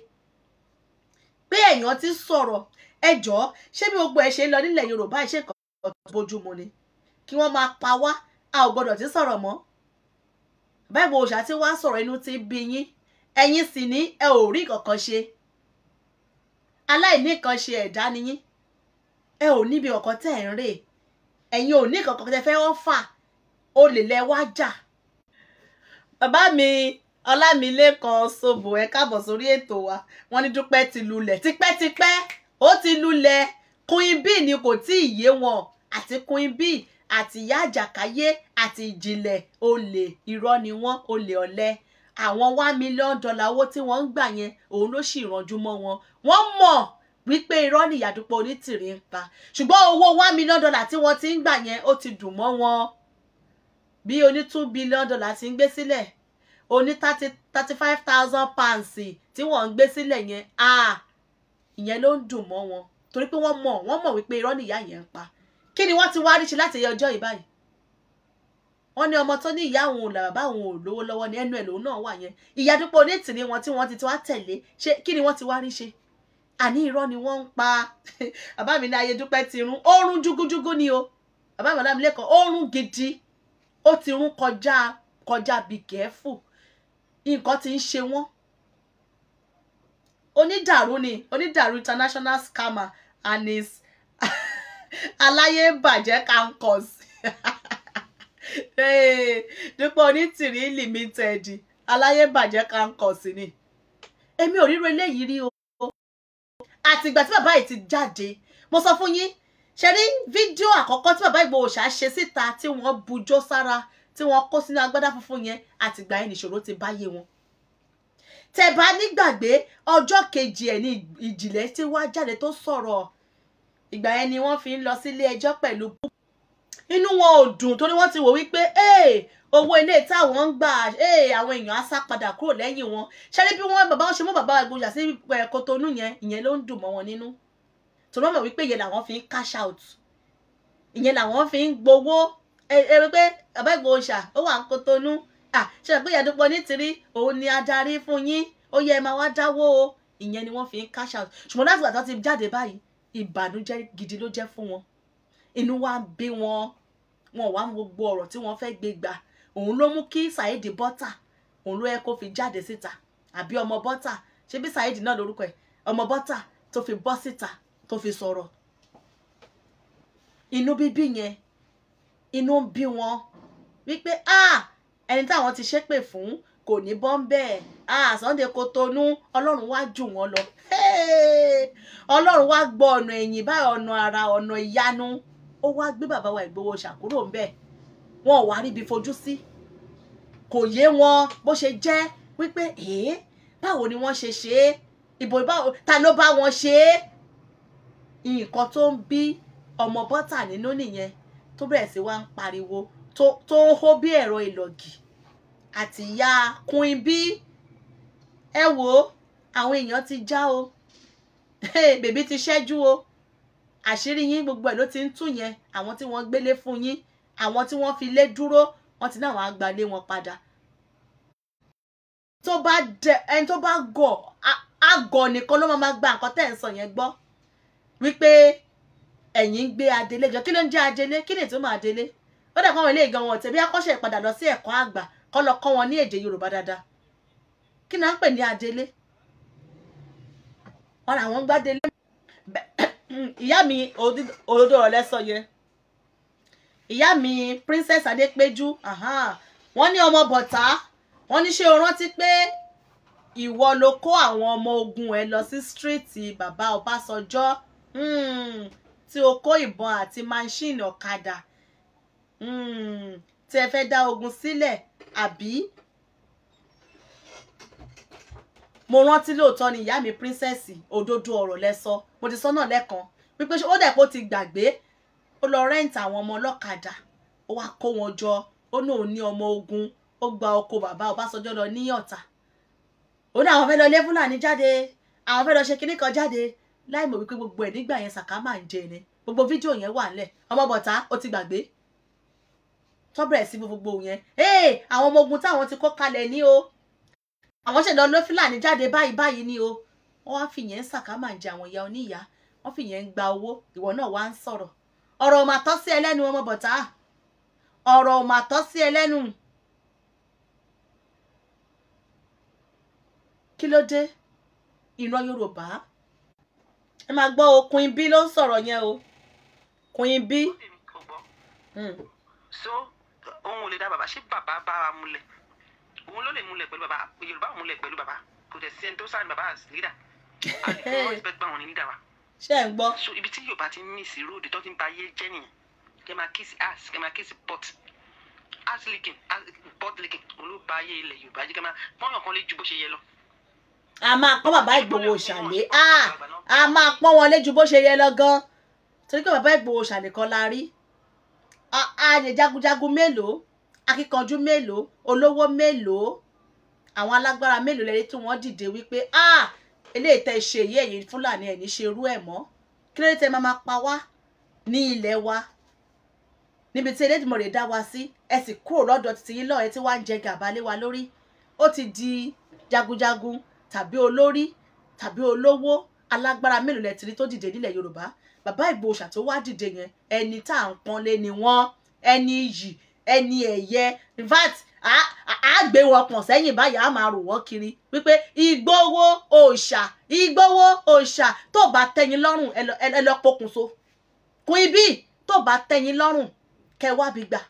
pé èèyàn ti sọ̀rọ̀ ẹjọ́ ṣé bí gbogbo ẹ̀ ṣe lọ nílẹ̀ Yorùbá ìṣe kan bójúmu ni kí wọ́n máa pa wá a ò gbọ́dọ̀ ti sọ̀rọ̀ mọ́ bẹ́ẹ̀ mo ṣá ti wá sọ̀rọ̀ inú ti bí yín ẹ̀yin sì ní ẹ ò rí kankan ṣe aláìní kan ṣe ẹ̀dá ni yín ẹ ò níbi ọ̀kan tẹ̀ ń rè ẹ̀yin ò ní kankan tẹ fẹ́ wọ́n fà olè lẹ wá jà bàbá mi ọlámilẹ́kan ṣòbò ẹ káàbọ̀ sórí ètò wa wọ́n ní dúpẹ́ ti lulẹ̀ tipẹ́tipẹ́ ó ti lulẹ̀ queen bee ni kò tí ì yé wọn àti queen bee àti ìyá àjàkáyé àti ìjìnlẹ̀ olè irọ́ ni wọ́n olè ọ̀lẹ àwọn one million dollar owó tí wọ́n ń gbà yẹn òun ló sì rànjú mọ́ wọn wọ́n mọ̀ wípé irọ́ ni ìyàdúpọ̀ onítìrí ń pa ṣùgbọ́n owó one million dollar tí wọ́n ti ń gbà yẹn ó ti dùn mọ́ wọn bí oní two billion dollar ti ń gbé sílẹ̀ o thirty thirty five thousand pounds tí wọ́n ń gbé sílẹ̀ yẹn ah, ìyẹn ló ń dùn mọ́ wọn torí pé wọ́n mọ̀ wọ́n mọ̀ wípé irọ́ nìyá yẹn ń pa kí ni wọ́n ti wá rí ṣe láti yẹ ọjọ́ yìí báyìí wọ́n ní ọmọ tó ní ìyá òun là bàbá òun ò lówó lọ́wọ́ ní ẹnu ẹ̀ lòun náà wà yẹn ìyá dípò onítìní wọn tí wọ́n ti wá tẹ̀lé ṣé kí ni wọ́n ti wá rí ṣe àní irọ́ ni wọ́n ń pa bàbá mi ní Ayédúpẹ́ ti rún oorun júgújúgú ni o bàbá mi ọlámilẹ́kọ̀ọ́ oorun gidi ó ti rún kọjá kọjá bí gẹ̀ẹ́fù nǹkan tí ń ṣe wọ́n onídàrú ni onídàrú international scammer and his aláyé bàjẹ́ kankos dípò onítìrí limited aláyé bàjẹ́ kankos ni èmi ò ríro eléyìí rí o àtìgbà tí bàbá yìí ti jáde mo sọ fún yín ṣe rí fídíò àkọ́kọ́ tí bàbá Ìgbòho ṣá ṣe síta tí wọ́n bujó sára tí wọ́n kó sínú agbádá funfun yẹn àtìgbà yẹn nìṣòro ti báyé wọn tẹ́ bá nígbàgbé ọjọ́ kejì ẹ̀ ní ìjìnlẹ̀ tí wá jáde tó sọ̀rọ̀ ìgbà yẹn ni wọ́n fi ń lọ sílé ẹjọ́ pẹ̀lú inú wọn ò dùn torí wọ́n ti wò wípé owó ilé táwọn ń gbà àwọn èèyàn á sá padà kúrò lẹ́yìn wọn ṣáájú bí wọ́n bàbá wọn ṣe mú bàbá Ìgboyà sí Kotonu yẹn ìyẹn ló ń dùn mọ́ wọn nínú torí wọ́n mọ̀ wípé ìyẹn làwọn fi ń cash out ìyẹn làwọn fi ń gbowó ẹ rí pé bàbá Ìgbòho ṣà ó wà ń Kotonu ṣe pé Ìyàdúpọ̀ Onítìrí òun ni adarí fún yín ó yẹ ẹ máa wá dáwó o ìyẹn ni wọ́n fi ń cash out ṣùgbọ́n láti gbàtọ́ ti jáde báyìí ìbànújẹ́ gidi ló jẹ́ fún wọn inú wa ń bí wọn wọn wá gbogbo ọ̀rọ̀ tí wọ́n fẹ́ gbé gbà òun ló mú kí Saheed Bọ́tà òun ló yẹ kó fi jáde síta àbí ọmọ Bọ́tà ṣé bí Saheed náà lórúkọ ẹ̀ ọmọ Bọ́tà tó fi bọ́ síta tó fi sọ̀rọ̀ inú bíbí yẹn inú ń bí wọn wípé ah ẹni táwọn ti ṣépè fún kò ní bọ́ ah Sunday Kotonu ọlọ́run wá jù wọ́n lọ ọlọ́run wá gbọ́ ọ̀nà ẹ̀yìn báyìí ọ̀nà ara ọ̀nà ìyanu ó wá gbé bàbá wa Ìgbòho ṣàkúrò ń bẹ̀ wọn ò wá ríbi fojú sí kò yé wọn bó ṣe jẹ́ wípé báwo ni wọ́n ṣe ṣe é ìbò báwo ta ló bá wọn ṣe é nǹkan tó ń bí ọmọ bọ́tà nínú nìyẹn tó bẹ̀rẹ̀ sí wá ń pariwo tó ń hó bí ẹ̀rọ ìlọ̀gì àti ìyá Queen B ẹ wò ó àwọn èèyàn ti já o bèbí ti ṣẹ́jú o àṣírí yín gbogbo ẹ̀ ló ti ń tú yẹn àwọn tí wọ́n gbélé fún yín àwọn tí wọ́n fi lé dúró wọ́n ti ní àwọn àgbàlé wọn padà tó bá dẹ ẹni tó bá gọ̀ àgọ̀ nìkan ló máa gba nǹkan tẹ́ ń sọ yẹn gbọ́ wípé ẹ̀yin ń gbé adelé jọ kí ló ń jẹ́ adelé kí ni ètò máa adelé ó dẹ̀ kọ́ wọn ilé ìgan wọn tẹ̀bí akọ́ṣẹ́ ìpadà lọ sí ẹ̀kọ́ àgbà kọ́ lọ kọ́ wọn ní èdè Yorùbá dáadáa kí náà ń pè ní adelé wọn làwọn ń gbádélé ìyá mi òdodo ọ̀rẹ́ sọ yẹ ìyá mi Princess Adépéjú wọ́n ní ọmọ bọ̀tá wọ́n ní ṣé o rántí pé ìwọ ló kó àwọn ọmọ ogun ẹ lọ sí stíríìtì bàbá Ọbásanjọ́ hmm tí o kó ìbọn àti máńṣíìnì ọ̀kadà hmm, tí ẹ fẹ́ dá ogun sílẹ̀ àbí. mo rántí lóòótọ́ ni ìyá mi prínsẹ́sì òdodo ọ̀rọ̀ lẹ́sọ mo ti sọ náà lẹ́kan wípé ó dẹ̀ kó ti gbàgbé ó lọ rẹ́ǹtì àwọn ọmọ ọlọ́kadà ó wá kó wọn jọ ó náà ní ọmọ ogun ó gba oko bàbá Ọbásanjọ́ lọ ní Ọ̀tà ó ní àwọn fẹ́ lọ lé Fúlàní jáde àwọn fẹ́ lọ ṣe kinní kan jáde láì mọ̀ wípé gbogbo ẹ̀ nígbà yẹn sàká máa ń jẹ ni gbogbo fídíò yẹn wà nílẹ̀ ọmọ bọ̀tá ó ti gbàgbé tọ́bẹ̀rẹ̀ sí gbogbo yẹn ee àwọn ọmọ ogun táwọn ti kó kalẹ̀ ní o àwọn ṣẹ̀dá ló jáde báyìí báyìí ní o wọ́n wá fìyẹn ń sàká máa ń jẹ àwọn ìyá oníyá wọ́n fìyẹn ń gba owó ìwọ náà wá ń sọ̀rọ̀ ọ̀rọ̀ mà tọ́ sí ẹlẹ́nu ọmọ bọ̀tá ọ̀rọ̀ mà tọ́ sí ẹlẹ́nu kí ló dé ìran Yorùbá ẹ máa gbọ́ o Queen B ló ń sọ̀rọ̀ yẹn o Queen B. Hmm. so òun ò lè dá bàbá ṣé bàbá bára múlẹ̀ òun ló lè múlẹ̀ pẹ̀lú bàbá Yorùbá ò múlẹ̀ pẹ̀lú bàbá kò dẹ̀ sí ẹni tó sáà bàbá as leader àti kò wọ́n respect báwọn ní leader ṣé ẹ ń gbọ́. so ibi tí Yorùbá ti ń ní ìsirò òde tó ti ń ba ayé jẹ́ nìyẹn kẹ́ máa kí sí ass kẹ́ máa kí sí pot ass licking pot licking òun ló ba ayé ilẹ̀ Yorùbá jẹ́ kẹ́ máa pọ́nyàn kan lè ju bó ṣe yẹ lọ a máa pọ́n bàbá Ìgbòho Òṣàlẹ̀ a máa pọ́n wọn lé ju bó ṣe yẹ lọ gan torí pé bàbá Ìgbòho Òṣàlẹ̀ kan la rí ààyè jagunjagun mélòó akíkanjú mélòó olówó mélòó àwọn alágbára mélòó lẹ́yìn tí wọ́n dìde wípé eléyìí tẹ́ ṣe yí ẹ̀yin fúlàní ẹ̀ ní ṣe irú ẹ̀ mọ́ kí ló dé tẹ́ máa máa pa wá ní ilẹ̀ wa níbi tí Elédùmarè dá wa sí ẹ sì kúrò lọ́dọ̀ tìyín lọ́ọ̀ ẹ tí wàá ń jẹ gàba lé wa lórí ó ti di jagunjagun tàbí olórí tàbí olówó alágbára mélòó lẹ ti rí tó dìde nílẹ̀ yorùbá bàbá ìgbòòṣà tó wá dìde yẹn ẹni tá à ń pọ́nlé ni wọ́n ẹni iyì ẹni ẹ̀yẹ in fact àgbé wọn pọ̀n sẹ́yìn báyìí á máa rò wọ́n kiri wípé ìgbówó òòṣà ìgbówó òòṣà tó bá tẹ́yìn lọ́rùn ẹ lọ pokùnso kún ibí tó bá tẹ́yìn lọ́rùn kẹwàbí gbà.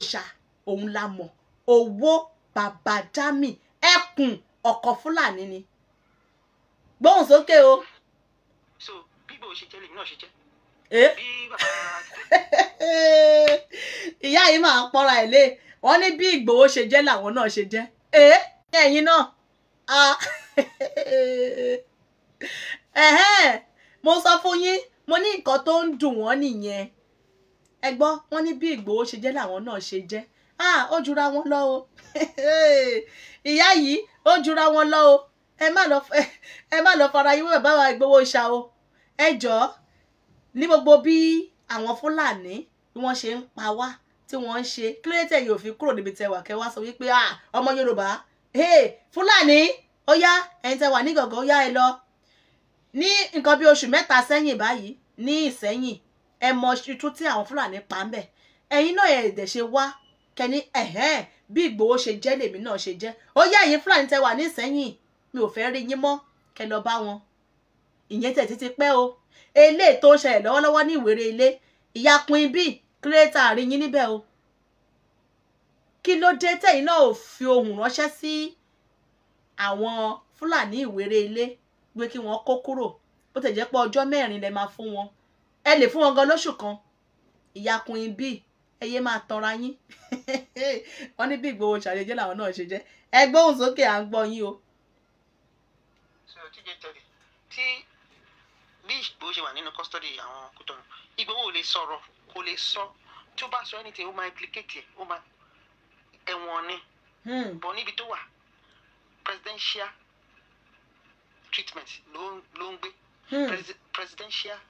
òòṣà òun la mọ̀ owó bàbá dami ẹkùn ọ̀kọ̀ fúlàní ni gbóhùn sókè o. so bí bò ṣe jẹ́ lèmi náà ṣe jẹ́. bí bàbá ìyá yìí máa ń pọ́nra ẹ̀ lé wọ́n ní bí Ìgbòho ṣe jẹ́ làwọn náà ṣe jẹ́ ẹ̀yin náà mo sọ fún yín mo ní nǹkan tó ń dùn wọ́n nìyẹn ẹ gbọ́ wọ́n ní bí Ìgbòho ṣe jẹ́ làwọn náà ṣe jẹ́ ah ó jura wọn lọ o ìyá yìí ó jura wọn lọ o ẹ má lọ ẹ má lọ fara yín bàbá wa Ìgbòho ṣá o ẹ jọ̀ọ́ ní gbogbo bí àwọn Fúlàní bí wọ́n ṣe ń pa wá tí wọ́n ń ṣe kí ló dé tẹ̀yìn òfin kúrò níbi tẹwà kẹ́ wá sọ wípé ah ọmọ Yorùbá hey Fúlàní ó yá ẹ̀yin tẹwà ní gàngán ó yá ẹ lọ ní nǹkan bí oṣù mẹ́ta sẹ́yìn báyìí ní Ìsẹ́yìn ẹ mọ tuntun tí àwọn Fúlàní pa ń bẹ̀ ẹ̀yin náà ẹ̀ dẹ̀ ṣe wá kẹ́ni ẹ̀hẹ́n bí Ìgbòho ṣe jẹ́ lèmi náà ṣe jẹ́ ó yá ẹ̀yin Fúlàní tẹ wà nísẹ́yìn mi ò fẹ́ rí yín mọ́ kẹ́ lọ bá wọn ìyẹn tẹ̀ títí pẹ́ o eléyìí tó ń ṣẹlẹ̀ lọ́wọ́lọ́wọ́ ní ìwéré ilé ìyá pin bíi kírẹ́tà rí yín níbẹ̀ o kí ló dé tẹ̀yìn náà ò fi ohùn ránṣẹ́ sí àwọn Fúlàní ìwéré ilé gbé kí wọ́n kó kúrò bó tẹ̀ jẹ́ pé ọjọ́ mẹ́rin lẹ máa fún wọn ẹ lè fún wọn gan lóṣù kan ìyá Queen Bee ẹyẹ máa tanra yín wọn ní bí Ìgbòho ṣàlejò làwọn náà ṣe jẹ ẹ gbóhùn sókè à ń gbọ́ yín o. tí bí Ìgbòho ṣe wà nínú kọ́sítọ́dì àwọn Kútọ̀nù Ìgbòho ò lè sọ̀rọ̀ kò lè sọ tí ó bá sọ anything ó máa implicate ẹ̀ ó máa ẹ̀wọ̀n ni hmm. bọ̀ níbi tó wà presidential treatment ló ń gbé hmm. presidential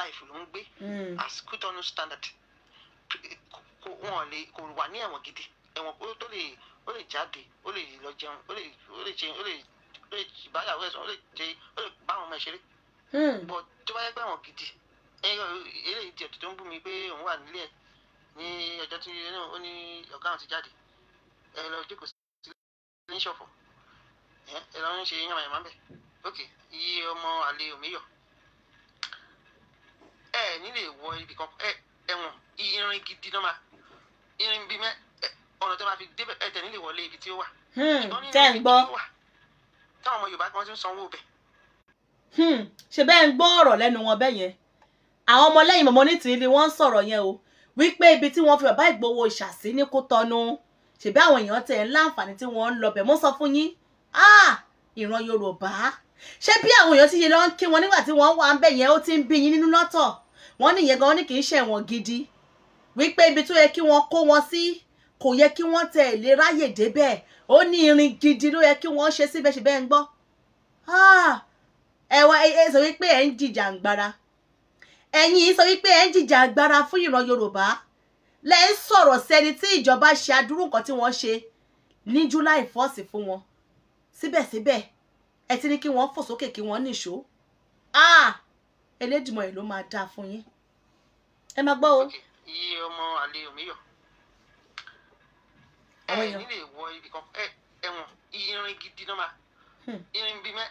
life ló ń gbé hmm. as Kútọ̀nù standard kò wọn ò lè kò wà ní ẹ̀wọ̀n gidi ẹ̀wọ̀n ó tó lè ó lè jáde ó lè lọ jẹun ó lè ó lè jẹun ó lè ó lè báyà wẹ̀ ó lè jẹ ó lè bá àwọn ọmọ ẹ̀ ṣeré. Hmm. tó bá yẹ pé ẹ̀wọ̀n gidi eléyìí tiẹ̀ tó ń bú mi pé òun wà nílé ẹ̀ ní ọjọ́ tí ó ní ọ̀gá àwọn ti jáde ẹ lọ jókòó sí ilé ṣọ̀fọ̀ ẹ lọ ń ṣe yànmàyànmá bẹ́ẹ̀ ok iye ọmọ àlè òmíyọ̀ ẹ nílé wọ ibì kan ẹ ẹ̀wọ̀n irin gidi náà máa irin bíi ọ̀nà tó máa fi débẹ̀ ẹ̀tẹ̀ nílé wọlé ibi tí ó wà. Hmm, tẹ́ ń gbọ́. táwọn ọmọ yorùbá kan ti ń sanwó bẹ̀. Hmm, ṣe bẹ́ẹ̀ ń gbọ́ ọ̀rọ̀ lẹ́nu wọn bẹ́ẹ̀ yẹn àwọn ọmọlẹ́yìn mọ̀mọ́ ní tìrìlì wọ́n ń sọ̀rọ̀ yẹn o wípé ibi tí wọ́n fi bàbá Ìgbòho ṣàṣì ní kó tọ́nu ṣèbí àwọn èèyàn tẹ̀ ń láǹfààní tí wọ́n ń lọ bẹ̀ mọ́ sọ fún yín ah, ìran yorùbá ṣé bí àwọn èèyàn ti yẹ lọ ń kí wọn nígbà tí wọ́n wà ń bẹ̀ yẹn ó ti ń bí yín nínú lọ́tọ̀ wọ́n nìyẹn gan ní kì í ṣẹ̀wọ̀n gidi wípé ibi tó yẹ kí wọ́n kó wọn sí kò yẹ kí wọ́n tẹ̀ lé ráyè débẹ̀ ó ní irin gidi ló yẹ kí wọ́n ṣe síbẹ̀ ṣe bẹ́ẹ̀ ń gbọ́ ah! ẹ̀wọ̀n ẹ sọ wípé ẹ̀ ń jìjà àgbára ẹ̀yin sọ wípé ẹ̀ ń jìjà àgbára fún ìran Yorùbá lẹ́ ń sọ̀rọ̀ sẹ́ni tí ìjọba ṣe adúrú nǹkan tí wọ́n ṣe ní July 4 fún wọn síbẹ̀síbẹ̀ ẹ ti ní kí wọ́n fò sókè kí wọ́n nìṣó ah! elédìmọ̀ ẹ̀ ló máa dáa fún yín ẹ máa gbọ́ o. iye ọmọ àlè òmíyọ ẹ nílé wọ ibi kan ẹ ẹwọn irin gidi náà máa hmm. irin bíi mẹ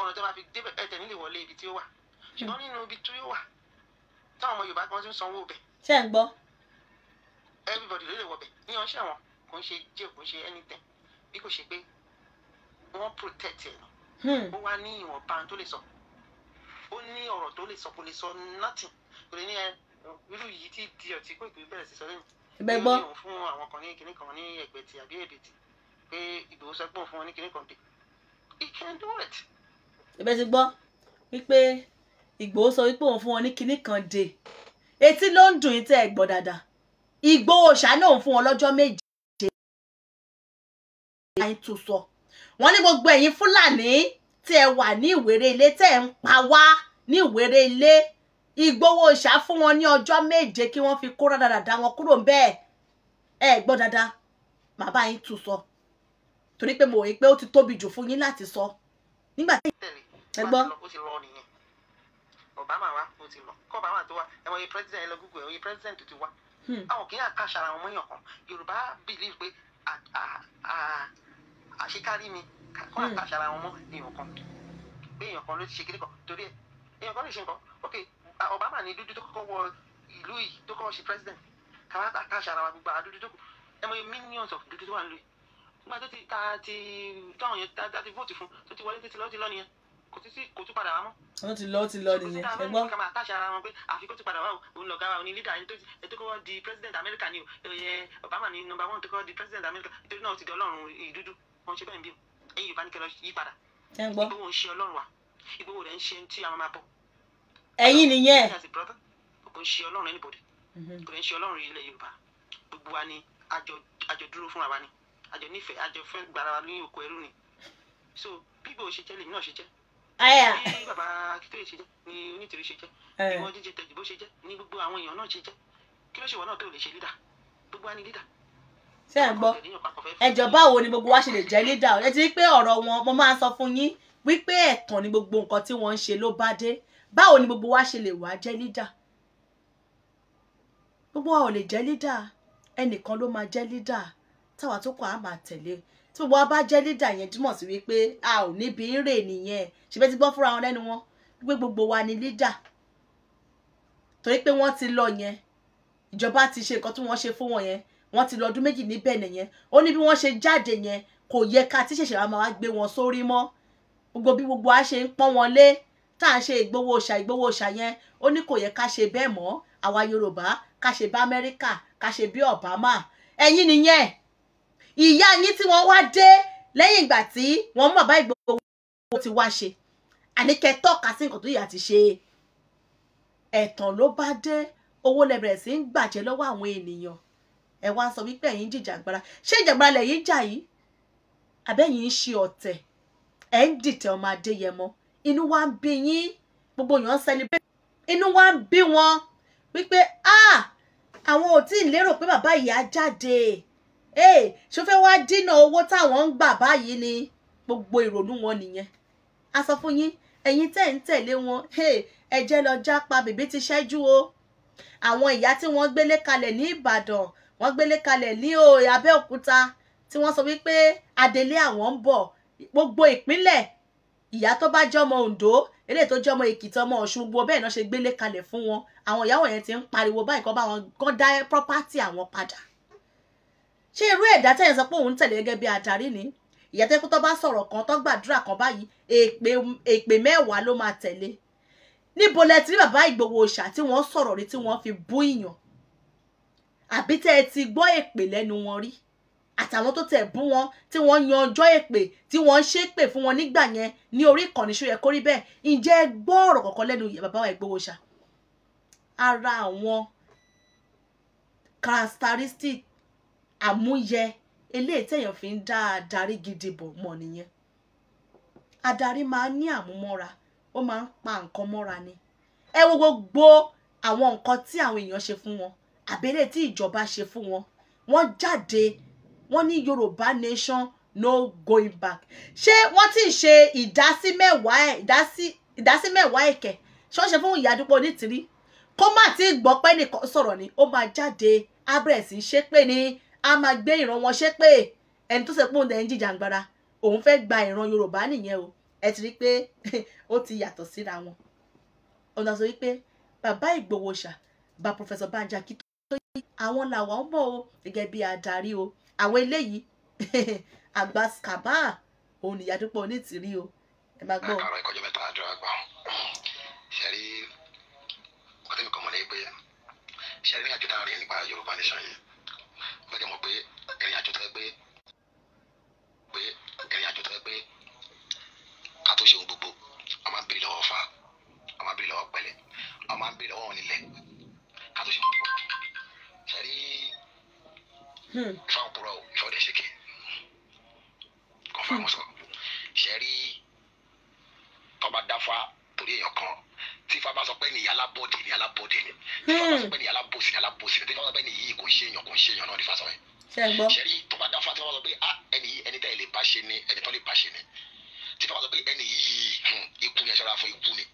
ọ̀nà tó máa fi débẹ̀ ẹ tẹ̀ nílé wọlé ibi tí ó wà hmm. ṣùgbọ́n nínú ibi tí ó wà táwọn ọmọ Yorùbá kan ti ń sanwó bẹ̀. ṣé ń gbọ́. everybody ló lè wọ bẹ̀ ní ọṣẹ́ wọn kò ń ṣe jail kò ń ṣe anything bí kò ṣe pé wọ́n protect ẹ̀ nù. Hmm. ó wá ní ìwọ̀nba tó lè sọ ó ní ọ̀rọ̀ tó lè sọ kò lè sọ nothing kò lè ní ẹ irú yìí ti di ọtí pé ìpè bẹ̀rẹ̀ sí sọ lẹ́yìn. ẹgbẹ́ gbọ́. ìgbẹ́ fún àwọn kan ní kinní kan ní ẹgbẹ́ ti àbí èdè ti pé Ìgbòho sọ fún wọn ní kinní kan dé. he can do it. ẹgbẹ́ ti gbọ́ wípé Ìgbòho sọ wípé òun fún wọn ní kinní kan dé etí ló ń dùn yín tẹ́ ẹ gbọ́ dáadáa Ìgbòho ṣáná òun fún wọn lọ́jọ́ méje láyé tó sọ wọ́n ní gbogbo ẹ̀yin Fúlàní tí wà ní ìwéré ilé tẹ́ ń pa wá ní ìwéré ilé Ìgbòho ìṣá fún wọn ní ọjọ́ méje kí wọ́n fi kóra dáadáa wọn kúrò bẹ́ẹ̀ ẹ gbọ́ dáadáa bàbá yín tún sọ torí pé mo wòye pé ó ti tóbi jù fún yín láti sọ nígbà tí ẹ gbọ́. Obama wa ó ti lọ kọ́ Obama tó wá ẹ wọ iye president ẹ lọ Google ẹ wọ iye president tó ti wá hmm. àwọn kì í àkàṣà àwọn ọmọ èèyàn kan Yorùbá believe pé àṣekárí mi kọ́ hmm. àkàṣà àwọn ọmọ èèyàn kan pé èèyàn kan ló ti ṣe kíní kan torí ẹ èèyàn kan lè ṣe nǹkan okay Ah, Obama ní dúdú tó kọ́kọ́ wọ ìlú yìí tó kọ́kọ́ ṣe president káwá àtàṣà ara wa gbogbo àdúdú tó kù ẹ mọ millions of dúdú tó wà nílùú yìí nígbà tó ti ta ti táwọn yẹn tá ti vote fún tó ti wọlé tó ti lọ ti lọ nìyẹn kò tún sí kò tún padà wá mọ́. wọ́n ti lọ ti lọ nìyẹn ẹ gbọ́. kàmá àtàṣà ara wọn pé àfi kó tún padà wá o òun lọ̀gá wa òun ni lídà ẹni tó tó kọ́ di president America ni o ẹ Obama ni number one tó kọ́ di president America nítorí náà ti di ọlọ́run ìdúdú wọn ṣe bẹ́ẹ̀ bí o ẹ̀yin Yorùbá yí padà. ẹ gbọ́. Ìgbòho ń ṣe ọlọ́run wa Ìgbòho rẹ̀ ń ṣe tí a máa bọ̀ ẹ̀yin nìyẹn. kò ń ṣe ọlọ́run anybody mm-hmm. kò ń ṣe ọlọ́run ilẹ̀ yorùbá gbogbo wa ni àjọ dúró fúnra wa ni àjọ nífẹ̀ẹ́ àjọ fẹ́ gbara wa ní òkú ẹrú ni so bíbò ṣe jẹ́ lèmi náà ṣe jẹ́ bí bàbá kékeré ṣe jẹ́ ni onítìrí ṣe jẹ́ bí wọ́n jíjẹ tẹ̀jú bó ṣe jẹ́ ni gbogbo àwọn èèyàn náà ṣe jẹ́ kí ló ṣe wọ́n náà tó lè ṣe lídà gbogbo wa ni lídà ṣé ẹ gbọ́ ẹjọ́ báwo ni gbogbo wa ṣe lè jẹ́ lídà ẹ ti rí pé ọ̀rọ̀ wọn mo máa sọ fún yín wípé ẹ̀tàn ni gbogbo nǹkan tí wọ́n ń ṣe ló bá dé báwo ni gbogbo wa ṣe lè wá jẹ́ leader gbogbo wa ò lè jẹ́ leader ẹnìkan ló máa jẹ́ leader táwa tó kọ́ á máa tẹ̀lé tí gbogbo wa bá jẹ́ leader yẹn túmọ̀ sí wípé a ò níbi ń rè nìyẹn ṣùgbọ́n ti gbọ́ fúnra wọn lẹ́nu wọn wípé gbogbo wa ni leader torí pé wọ́n ti lọ yẹn ìjọba ti ṣe nǹkan tí wọ́n ṣe fún wọn yẹn wọ́n ti lọ ọdún méjì níbẹ̀ nìyẹn ó ní bí wọ́n ṣe jáde yẹn kò yẹ ká tí wa máa gbé wọn sórí mọ́ gbogbo bí gbogbo wa ṣe ń pọ́n wọn lé tá a ṣe ìgbowó òòṣà ìgbowó òòṣà yẹn ó ní kò yẹ ká ṣe bẹ́ẹ̀ mọ́ àwa yorùbá ká ṣe bí amẹ́ríkà ká ṣe bí obama ẹ̀yin nìyẹn ìyá yín tí wọ́n wá dé lẹ́yìn ìgbà tí wọ́n mú bàbá ìgbowó ti wá ṣe àníkẹ́ tọ́ka sí nǹkan tó yà ti ṣe ẹ̀tàn ló bá dé owó lẹ́bẹ̀rẹ̀ sí ń gbàjẹ́ lọ́wọ́ àwọn ènìyàn ẹ wá sọ wípé ẹ̀yin jìjàgbara ṣé ìjàgbara lẹ̀yin jà yìí àbẹ́yìn ń ṣe ọ̀tẹ̀ ẹ̀ ń dìtẹ̀ ọmọ adéyẹmọ inú wa ń bí yín gbogbo èèyàn ń celebrate inú wa ń bí wọn wípé ah àwọn ò tí ì lérò pé bàbá yìí á jáde ee ṣó fẹ́ wá dínà owó táwọn ń gbà báyìí ni gbogbo ìrònú wọn nìyẹn a sọ fún yín ẹ̀yin tẹ̀ ń tẹ̀lé wọn ẹ jẹ́ lọ jápa bèbí ti ṣẹ́jú o àwọn ìyá tí wọ́n gbélé kalẹ̀ ní Ìbàdàn wọ́n gbélé kalẹ̀ ní oh, Abẹ́òkúta tí wọ́n sọ wípé adelé àwọn ń bọ̀ gbogbo ìpínlẹ̀ ìyá tó bá jẹ́ ọmọ Ondo eléyìí tó jẹ́ ọmọ Èkìtì ọmọ Ọ̀ṣun gbogbo bẹ́ẹ̀ náà ṣe gbélé kalẹ̀ fún wọn àwọn ìyàwó yẹn ti ń pariwo báyìí kọ́ bá wọn kàn dá property àwọn padà ṣé irú ẹ̀dá tẹ̀yẹ̀ sọ pé òun tẹ̀lé gẹ́gẹ́ bí adarí ni ìyá tẹ́kú tó bá sọ̀rọ̀ kan tó gbàdúrà kan báyìí èpè mẹ́wàá ló máa tẹ̀lé níbo lẹ ti rí bàbá Ìgbòho Òòṣà tí wọ́n sọ̀rọ̀ rí tí wọ́n fi bú ìyàn àbí tẹ́ ẹ ti gbọ́ èpè lẹ́nu wọn rí àtàwọn tó tẹ̀ bú wọn tí wọ́n yan ọjọ́ èpè tí wọ́n ṣe é pè fún wọn nígbà yẹn ní orí ìkànnì ṣó yẹ kó rí bẹ́ẹ̀ ǹjẹ́ ẹ gbọ́ ọ̀rọ̀ kọ̀ọ̀kan lẹ́nu bàbá wa Ìgbòho ṣá ara àwọn characteristic àmúyẹ eléyìí tẹ̀yàn fi ń dá adarí gidi bò mọ̀ nìyẹn adarí máa ń ní àmúmọ́ra ó máa ń pa nǹkan mọ́ra ni ẹ wo gbogbo àwọn nǹkan tí àwọn èèyàn ṣe fún wọn àbẹ̀lẹ̀ tí ìjọba ṣe fún wọn wọ́n jáde wọ́n ní yorùbá nation no going back ṣé wọ́n ti ṣe ìdásí mẹ́wàá ìdásí ìdásí mẹ́wàá ẹ̀kẹ́ ṣọ́ọ̀ṣẹ́ fún ìyàdúpọ̀ onítìrí kó má ti gbọ́ pé nìkan sọ̀rọ̀ ni ó máa jáde abẹ́ẹ̀sì ṣépè ni a máa gbé ìran wọn ṣépè ẹni tó ṣe pé òun ń jìjàngbara òun fẹ́ gba ìran yorùbá nìyẹn o ẹ ti rí i pé ó ti yàtọ̀ síra wọn ọ̀nà sọ wípé bàbá ìgbòho ṣà bá pọfẹsọ Bánjí Akíntóyè àwọn làwọn ń bọ̀ o gẹ́gẹ́ bí adarí o àwọn eléyìí àgbà skaba òun nìyá dúpọ̀ onítìrí o ẹ máa gbọ́. àkàrà ìkọjọ mẹ́ta àjọ àgbà ṣẹrí ọtí mi kọ mọ lẹ́yìn pé ṣẹrí ní àjọ táwọn rìn nípa Yorùbá nation yìí gbẹgẹ mọ pé ìrìn àjò tẹ pé pé ìrìn àjò tẹ pé ká tó ṣe ohun gbogbo a máa ń bèrè lọ́wọ́ fa a máa ń bèrè lọ́wọ́ pẹ̀lẹ́ a máa ń bèrè lọ́wọ́ nílẹ̀ ká tó ṣe ohun gbogbo ṣẹrí fáwọn òpùrọ̀ o sọdẹ ṣe ké kò fáwọn sọ ṣe rí tọba dáfa torí èèyàn kan tí fa bá sọ pé nìyí alábòde ni alábòde ni tí fa bá hmm. sọ pé nìyí alábòsí ni alábòsí ni tí fa bá sọ pé nìyí kò ṣe èèyàn kò ṣe èèyàn náà ní ni sọ yẹn ṣe rí tọba dáfa tí fa bá sọ pé ah ẹni yìí ẹni tẹ́ ẹ lè bá ṣe ni ẹni tọ́ lè bá ni tí fa bá sọ pé ẹni hmm, ni ẹ ṣọ́ra fún ni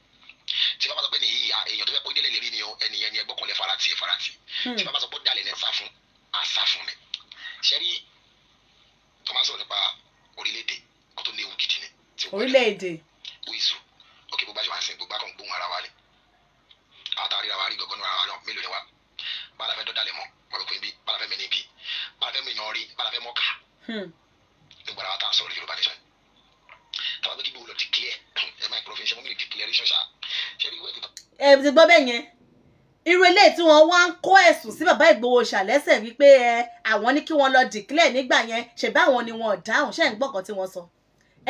tí bàbá sọ pé nìyí ya ah, èèyàn tó fẹ́ kó délé lè rí ni o ẹnìyẹn ni farati farati tí bàbá sọ pé ó dalẹ̀ ní sáfún àsáfún ni ṣẹ́rí tó máa sọ̀rọ̀ nípa orílẹ̀-èdè kó tó léwu gidi ni. orílẹ̀-èdè. wíìsù òkè bó bá ṣe wá sí gbogbo akọ̀ǹgbò ara wa ni àtàrí ara wa rí gọ́gọ́nú ara wa náà mélòó ni wa bá la fẹ́ dọ́dà lẹ̀ mọ́ ọ̀rọ̀kùnrin bí bá fẹ́ mẹ́ni bí bá fẹ́ mẹ́yàn rí bá fẹ́ mọ́ka. nígbà hmm. wa tá a sọ̀rọ̀ Yorùbá nation tàbí kí gbogbo lọ declare ẹ̀ máa ń pọ̀ fi ṣe mọ́ mi declaration ṣá ṣe rí ìwé irú eléyìí tí wọ́n wá ń kó ẹ̀sùn sí bàbá Ìgbòho ṣàlẹ́sẹ̀ wípé ẹ àwọn ní kí wọ́n lọ declare nígbà yẹn ṣèbí àwọn ni wọn ò dáhùn ṣẹ́ ń gbọ́kàn tí wọ́n sọ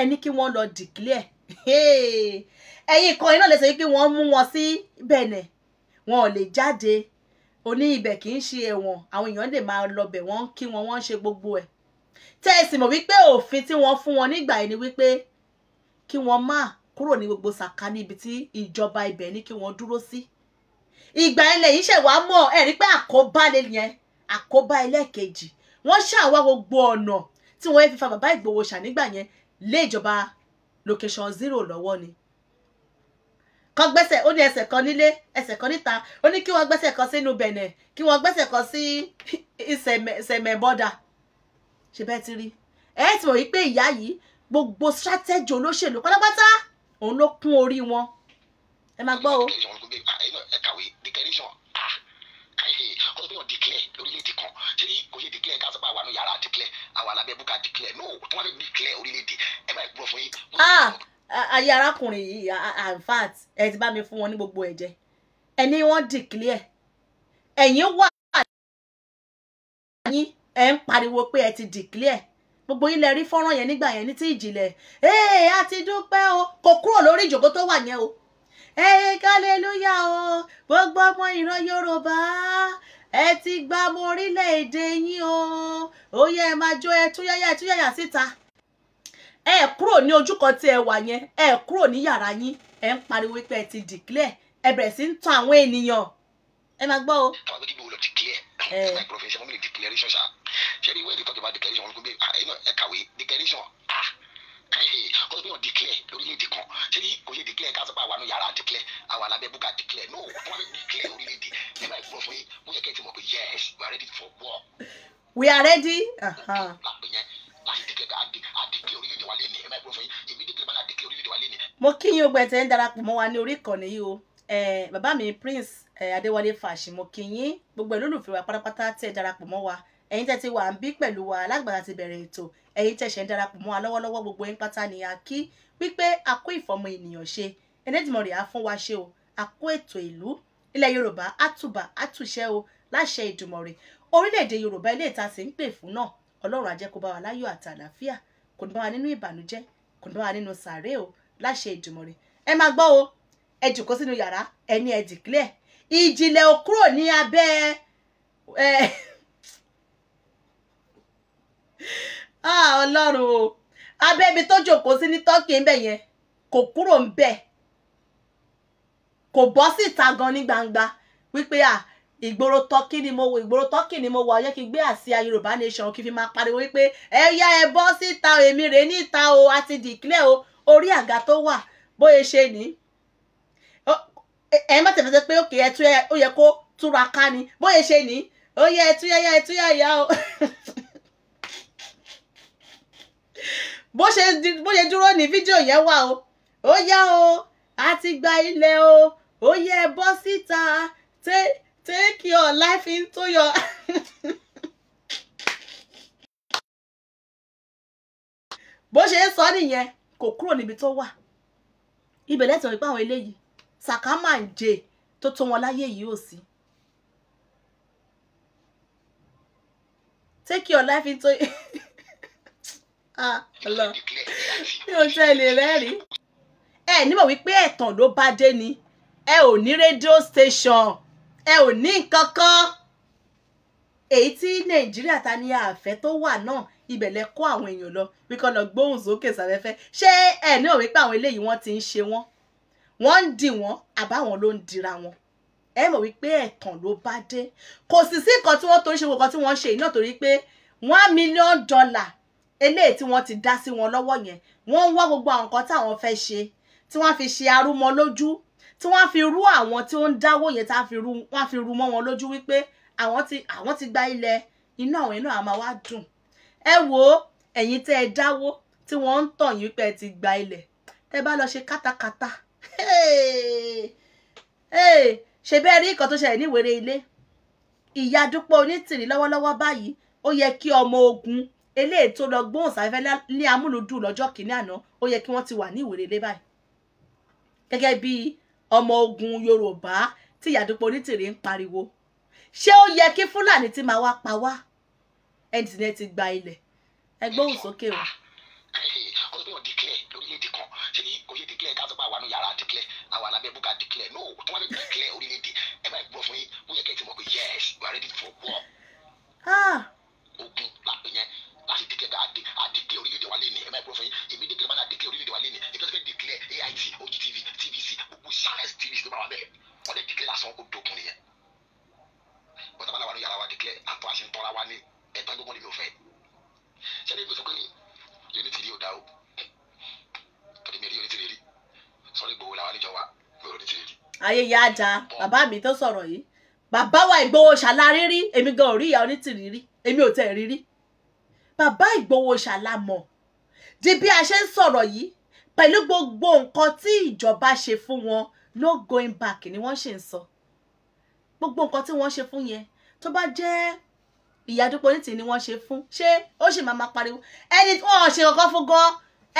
ẹ ní kí wọ́n lọ declare ẹ̀yin kan iná lè sọ wípé wọ́n mú wọn sí bẹ̀nẹ̀ wọn ò lè jáde oní ibẹ̀ kì í ṣe ẹ̀wọ̀n àwọn èèyàn lè máa lọ bẹ̀ wọ́n kí wọn wọ́n ṣe gbogbo ẹ̀ tẹ́ ẹ sì mọ̀ wípé òfin tí wọ́n fún wọn nígbà yẹn ni wípé kí wọ́n má kúrò ní gbogbo sàkání ibi tí ìjọba ibẹ̀ ní kí wọ́n dúró sí. Si ìgbà ilẹ̀ yìí ṣẹ̀wá mọ̀ ẹ̀ rí pé àkóbá lè yẹn àkóbá ẹlẹ́ẹ̀kejì wọ́n ṣàwá gbogbo ọ̀nà tí wọ́n fi fa bàbá Ìgbòho ṣà nígbà yẹn lé ìjọba location zero lọ́wọ́ ni kan gbẹ́sẹ̀ ó ní ẹsẹ̀ kan nílé ẹsẹ̀ kan níta ó ní kí wọ́n gbẹ́sẹ̀ kan sínú Bẹ̀nẹ̀ kí wọ́n gbẹ́sẹ̀ kan sí ìsẹ̀mẹ̀ bọ́dà ṣe bẹ́ẹ̀ ti rí ẹ ti mọ̀ wípé ìyá yìí gbogbo strategy olóṣèlú pátápátá òun ló kún orí wọn ẹ máa gbọ́ o. Ah, ẹ kàwé declaration ah ọ̀rọ̀ bí wọ́n declare lórílẹ̀‐èdè kan ṣé ní kò ṣe declare ká sọ pé àwa nù yàrá declare àwa làbẹ́ bùkà declare no tí wọ́n fẹ́ declare orílẹ̀‐èdè ẹ bá ìgbúrọ̀ fún yín. ayé ah, arákùnrin yìí in fact ẹ ti bá mi fún wọn ní gbogbo ẹ̀jẹ̀ ẹ ní wọ́n declare ẹ̀yin wà yín ẹ ń pariwo pé ẹ ti declare gbogbo yín lẹ rí fọ́nrán yẹn nígbà yẹn ní ti ìjìnlẹ̀ ẹ a ti dúpẹ́ o kò kúrò lórí ìjòkó tó wà yẹn o ẹ hallelujah o gbogbo ọmọ ìran yorùbá ẹ ti gba ọmọ orílẹ̀-èdè yín o ó yẹ ẹ máa jó ẹ túyáyá ẹ túyáyá síta ẹ kúrò ní ojú kan tí ẹ wà yẹn ẹ kúrò ní yàrá yín ẹ ń pariwo pé ẹ ti declare ẹ bẹ̀rẹ̀ sí ń tan àwọn ènìyàn ẹ máa gbọ́ o. àwọn ah, ẹ kàwé declaration ah kó tó bí wọn declare lórílẹ̀‐èdè kan ṣé ní kò yẹ declare ká sọ pé àwa nu yàrá declare àwa lábẹ́ búkà declare no wọ́n fẹ́ declare orílẹ̀‐èdè nígbà ìgbọ́ fún yín mo yẹ kẹ́ ti mọ̀ pé yes we are ready for war. we are ready. láti declare àdìgbé orílẹ̀‐èdè wa lé ní ìgbọ́ fún yín èmi declare bá àdìgbé orílẹ̀‐èdè wa lé mo kí yín ogun ẹ̀tẹ̀ ń darapọ̀ mọ́ wa ní orí ìkànnì yìí o bàbá mi Prince Adéwálé Fàṣì kí yín gbogbo ìlú olùfẹ́ wa pátápátá tẹ̀ darapọ̀ mọ́ wa ẹ̀yin tẹ́ ti wà ń bí pẹ̀lú wa lágbàtà ti bẹ̀rẹ̀ ètò ẹ̀yin tẹ́ ṣẹ̀ ń darapọ̀ mọ́ wa lọ́wọ́lọ́wọ́ gbogbo yín pátá ni a kí wípé a kó ìfọ̀mọ ènìyàn ṣe Elédùmarè á fún wa ṣe o a kó ètò ìlú ilẹ̀ Yorùbá á tùbà á tùṣẹ́ o láṣẹ Èdùmarè orílẹ̀-èdè Yorùbá ilé ìta sì ń pè fún náà Ọlọ́run á jẹ́ kó bá wa láyọ̀ àti ìjìnlẹ̀ ò ní abẹ́ Ah, ọlọ́run o abẹ́bi tó jòkó sí ní tọ́kì ń bẹ̀ yẹn kò kúrò ń bẹ̀ kò bọ́ síta gan ní gbangba wípé à ìgboro tọ́kì ni mo wọ ìgboro tọ́kì ni mo wọ ọ̀yẹ́ kí n gbé àsíá yorùbá nation kí n fi máa pariwo wípé ẹ yá ẹ bọ́ síta o èmi rèé níta o a ti dìklẹ̀ o orí àga tó wà bóyá ṣe ní ẹ má tẹ̀fẹ́ pé òkè ẹtú ó yẹ kó túra ká ni bóyá ṣe ní ó yẹ ẹtú yáyá ẹtú yáyá o bó ṣe bó ṣe dúró ní fídíò yẹn wà o ó yá o a ti gba ilẹ̀ o ó yẹ bọ́ síta take your life into your. bó ṣe ń sọ nìyẹn kò kúrò níbi tó wà ibẹ̀ lẹ́tọ̀ọ́ ipá àwọn eléyìí sàkámà tó tó wọn láyé yìí ò sí. take your life into. Ah, lọ mi ò tẹ́lẹ̀ rẹ́rìí. ẹ nímọ̀ wípé ẹ̀tàn ló bá dé ni ẹ ò ní rédíò station ẹ ò ní nǹkan kan èyí tí nàìjíríà ta ní àfẹ́ tó wà náà ibẹ̀ lẹ kó àwọn èèyàn lọ bí kò lọ gbóhùn sókè sáfẹ́fẹ́ ṣé ẹ ní òwe pé àwọn eléyìí wọ́n ti ń ṣe wọ́n wọ́n ń dì wọ́n àbáwọn ló ń dira wọn ẹ mọ̀ wípé ẹ̀tàn ló bá dé kò sì sí nǹkan tí wọ́n torí ṣe nǹkan tí wọ́n ṣe yìí náà torí pé one million dollar eléyìí tí wọ́n ti dá sí wọn lọ́wọ́ yẹn wọ́n ń wá gbogbo àwọn nǹkan táwọn fẹ́ ṣe tí wọ́n fi ṣe arúmọ lójú tí wọ́n fi rú àwọn tí ó ń dáwó yẹn tá wọ́n fi rú mọ́ wọn lójú wípé àwọn ti àwọn ti gba ilẹ̀ iná àwọn iná wá dùn ẹ wo ẹ̀yin tẹ́ ẹ dáwó tí wọ́n ń tàn yín pé ẹ ti gba ilẹ̀ tẹ́ bá lọ ṣe kátàkátà ṣe bẹ́ẹ̀ rí nǹkan tó ṣẹlẹ̀ níwèrè ilé ìyá dúpọ̀ onítìrí lọ́wọ́lọ́wọ́ báyìí ó yẹ kí ọmọ ogun eléyìí tó lọ gbóhùn sáfẹ́fẹ́ lé amúlùdù lọ́jọ́ kìíní àná ó yẹ kí wọ́n ti wà ní ìwé lélẹ́ báyìí gẹ́gẹ́ bí ọmọ ogun Yorùbá tí Ìyàdúpọ̀ Onítìrí ń pariwo ṣé ó yẹ kí Fúlàní ti máa wá pa wá ẹnìtìlẹ̀ ti gba ilẹ̀ ẹ gbóhùn sókè o. ọdún yóò dìklẹ̀ lórílẹ̀‐èdè kan ṣé ní òye dìklẹ̀ ah! ogun lápẹ̀ yẹn àṣedíkẹ́ àdé àdékẹ́ orílẹ̀-èdè wa lẹ́nu ẹ̀ma ìpínlẹ̀ fún yín èmi dékẹ́ lọ́mọdé àdékẹ́ orílẹ̀-èdè wa lẹ́nu èmi tó fẹ́ declare OGTV TVC gbogbo science TV ló bá wà bẹ́ẹ̀ wọ́n lè declare lásán ó dókun nìyẹn bọ́tà bàlá wa ló yàrá wa declare àtọ́ àṣẹ tọ́ra wa ní ẹ̀tọ́ gbogbo ni mi ò fẹ́ sẹ́ni ìgbésọ pé yóní ti rí o dá o torí mi rí yóní ti rí rí sọ́ni gbowó làwọn àlejò wa mi ò ti rí rí. ayé ya da bàbá mi tó sọ̀rọ̀ yìí bàbá wa Ìgbòho ṣàlàyé rí èmi gan ò rí ìyá onítìrí bàbá Ìgbòho ṣàlámọ̀ di bí a ṣe ń sọ̀rọ̀ yìí pẹ̀lú gbogbo nǹkan tí ìjọba ṣe fún wọn no going back ni wọ́n ṣe ń sọ gbogbo nǹkan tí wọ́n ṣe fún yẹn tó bá jẹ́ ìyá Dúpẹ́ Onítìrí ni wọ́n ṣe fún ṣé ó sì máa máa pariwo ẹni tí wọ́n ṣe kankan fún gan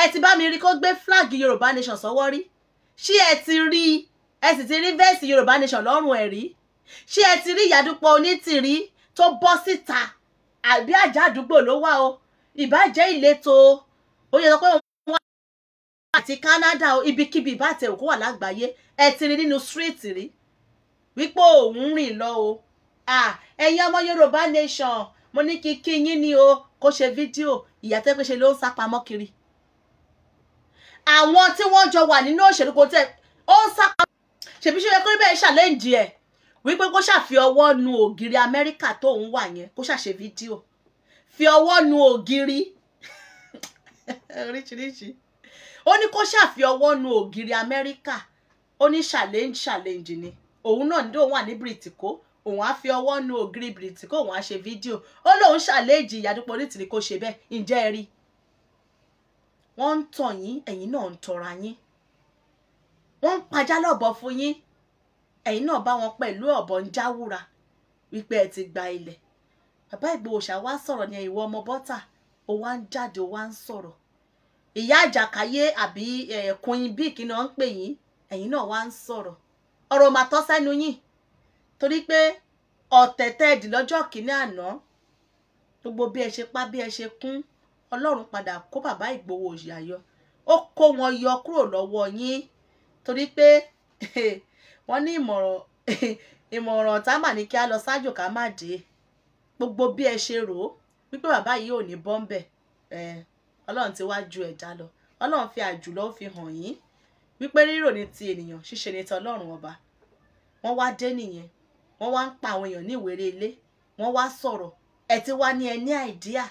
ẹ ti bá mi rí kó gbé flag Yorùbá nation sọ́wọ́ rí ṣé ẹ ti rí ẹ sì ti rí vẹ́ẹ̀sì Yorùbá nation lọ́rùn ẹ̀ rí ṣé ẹ ti rí ìyá Dúpẹ́ Onítìrí tó bọ́ síta àbí àjà àdúgbò ló wà o ìbàjẹ́ ìletò o ó yẹ sọ pé wọ́n wá àti Canada o ibikíbi ìbátẹ̀ òkú wà lágbàáyé ẹ ti rí nínú street rí wípé òun rìn lọ o ẹ̀yin ọmọ Yorùbá nation mo ní kí kí yín ni o kó ṣe fídíò ìyàtọ̀ pé ṣe ló ń sá pamọ́ kiri àwọn tí wọ́n jọ wà nínú òṣèlú kò tẹ̀ ó ń sá pamọ́ ṣèbí ṣe yẹ kó rí bẹ́ẹ̀ ṣàlẹ́ǹdì ẹ̀ wípé kó ṣàfi ọwọ́ nu ògiri amẹ́ríkà tó ń wà yẹn kó ṣàṣe fídíò fi ọwọ́ nu ògiri oríṣiríṣi ó ní kó ṣàfi ọwọ́ nu ògiri amẹ́ríkà ó ní challenge challenge ni òun náà ní òun wà ní bìrìtìkó òun á fi ọwọ́ nu ògiri bìrìtìkó òun á ṣe fídíò ó lóun challenge ìyàdúpọ̀ onítìrí kó ṣe bẹ́ẹ̀ ǹjẹ́ ẹ rí wọ́n ń tàn yín ẹ̀yin náà ń tọ́ra yín wọ́n ń pajá lọ́bọ̀ fún yín ẹ̀yin náà bá wọn pẹ̀lú ọ̀bọ̀ ń jáwúra wípé ẹ ti gba ilẹ̀ bàbá Ìgbòho ṣá wá sọ̀rọ̀ ní ìwọ ọmọ bọ́tà ó wá ń jáde ó wá ń sọ̀rọ̀ ìyá àjàkáyé àbí ẹ̀ẹ́kùnrin bíi kí náà ń pè yín ẹ̀yin náà wá ń sọ̀rọ̀ ọ̀rọ̀ mà tọ́ sẹ́nu yín torí pé ọ̀tẹ̀tẹ̀ dì lọ́jọ́ kìíní àná gbogbo bí ẹ ṣe pa bí ẹ ṣe kún ọlọ́run padà kó bàbá Ìgbòho yà yọ ó kó wọn yọ kúrò lọ́wọ́ yín torí pé wọ́n ní ìmọ̀ràn ìmọ̀ràn tá mà ní kí a lọ ṣáájú ká má dé gbogbo bí ẹ ṣe rò ó wípé bàbá yìí ò ní bọ́ńbẹ̀ ọlọ́run ti wá ju ẹ̀dá lọ ọlọ́run fi àjùlọ fi hàn yín wípé rírò ní ti ènìyàn ṣíṣe ní ti ọlọ́run ọba wọ́n wá dé nìyẹn wọ́n wá ń pa àwọn èèyàn ní ìwéré ilé wọ́n wá sọ̀rọ̀ ẹ̀ ti wá ní ẹ ní àìdíà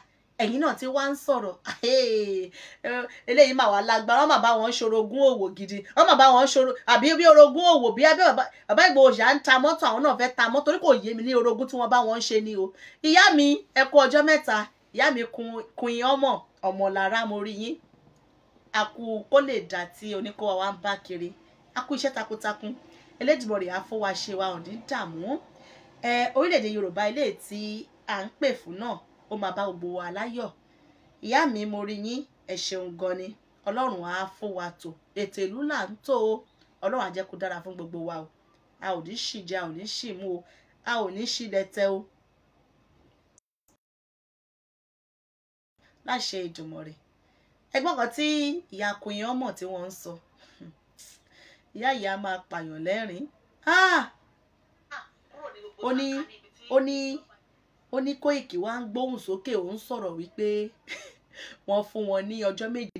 ẹ̀yin náà ti wá ń sọ̀rọ̀ eléyìí mà wá lágbára wọ́n mà bá wọn ṣorogún òwò gidi wọ́n mà bá wọn ṣoro àbí bí orogún òwò bí abẹ́ bàbá Ìgbòho ṣá ń ta mọ́tò àwọn náà fẹ́ ta mọ́tò torí kò yé mi ní orogún tí wọ́n bá wọn ṣe ni o ìyá mi ẹ kú ọjọ́ ìyá mi kun yín ọmọ ọmọ lára mo rí yín àkú kó lè dà tí oníkówá wa ń bá kiri àkú iṣẹ́ takuntakun elédìbò rẹ̀ á fún wa ṣe wa òǹdí dààmú orílẹ̀-èdè Yorùbá ilé tí à ń pè fún náà ó máa bá gbogbo wa láyọ̀ ìyá mi mo rí yín ẹ ṣeun gan ni ọlọ́run á fún wa tò ètò ìlú là ń tò ó ọlọ́run á jẹ́ kó dára fún gbogbo wa o a ò ní ṣì jẹ a ò ní ṣì mú o a ò ní ṣì lẹ́tẹ̀ o. láṣẹ ìdùnmọ̀ rẹ̀ ẹgbọ́n kan tí ìyá Koyin ọmọ tí wọ́n ń sọ ìyá ìyá máa pààyàn lẹ́rìn-ín ah! Ah, ó ní ó ní ó ní Kóìkì wá ń gbóhùn sókè òun sọ̀rọ̀ wípé wọ́n fún wọn ní ọjọ́ méje.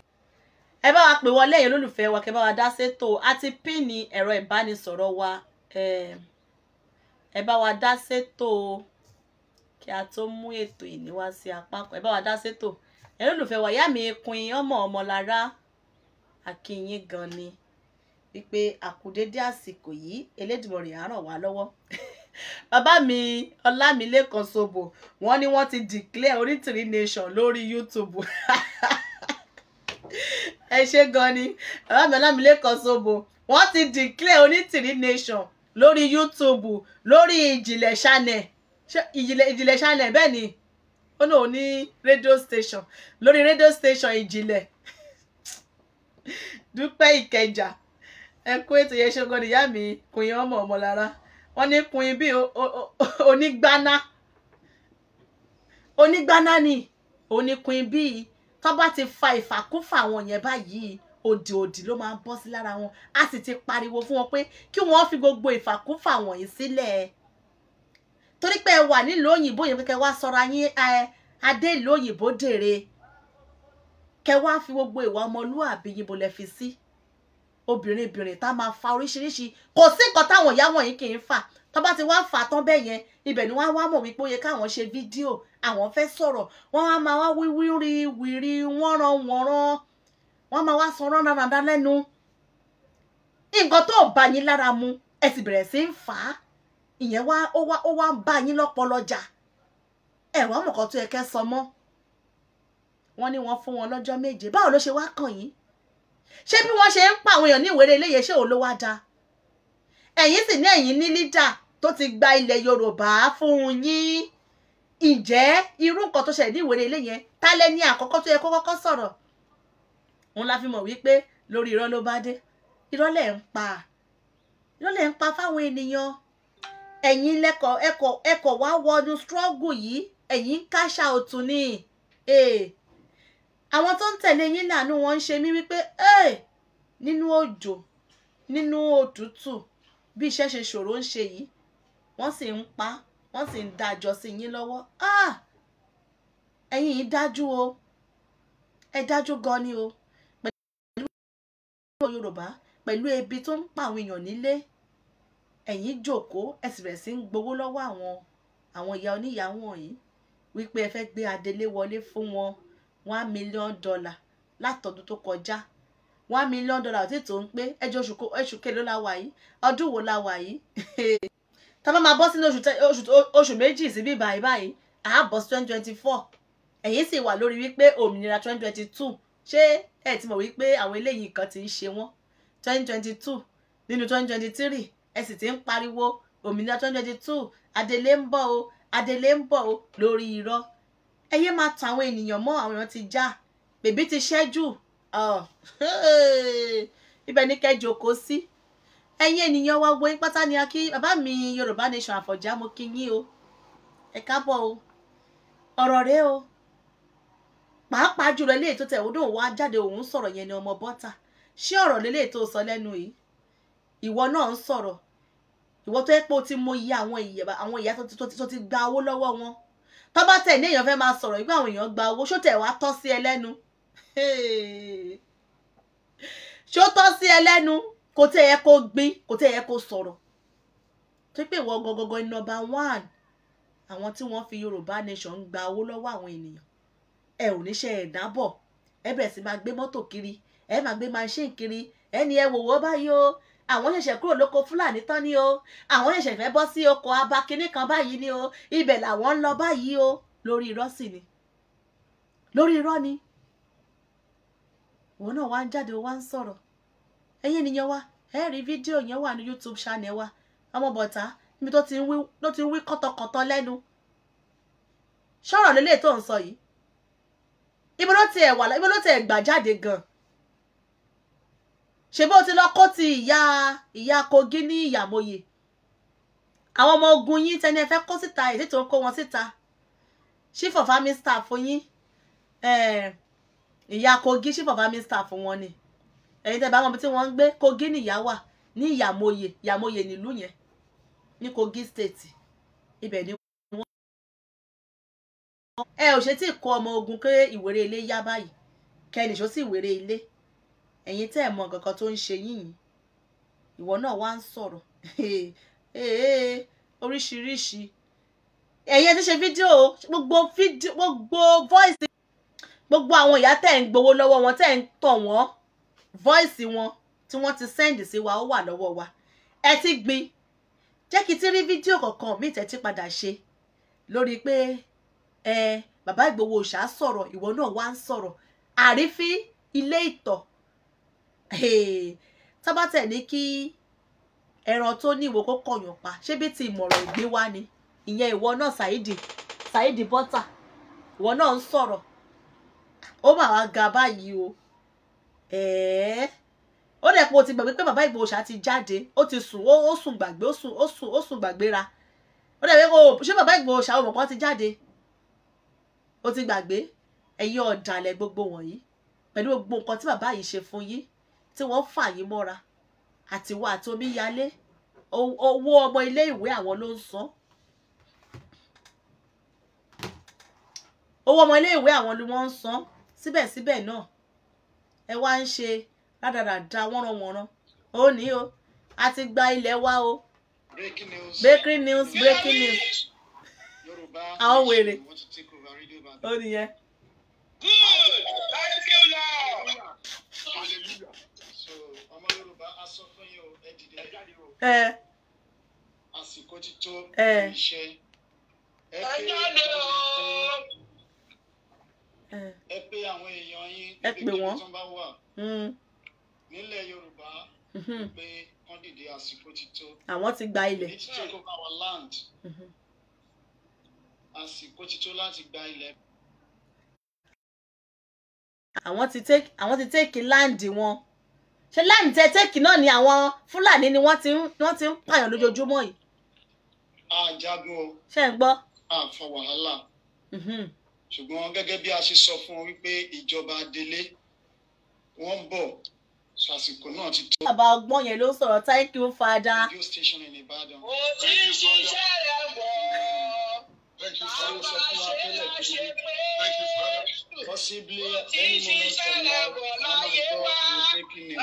ẹ bá wa pè wọlé ẹ̀yin olólùfẹ́ wa kẹ́ bá wa dá sétò àti píìnì ẹ̀rọ ìbánisọ̀rọ̀ wa ẹ bá wa dá sétò kí a tó mú ètò ìní sí apá kan ẹ bá wa dá sétò ẹ̀yin olólùfẹ́ wa ìyá mi kun ọmọ ọmọlára akínyìn gan ni wípé àkùdédé àsìkò yìí Elédùmarè á ràn wá lọ́wọ́ bàbá mi ọlámilẹ́kan sobo wọ́n ní wọ́n ti declare onítìrí nation lórí youtube ẹ ṣe gan ni bàbá mi ọlámilẹ́kan sobo wọ́n ti declare onítìrí nation lórí youtube lórí ìjìnlẹ̀ channel ìjìnlẹ̀ channel bẹ́ẹ̀ ni ó náà ní rédíò station lórí radio station ìjìnlẹ̀ dúpẹ́ ìkẹjà ẹ kú ètò yẹn ṣogo nìyá mi kò yan ọmọ ọmọ lára wọ́n ní kùn bí onígbáná onígbáná ni oníkùn bí tó bá ti fa ìfàkúfà àwọn yẹn báyìí òdì òdì ló máa ń bọ́ sí lára wọn a sì ti pariwo fún wọn pé kí wọ́n fi gbogbo ìfàkúfà wọ̀nyí sílẹ̀ torí pé ẹ wà nílùú òyìnbó yẹn kẹ́kẹ́ wá sọra yín adé ìlú òyìnbó dèrè kẹ́ wá fi gbogbo ìwà ọmọlúwàbí yín bolẹ̀ fi sí. Si obìnrin obìnrin tá máa fa oríṣiríṣi kò sí nǹkan táwọn ìyá wọ̀nyí kì í fà tó bá ti wá fà tán bẹ́ẹ̀ yẹn ibẹ̀ ni wọ́n á wá mọ̀ wípé ó yẹ káwọn ṣe fídíò àwọn fẹ́ sọ̀rọ̀ wọ́n á máa wá wíwí rí wìrì wọ́nran wọ̀nran wọ́n máa wá sọ ránranranda lẹ́nu nǹkan tó bá yín lára mu ẹ sì bẹ̀rẹ̀ sí ń fà á ìyẹn wá ó wá ó wá ń bá yín lọ́pọlọjà ẹ wá mọ̀kàn tó yẹ kẹ́ sọ mọ́ wọ́n ní wọ́n fún wọn lọ́jọ́ méje báwo ló ṣe wá kàn yín ṣé bí wọ́n ṣe ń pa àwọn èèyàn ní ìwéré iléyẹ ṣé òun ló wá da ẹ̀yin sì ní ẹ̀yin ní lídà tó ti gba ilẹ̀ Yorùbá fún yín ǹjẹ́ irú nǹkan tó ṣẹlẹ̀ ní ìwéré iléyẹ ta lẹ́ni àkọ́kọ́ tó yẹ kó kọ́kọ́ sọ̀rọ̀ òun la fi mọ̀ wípé lórí irọ́ ló bá dé irọ́ lẹ̀ ń pa irọ́ lẹ̀ ń pa fáwọn ènìyàn ẹ̀yin lẹ́kọ̀ọ́ ẹ̀kọ̀ ẹ̀kọ̀ wá wọnú struggle yìí ẹ̀yin káṣá òtún ni. Hey àwọn tó ń tẹ̀lé yín làánú wọn ń ṣe mí wípé ẹ́ẹ̀ nínú òjò nínú òtútù bí iṣẹ́ ṣe ṣòro ń ṣe yìí wọ́n sì ń pa wọ́n sì ń dájọ́ sí yín lọ́wọ́ ah! ẹ̀yin yìí dájú o ẹ dájú gan ni o pẹ̀lú Yorùbá pẹ̀lú ebi tó ń pa àwọn èèyàn nílé ẹ̀yin jókòó ẹ sì bẹ̀rẹ̀ sí ń gbowó lọ́wọ́ àwọn àwọn ìyá oníyàwó wọ̀nyí wípé ẹ fẹ́ gbé adelé wọlé fún wọn one million dollar látọdún tó kọjá one million dollar ọtí tó ń pé ẹjọ oṣù kẹlẹ la wà yìí ọdún wo la wà yìí tá a bá máa bọ́ sínú oṣù méjì sí bí báyìí báyìí à á bọ́ sí twenty twenty four ẹ̀yìn sì wà lórí wípé òmìnira twenty twenty two ṣé ẹ ti mọ̀ wípé àwọn eléyìí kan ti ń ṣe wọ́n twenty twenty two nínú twenty twenty three ẹ sì ti ń pariwo òmìnira twenty twenty two adelé ń bọ̀ o adelé ń bọ̀ o lórí irọ́ ẹ yé máa ta àwọn ènìyàn mọ́ àwọn èèyàn ti já bèbí ti ṣẹ́jú ibẹ̀ ní kẹ́ jókòó sí ẹ̀yin ènìyàn wa wo yín pátá ni a kí bàbá mi Yorùbá Nation Àfọ̀njá mo kí yín o ẹ káàbọ̀ o ọ̀rọ̀ rẹ o pàápàá jùlọ eléyìí tó tẹ̀ ọdún wa jáde òun sọ̀rọ̀ yẹn ni ọmọ bọ́tà ṣé ọ̀rọ̀ lélẹ́yìí tó sọ lẹ́nu yìí ìwọ náà ń sọ̀rọ̀ ìwọ tó yẹ pé o ti mọ iye àwọn ìyá tó ti gba owó lọ́wọ́ wọn tó bá tẹ̀ ní èèyàn fẹ́ máa sọ̀rọ̀ ìgbà àwọn èèyàn gba owó ṣó tẹ̀ wá tọ́ sí ẹ lẹ́nu ṣó tọ́ sí ẹ lẹ́nu kò tẹ̀ yẹ kó gbin kò tẹ̀ yẹ kó sọ̀rọ̀ tó pé ìwọ gọgọgọ nọ́mbà one àwọn tí wọ́n fi Yorùbá nation ń gba owó lọ́wọ́ àwọn ènìyàn ẹ ò níṣẹ́ ẹ̀dá bọ̀ ẹ bẹ̀rẹ̀ sí máa gbé mọ́tò kiri ẹ máa gbé machine kiri ẹni ẹ wòwọ́ báyìí o àwọn ṣẹ̀ṣẹ̀ kúrò lóko fúlàní tán ni o àwọn ṣẹ̀ṣẹ̀ fẹ́ bọ́ sí oko abakiní kan báyìí ni o ibẹ̀ làwọn ń lọ báyìí o lórí irọ́ sì ni lórí irọ́ ni òun náà wá ń jáde wá ń sọ̀rọ̀ ẹ̀yin ènìyàn wa ẹ rí fídíò yẹn wà ní YouTube channel wa ọmọ bọ̀tá níbi tó ti ń wí kọ́tọkọ́tọ lẹ́nu ṣọ́rọ̀ lélẹ̀ tó ń sọ yìí ibo ló ti ẹ̀ wà ibo ló ti ẹ̀ gbà jáde gan-an ṣe bó ti lọ kó ti ìyá ìyá Kogi ní ìyàmóye àwọn ọmọ ogun yín tẹni ẹ fẹ́ kó síta èyí tó kó wọn síta chief of army staff yín eh, ìyá Kogi chief of army staff wọn ni ẹ̀yin tẹ́ bá wọn bí tí wọ́n ń gbé Kogi nìyá wà ní ìyàmóye ìyàmóye nílùú yẹn ní Kogi state ibẹ̀ ni wọ́n. ẹ ò ṣe tí ì kó ọmọ ogun kéré ìwéré ilé yá báyìí kẹ́ni ṣó sì wéré ilé ẹ̀yin tẹ́ ẹ̀ mọ nǹkan kan tó ń ṣe yín yìí ìwọ náà wá ń sọ̀rọ̀ oríṣiríṣi ẹ̀yin ti ṣe fídíò gbogbo fídíò gbogbo voice gbogbo àwọn ìyá tẹ́ ẹ̀ ń gbowó lọ́wọ́ wọn tẹ́ ẹ̀ ń tọ̀ wọ́n voice wọn tí wọ́n ti send sí wa ó wà lọ́wọ́ wa ẹ ti gbin jẹ́ kí n ti rí fídíò kọ̀ọ̀kan mi tẹ́ ti padà ṣe lórí pé ẹ bàbá Ìgbòho ṣáà sọ̀rọ̀ ìwọ náà wá ń sọ̀rọ̀ àrífín ilé ìtọ̀ tọ́bátẹ̀ ní kí ẹran tó ní ìwò kó kọ̀yàn pa ṣé bí ti ìmọ̀ràn ìgbé wá ni ìyẹn ìwọ náà ṣàìdì ṣàìdì bọ́tà ìwọ náà ń sọ̀rọ̀ ó mà wá ga báyìí o ó dẹ̀ pé o ti gbàgbé pé bàbá Ìgbòho ṣá ti jáde ó ti sùn ó sùn gbàgbé ó sùn gbàgbéra ó dẹ̀ pé o ṣé bàbá Ìgbòho ṣá o mọ̀ pé wọ́n ti jáde ó ti gbàgbé ẹ̀yin ọ̀dàlẹ̀ gbogbo wọ̀nyí pẹ̀lú gbogbo nǹkan tí bàbá yìí ṣe fún yín tí wọ́n fà yín mọ́ra àtiwọ́ àti owó ọmọ ilé ìwé àwọn ló ń san owó ọmọ ilé ìwé àwọn ló wọ́n ń san síbẹ̀síbẹ̀ náà ẹ wá ń ṣe rádaràda wọ́nranwọ̀nran ó ní o a ti gba ilẹ̀ wa o breaking news breaking news àwọn wèrè ó nìyẹn. good hallelujah aṣọ fún yín o ẹ dìde ẹ jáde o. àsìkò ti tó iṣẹ́ ẹ pé àwọn èèyàn yín níbi tí wọ́n bá wà hmm. nílẹ̀ Yorùbá hmm. pé wọ́n dìde àsìkò ti àwọn ti gba ilẹ̀. they take over our land. Hmm. àsìkò ti láti gba ilẹ̀ àwọn ti take àwọn ti take láǹdì wọn ṣe láìní tẹ tẹ́kì náà ni àwọn fúlàní ni wọ́n ti ń wọ́n ti ń pààyàn lójoojúmọ́ yìí. àjagun o. ṣe ń gbọ́. a fa wàhálà. Mm-hmm. ṣùgbọ́n gẹ́gẹ́ bí a ṣe sọ fún ọ wípé ìjọba adelé wọ́n ń bọ̀ sàsìkò náà ti tó. bàbá ọgbọ́n yẹn ló ń sọ̀rọ̀ thank you father. radio station in Ìbàdàn. mo ti ń ṣiṣẹ́ rẹ̀ bọ̀. thank you father sọ fún possibly any moment from now,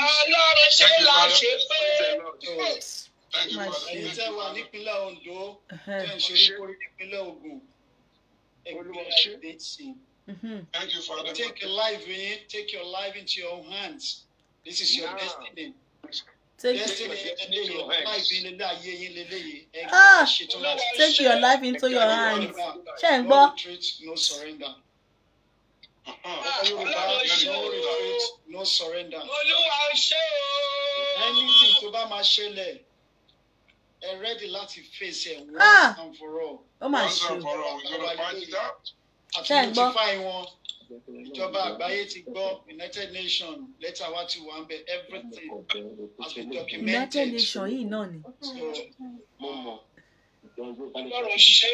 Ọlọ́run ṣe la ṣe pé. Ẹ̀yin tẹ́ wà nípínlẹ̀ Ondo, tẹ́ ń ṣe orí nípínlẹ̀ Ògùn, ẹgbẹ́ àìdẹ́sì. Mm-hmm. Thank you, Father. Take your life in, take your life into your own hands. This is your yeah. destiny. Take, destiny take your life ah, take your life into your hands. No retreat. No surrender. Ah, no surrender. Olúwa ṣe o. Anything tó bá máa ṣẹlẹ̀ ẹ rẹ́dí láti fèsì ẹ̀ once ah! and for all. Ó máa ṣe o. Ṣé ẹ gbọ́? ìjọba àgbáyé ti gbọ́ united nations lẹ́tà wa ti wà ń bẹ everything has been documented. united nations yìí náà ni. ọlọ́run ṣe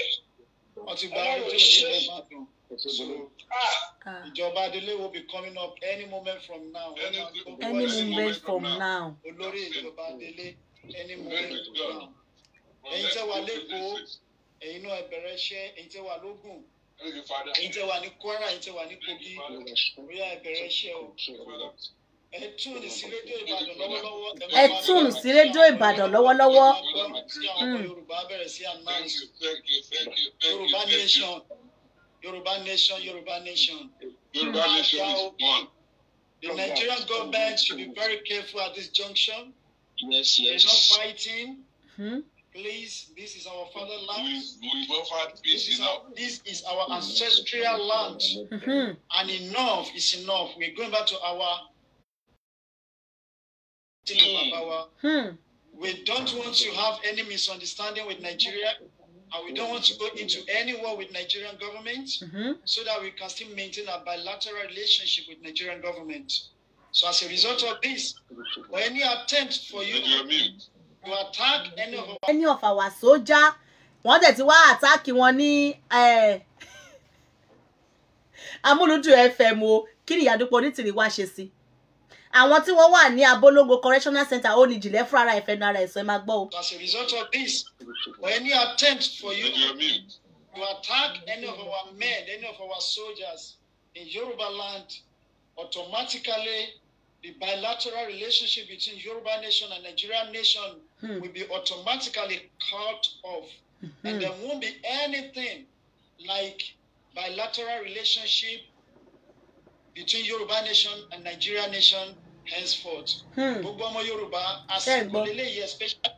ọlọ́run ṣe. Ah! Ah! ah, ìjọba Adélé will be coming up any moment from now. Any, any moment from now. Olórí ìjọba Adélé any moment from now. Ẹ̀yin tẹ́ wà l'Ékòó, ẹ̀yin náà ẹ bẹ̀rẹ̀ iṣẹ́, ẹ̀yin wà l'Ógùn, ẹ̀yin tẹ́ wà ní Kwara, ẹ̀yin tẹ́ wà ní Kogi, bóyá ẹ bẹ̀rẹ̀ o. Ẹ tún sí rédíò Ìbàdàn lọ́wọ́lọ́wọ́. Ẹ tún sí rédíò Ìbàdàn lọ́wọ́lọ́wọ́. Yoruba nation, Yoruba nation. Yoruba nation is one. The Nigerian government should be very careful at this junction. Yes, yes. They're not fighting. Hmm? Please, this is our fatherland. peace. this, is our, this is our ancestral land. Mm-hmm. And enough is enough. We're going back to our. Mm. Hmm. We don't want to have any misunderstanding with Nigeria and we don't want to go into any war with Nigerian government mm-hmm. so that we can still maintain a bilateral relationship with Nigerian government. So as a result of this, or any attempt for you to, to attack any of our any of our soldier, wọ́n dẹ̀ ti wá àtáàkì wọn ní eh, amúlùdùn fm o kí ni ìyàdúpọ̀ onítìrí wá ṣe sí i àwọn tí wọ́n wà ní abolongo correctional center ó ní jìlẹ̀ fún ara ìfẹ́ nu ara ẹ̀sọ́ ẹ máa gbọ́ o. as a result of this any attempt for you to attack any of our men any of our soldiers in Yoruba land automatically the bilateral relationship between Yoruba nation and Nigerian nation hmm. will be automatically cut off. hmm And there won't be anything like bilateral relationship between Yoruba nation and Nigeria nation henceforth. Hmm. gbogbo ọmọ Yorùbá àsìkò lélẹ́yìí especially.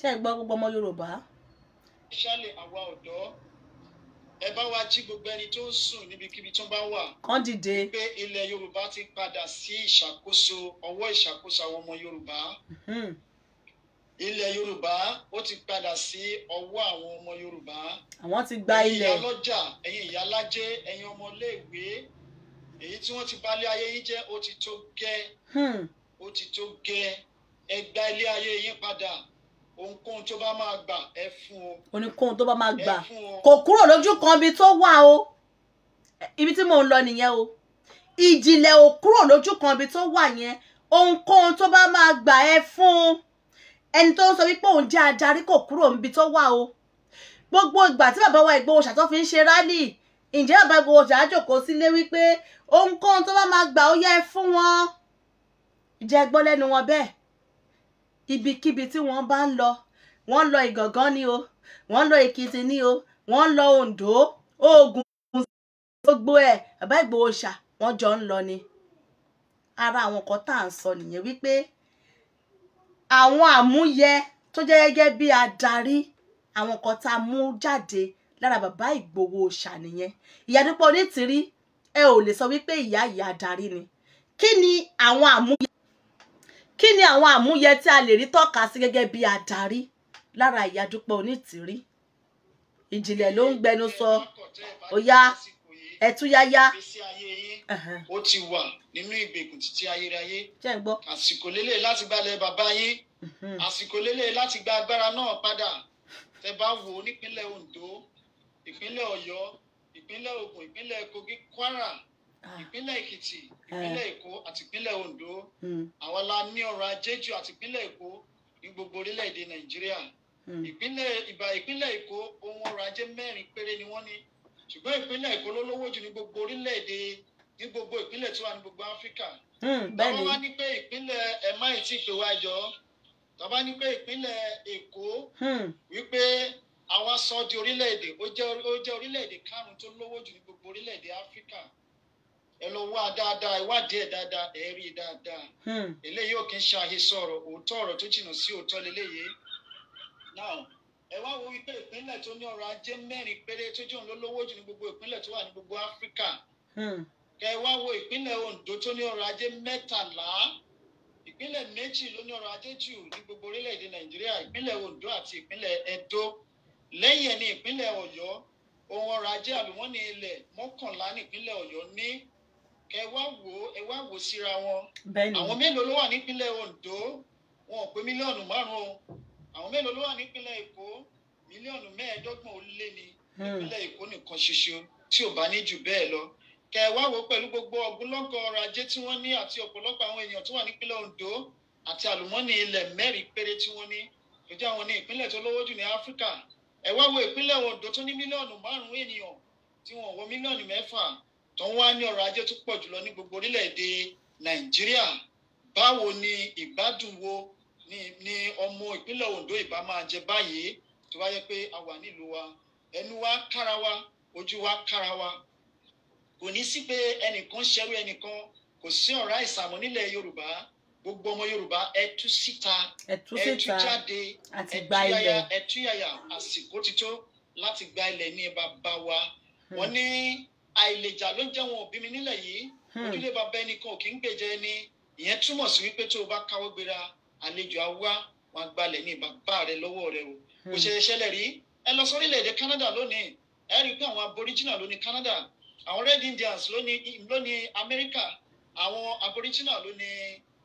ṣé ẹ gbọ́ gbogbo ọmọ Yorùbá. especially àwa ọ̀dọ́ ẹ bá wa jí gbogbo ẹni tó ń sùn níbikíbi tó bá wà. kán dìde. pé ilẹ̀ Yorùbá ti padà sí ìṣàkóso ọwọ́ ìṣàkóso àwọn ọmọ Yorùbá. Mm-hmm ilẹ̀ yorùbá ó ti padà sí ọwọ́ àwọn ọmọ yorùbá. àwọn ti gba ilẹ̀. ẹ̀yin ìyálọ́jà ẹ̀yin ìyálájẹ́ ẹ̀yin ọmọléèwé èyí tí wọ́n ti bà ilé ayé yín jẹ́ ó ti tó gẹ́ hmm. ó ti tó gẹ́ ẹ gba ilé ayé yín padà ohunkóhun tó bá máa gbà ẹ fún o. ohunkóhun tó bá máa gbà kò kúrò lójú kan ibi tó wà o ibi tí mò ń lọ nìyẹn o ìjìnlẹ̀ ò kúrò lójú kan ibi tó wà yẹn ohunkóhun tó bá máa gbà ẹ fún o ẹni tó ń sọ wípé òun jẹ́ adarí kò kúrò níbi tó wà o gbogbo ìgbà tí bàbá wa Ìgbòho ṣàtọ́ fi ń ṣe rálì ǹjẹ́ bàbá Ìgbòho ṣàjòkó sílé wípé ohunkóhun tó bá máa gbà ó yẹ fún wọn jẹ́ gbọ́ lẹ́nu wọn bẹ́ẹ̀ ibikíbi tí wọ́n bá ń lọ wọ́n lọ Ìgàngán ni o wọ́n lọ Èkìtì ni o wọ́n lọ Oǹdó Ògùn gbogbo ẹ̀ bàbá Ìgbòho ṣà wọ́n jọ ń lọ ni ara àwọn kan tá à ń sọ nìyẹn wípé àwọn àmúyẹ tó jẹ́ gẹ́gẹ́ bí adarí àwọn kan tá a mú jáde lára bàbá Ìgbòho Òòṣà nìyẹn Ìyá Dúpẹ́ Onítìrí ẹ ò lè sọ wípé ìyá ìyá adarí ni kí ni àwọn àmúyẹ kí ni àwọn àmúyẹ tí a lè rí tọ́ka sí gẹ́gẹ́ bí adarí lára Ìyá Onítìrí ìjìnlẹ̀ ló ń gbẹnu sọ ó yá ẹ tú yáyá. ìgbésí ayé yín ó ti wà nínú ìgbèkùn títí ayérayé. jẹ́ ń gbọ́. àsìkò lélẹ̀ láti gbalẹ̀ bàbá yín àsìkò lélẹ̀ láti gba agbára náà padà tẹ bá wò nípínlẹ̀ Ondo ìpínlẹ̀ Ọ̀yọ́ ìpínlẹ̀ Ògùn ìpínlẹ̀ Kogi Kwara ah. ìpínlẹ̀ Èkìtì eh. ìpínlẹ̀ Èkó àti ìpínlẹ̀ Ondo hmm. àwa la ní ọrọ̀ ajé jù àti ìpínlẹ̀ Èkó ní gbogbo orílẹ̀-èdè Nàìjíríà hmm. ìpínlẹ̀ ìbà ìpínlẹ̀ Èkó ohun ọrọ̀ ajé mẹ́rin péré ni wọ́n ní. ṣùgbọ́n ìpínlẹ̀ Èkó ló lówó jù ní gbogbo orílẹ̀-èdè ní gbogbo ìpínlẹ̀ tó wà ní gbogbo Áfíríkà. Hmm, bẹ́ẹ̀ni tọ́ba ní pé ìpínlẹ̀ ẹ̀ má eko pè wá jọ ní pé ìpínlẹ̀ Èkó hmm. wípé sọ di orílẹ̀-èdè ó jẹ́ orílẹ̀-èdè karùn-ún tó lówó jù ní gbogbo orílẹ̀-èdè Áfíríkà ẹ lọ wá dáadáa ìwádìí ẹ dáadáa ẹ rí i dáadáa hmm. eléyìí ò kí ń ṣe ẹ wá wo wípé ìpínlẹ̀ tó ní ọrọ̀ ajé mẹ́rin péré tó jẹ́ òun ló lówó jù ní gbogbo ìpínlẹ̀ tó wà ní gbogbo áfíríkà hmm. ẹ wá wo ìpínlẹ̀ Ondo tó ní ọrọ̀ ajé mẹ́tàlá ìpínlẹ̀ méjì ló ní ọrọ̀ ajé jù ní gbogbo orílẹ̀-èdè Nàìjíríà ìpínlẹ̀ Ondo àti ìpínlẹ̀ Edo lẹ́yìn ẹ̀ ní ìpínlẹ̀ Ọ̀yọ́ ohun ọrọ̀ ajé àlùmọ́nì ilẹ̀ mọ́kànlá ní ìpínlẹ̀ Ọ̀yọ́ ní ẹ wá wò ẹ wá wò síra wọn àwọn mélòó ló wà nípínlẹ̀ Ondo wọn ò pé mílíọ̀nù márùn-ún àwọn mélòó ló wà nípínlẹ̀ èkó mílíọ̀nù mẹ́ẹ̀ẹ́dọ́gbọ̀n ó lé ní hmm. nípínlẹ̀ èkó nìkan ṣoṣo tí ò bá ní jù bẹ́ẹ̀ lọ kẹwàá wo pẹ̀lú gbogbo ọ̀gbúnlọ́gọ̀ ọrọ̀ ajé tí wọ́n ní àti ọ̀pọ̀lọpọ̀ àwọn èèyàn tó wà nípínlẹ̀ Ondo àti àlùmọ́ọ́nì ilẹ̀ mẹ́rin péré tí wọ́n ní tó jẹ́ àwọn ní ìpínlẹ̀ tó lówó jù ní Áfíríkà ẹ wo ìpínlẹ̀ Ondo tó ní mílíọ̀nù márùn-ún ènìyàn tí wọ́n wọ mílíọ̀nù mẹ́fà tó ń wá ní ọrọ̀ ajé tó pọ̀ jùlọ ní gbogbo orílẹ̀-èdè Nàìjíríà báwo ni ìgbádùn wo ni ni ọmọ ìpínlẹ̀ Ondo ìbá máa jẹ báyìí tó bá yẹ pé a wà nílùú wa ẹnu wa kára wa ojú wa kára wa kò ní sí pé ẹnìkan ṣẹrú ẹnìkan kò sí ọ̀rá ìsàmù nílẹ̀ Yorùbá gbogbo ọmọ Yorùbá ẹtú síta ẹtú jáde ẹtú yaya ẹtú yaya àsìkò ti láti gba ilẹ̀ ní bàbá wa hmm. wọ́n ní àìlèjà ló ń jẹ́ wọn òbí mi nílẹ̀ yìí hmm. ojúlé bàbá ẹnìkan ò kí ń gbèjẹ ẹni ìyẹn túmọ̀ sí wípé tó o bá káwọ́ gbéra àlejò àwa wọn gbalẹ̀ ní bàbá rẹ lọ́wọ́ rẹ o kò hmm. ṣe ṣẹlẹ̀ rí ẹ lọ sọ orílẹ̀ Canada lónìí ẹ rí i pé àwọn aboriginal ló Canada àwọn red Indians ló ní ló ní America àwọn aboriginal ló ní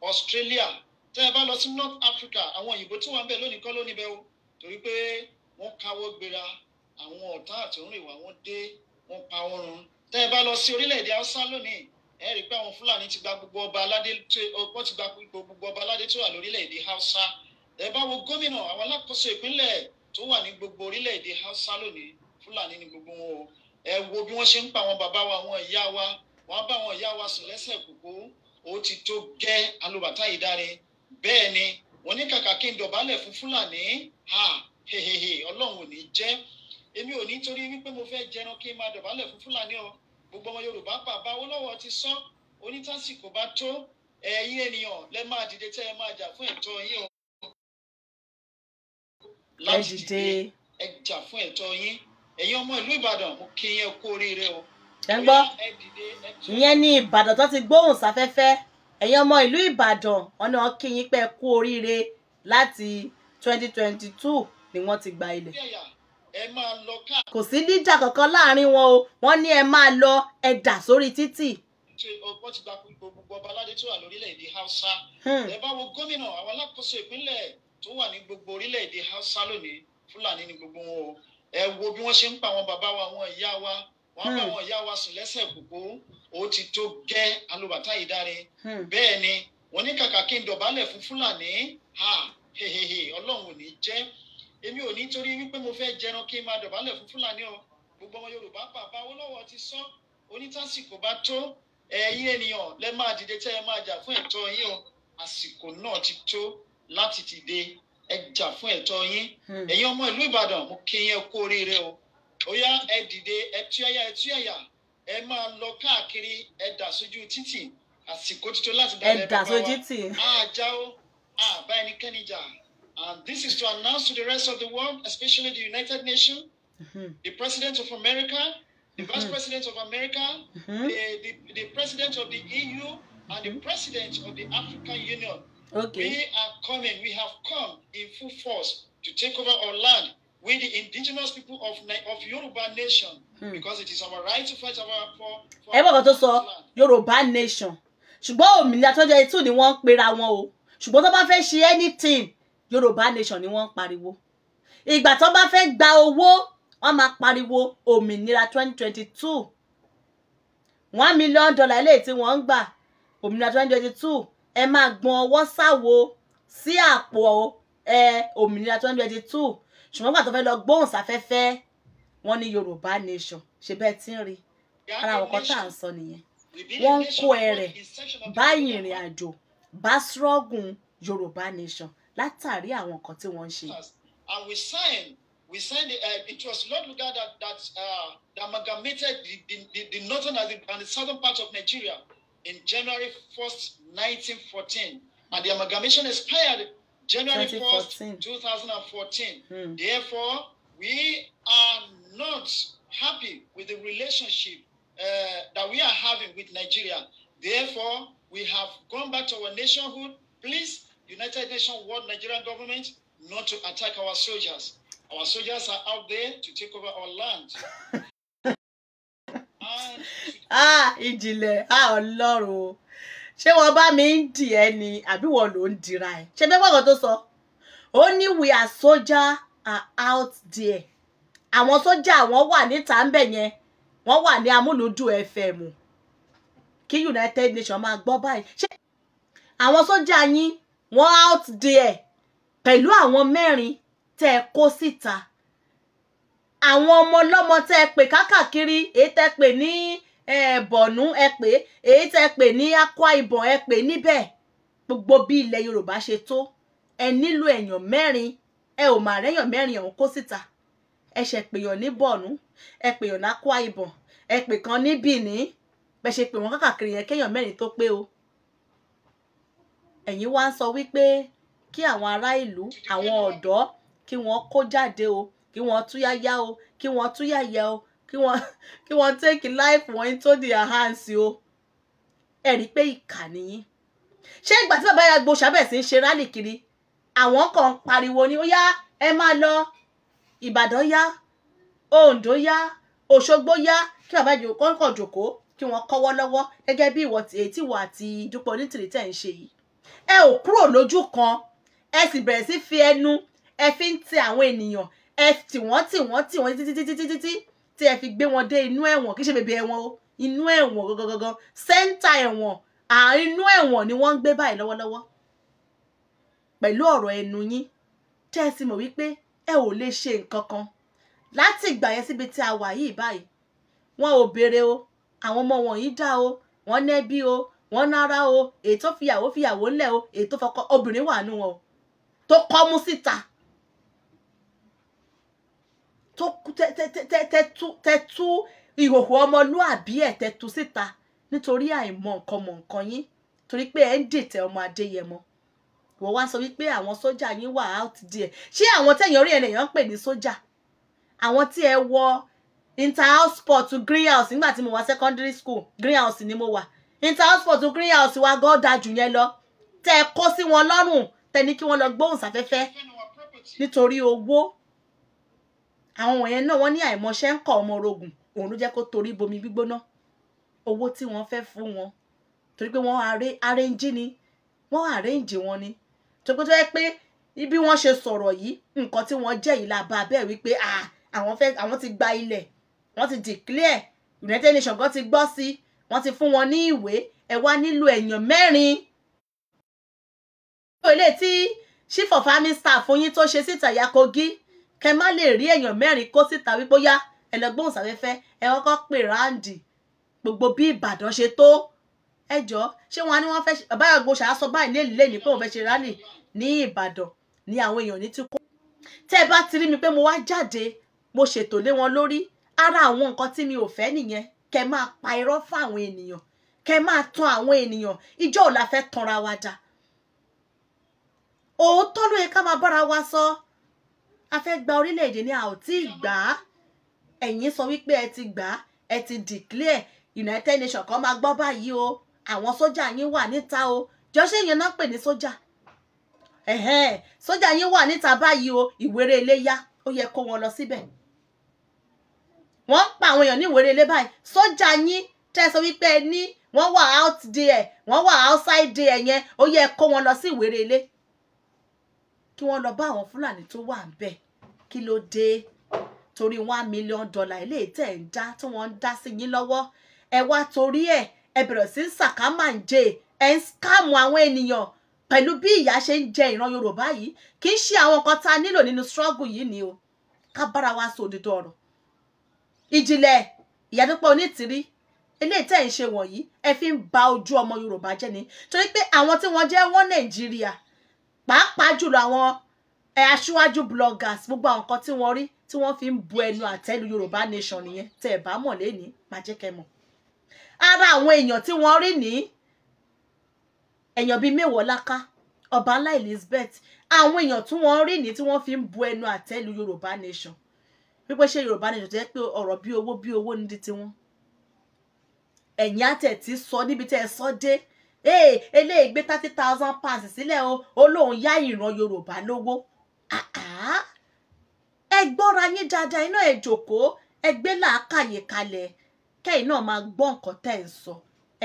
Australia tẹ́ ẹ bá lọ sí North Africa àwọn òyìnbó tí wọ́n ń bẹ lónìí kọ́ lónìí bẹ́ẹ̀ o torí pé wọ́n káwọ́ gbéra àwọn ọ̀tá àtúnrìnwá wọ́n dé wọ́n pa ọrùn tẹ́ ẹ bá lọ sí orílẹ̀-èdè lónìí ẹ rí i pé àwọn fúlàní ti gba gbogbo ọba aládé wọ́n ti gba gbogbo ọba aládé tó wà lórílẹ̀‐èdè haúsá ẹ bá wo gómìnà àwọn alákòóso ìpínlẹ̀ tó wà ní gbogbo orílẹ̀‐èdè lónìí fúlàní ni gbogbo wọn o ẹ wo bí wọ́n ṣe ń pa àwọn bàbá wa àwọn ìyá wa wọ́n bá àwọn ìyá wa sùn lẹ́sẹ̀ kókó ó ti tó gẹ́ alóbàtà ìdáre bẹ́ẹ̀ ni wọ́n ní kàkà kí n dọ̀bálẹ̀ fún fúlàní ha hehehe ọlọ́run ò ní jẹ́ èmi ò ní torí wípé mo fẹ́ jẹran kí n máa dọ̀bálẹ̀ fún fúlàní o gbogbo ọmọ yorùbá bàbá olówó ti sọ onítàsíkò bá tó ẹ̀yin ènìyàn lẹ máa dìde tẹ ẹ máa jà fún ẹ̀tọ́ yín o láti dìde ẹ jà fún ẹ̀tọ́ yín ẹ̀yin ọmọ ìlú ìbàdàn mo kí yẹn kú oríire o. ẹ gbọ́ ìyẹn ní ìbàdàn tó ti gbóhùn sáfẹ́fẹ́ ẹ̀yin ọmọ ìlú ìbàdàn ọ̀nà kí yín pé kú oríire láti twenty twenty two ni wọ́n ti gba ilẹ̀ kò sí dídà kankan láàrin wọn o wọ́n ní ẹ máa lọ ẹ sórí títì. ṣe ọgbọ́n ti gba gbogbo ọbaládé tó wà lórílẹ̀‐èdè Hausa hmm. ẹ bá wo gómìnà àwọn alákòóso ìpínlẹ̀ tó wà ní gbogbo orílẹ̀‐èdè Hausa lónìí Fúlàní ni gbogbo wọn o ẹ wo bí wọ́n ṣe ń pa àwọn bàbá wa àwọn ìyá wa wọ́n bá hmm. àwọn ìyá wa sùn lẹ́sẹ̀ kúkú ó ti tó gẹ́ alùbàtà ìdáre hmm. bẹ́ẹ̀ ni wọ́n ní kàkà kí n dọ̀bálẹ̀ fún Fúlàní Ọlọ́run ò ní jẹ́ èmi ò ní torí wípé mo fẹ́ jẹran kí n máa dọ̀bálẹ̀ fún fúlàní o gbogbo ọmọ yorùbá bàbá olówó ti sọ onítàsìkò bá tó ẹ̀yin ènìyàn lẹ máa dìde tẹ́ ẹ máa jà fún ẹ̀tọ́ yín o àsìkò náà ti tó láti dìde ẹ jà fún ẹ̀tọ́ yín hmm. ẹ̀yin ọmọ ìlú ìbàdàn mo kí yín kú oríire o ó yá ẹ dìde ẹ tú ẹ̀yà ẹ tú ẹ̀yà ẹ máa lọ káàkiri ẹ dà sójú títì àsìkò ti tó láti dá ẹ bá wa àjà o àbá ẹnikẹ́ni jà And this is to announce to the rest of the world, especially the United Nations, mm-hmm. the President of America, the Vice mm-hmm. President of America, mm-hmm. the, the, the, President of the EU, and the mm-hmm. President of the African Union. Okay. We are coming, we have come in full force to take over our land with the indigenous people of, of Yoruba nation mm. because it is our right to fight our, for, for land. bọ̀kọ̀ sọ Yoruba nation ṣùgbọ́n òmìnira tó jẹ́ ni wọ́n ń pera wọn o ṣùgbọ́n tó bá fẹ́ ṣe anything yorùbá nation ni wọ́n ń pariwo ìgbà tó bá fẹ́ gba owó wọ́n máa pariwo òmìnira twenty twenty two one million dollar eléyìí tí wọ́n ń gbà òmìnira twenty twenty two ẹ máa gbọ́n ọwọ́ sáwo sí àpò ẹ òmìnira twenty twenty two ṣùgbọ́n gbà tó fẹ́ lọ gbóhùn sáfẹ́fẹ́ wọ́n ní yorùbá nation ṣe bẹ́ẹ̀ tí ń rí ara àwọn kan tá à ń sọ nìyẹn wọ́n ń kó ẹrẹ̀ bá ìrìn àjò bá ṣọ́gùn yorùbá nation látàrí àwọn nǹkan tí wọ́n ń ṣe. and we signed we signed the, uh, it was Lord Lugard that that, uh, that amalgamated the, the, the, the northern and the, and the southern part of Nigeria in January 1st 1914 and the amalgamation expired January 1st 2014 hmm. therefore we are not happy with the relationship uh, that we are having with Nigeria. Therefore, we have gone back to our nationhood. Please United Nations warned Nigerian government not to attack our soldiers. Our soldiers are out there to take over our land. ah ìjìnlẹ̀ ah ọlọ́run o ṣé wọn bá mi ń dì ẹ́ ni àbí wọn ló ń dira ẹ̀ ṣé bẹ́ẹ̀ bọ́kàn tó sọ ó ní we are soldier are out there àwọn sójà wọn wà níta ń bẹ̀ yẹn wọ́n wà ní amúlùdùn fm kí United Nations máa gbọ́ báyìí ṣé àwọn sójà yín wọ́n out there pẹ̀lú àwọn mẹ́rin tẹ́ ẹ kó síta àwọn ọmọ ọlọ́mọ tẹ́ ẹ pè kákàkiri èyí tẹ́ ẹ pè ní bọ̀nú ẹ pè èyí tẹ́ ẹ pè ní akwa ibọ̀n ẹ pè níbẹ̀ gbogbo bí ilẹ̀ yorùbá ṣe tó ẹ nílò èèyàn mẹ́rin ẹ ò mà rẹ́yàn mẹ́rin ọ̀hún kó síta ẹ ṣe pèyàn ní bọ̀nú ẹ pèyàn ní akwa ibọ̀n ẹ pè kan ní bìní bẹ́ẹ̀ ṣe pè wọ́n kákàkiri yẹn kéèyàn mẹ́rin tó pé o ẹ̀yin wá ń sọ wípé kí àwọn ará ìlú àwọn ọ̀dọ́ kí wọ́n kó jáde o kí wọ́n túyáyá o kí wọ́n túyáyá o kí wọ́n kí wọ́n take life wọn into their hands o ẹ rí i pé ìkà nìyí ṣé ìgbà tí bàbá yàgbó sábẹ̀ sí ń ṣe rálì kiri àwọn kan pariwo ni ó yá ẹ máa lọ Ìbàdàn yá Oǹdó yá Òṣogbo yá kí bàbá kọ́ńkọ̀ jòkó kí wọ́n kọ́wọ́ lọ́wọ́ gẹ́gẹ́ bí ìwọ tí èyí àti Dúpẹ́ Onítìrí tẹ̀ ń ṣe yìí ẹ ò kúrò lójú kan ẹ sì bẹ̀rẹ̀ sí fi ẹnu ẹ fi ń tì àwọn ènìyàn ẹ tì wọ́n tì wọ́n tì wọ́n títí títí títí tí ẹ fi gbé wọn dé inú ẹ̀wọ̀n kì í ṣe bèbè ẹ̀wọ̀n o inú ẹ̀wọ̀n gangan sẹ́ńtà ẹ̀wọ̀n àárín inú ẹ̀wọ̀n ni wọ́n ń gbé báyìí lọ́wọ́lọ́wọ́ pẹ̀lú ọ̀rọ̀ ẹnu yín tẹ́ ẹ sì mọ̀ wípé ẹ ò lè ṣe nǹkan kan láti ìgbà yẹn síbi tí a wà yìí báyìí wọn ò béèrè o àwọn ọmọ wọ̀nyí dá o wọ́n nẹ́bí o wọ́n nára o èyí tó fìyàwó fìyàwó ńlẹ̀ o èyí tó fọkọ obìnrin wà nù wọn o tó kọ́mú síta tó tẹ́tú ìhòhò ọmọlúàbí ẹ̀ tẹ́tú síta nítorí àìmọ̀ nǹkan mọ̀ nǹkan yín torí pé ẹ̀ ń dètẹ̀ ọmọ adéyẹmọ wọ́n wá sọ wípé àwọn sójà yín wà out there ṣé àwọn tẹ̀yìn orí ènìyàn ń pè ní sójà àwọn tí ẹ wọ inter house sport green house nígbà tí mo wà secondary school green house ni mo wà interhouse sport tún green house wa gan dájú yẹn lọ tẹ ẹ kó sí wọn lọ́rùn tẹ ní kí wọ́n lọ gbóhùn sáfẹ́fẹ́ nítorí owó àwọn wọ̀nyẹn náà wọ́n ní àìmọ̀ṣẹ́ ń kọ́ ọmọ orogún òun ló jẹ́ kó torí bomi gbígbóná owó tí wọ́n fẹ́ fún wọn torí pé wọ́n arẹ́njí ni wọ́n arẹ́njí wọn ni torí pé tó yẹ pé bí wọ́n ṣe sọ̀rọ̀ yìí nǹkan tí wọ́n jẹ́ yìí la bá bẹ́ẹ̀ wípé ah, àwọn fẹ́ àwọn ti gba ilẹ̀ wọ́n ti declare United Nations gan ti gbọ́ sí i wọ́n ti fún wọn ní ìwé ẹ wá nílò èèyàn mẹ́rin. ìwé ilé tí chief of army staff yín tó ṣe síta ìyá Kogi kẹ má lè rí èèyàn mẹ́rin kó síta wípóyá ẹlẹgbọ́n sáfẹ́fẹ́ ẹ kọ́kọ́ pè ráǹdì gbogbo bí Ìbàdàn ṣe tó ẹjọ́ ṣé wọn ni wọ́n fẹ́ báyọ̀ gbọ́ ṣàásọ báyìí lè lè ní pé òun fẹ́ ṣe rálì ní Ìbàdàn ní àwọn èèyàn ní ti kó. tẹ́ ẹ bá ti rí mi pé mo wá jáde mo ṣètò lé wọn lórí ara àwọn nǹkan tí mi ò fẹ́ nìyẹn kẹ máa pa irọ́ fáwọn ènìyàn kẹ máa tan àwọn ènìyàn ìjọ ò la fẹ́ tanra wa dà òótọ́ ló yẹ ká máa bára wa sọ a fẹ́ gba orílẹ̀-èdè ni a ò tí ì gbà á ẹ̀yin sọ wípé ẹ ti gbà á ẹ ti declare United Nations kan máa gbọ́ báyìí o àwọn sójà yín wà níta o jọ́sẹ̀ yẹn náà pè ní sójà sójà yín wà níta báyìí o ìwéré ilé ó yẹ kó wọn lọ síbẹ̀ wọ́n ń pa àwọn èèyàn ní ìwéré ilé báyìí sójà yín tẹ́sọ wípé ẹ ní wọ́n wà out there wọ́n wà outside there yẹn ó yẹ kó wọn lọ sí ìwéré ilé kí wọ́n lọ bá àwọn fúlàní tó wà ń bẹ̀ kí ló dé torí one million dollar ilé tẹ̀ ń dá tí wọ́n ń dá sí yín lọ́wọ́ ẹ wá torí ẹ̀ ẹ bẹ̀rẹ̀ sí ń sàkámàǹjẹ ẹ ń skáàmù àwọn ènìyàn pẹ̀lú bí ìyà ṣe ń jẹ ìran yorùbá yìí kì í ṣe àwọn kan tá a nílò nínú struggle yìí ni o ká bára wa sòdodo ọ̀rọ̀ ìjìnlẹ̀ ìyàdúpọ̀ onítìrí eléyìí tẹ̀ ń ṣe wọ̀nyí ẹ fi ń ba ojú ọmọ yorùbá jẹ́ ni torí pé àwọn tí wọ́n jẹ́ wọ́n nàìjíríà pàápàá jùlọ àwọn aṣíwájú bloggers gbogbo àwọn nǹkan tí wọ́n rí tí wọ́n fi ń bu ẹnu àtẹ́lu yorùbá nation nìyẹn tẹ́ ẹ̀ bá mọ̀ lẹ́ni má jẹ́ kẹ́ mọ̀ ara àwọn èèyàn tí wọ́n rí ní èèyàn bíi mẹ́wọ̀ọ́láká ọba ńlá elizabeth àwọn èèyàn tí wọ́n rí ní tí wọ́n fi ń bu ẹnu àtẹ́lu yorùbá nation wípé ṣé yorùbá nation tó yẹ pé ọ̀rọ̀ bí owó bí owó nídìí tiwọn ẹ̀yìn àtẹ̀tí sọ níbi tẹ́ ẹ sọ dé ee eléyìí gbé thirty thousand pounds sílẹ̀ o ó lóun yá ìran yorùbá lówó ẹ gbọ́ra yín dáadáa iná ẹ jòkó ẹ gbé làákàyè kalẹ̀ kẹ́yìn náà máa gbọ́ nǹkan tẹ́ ẹ sọ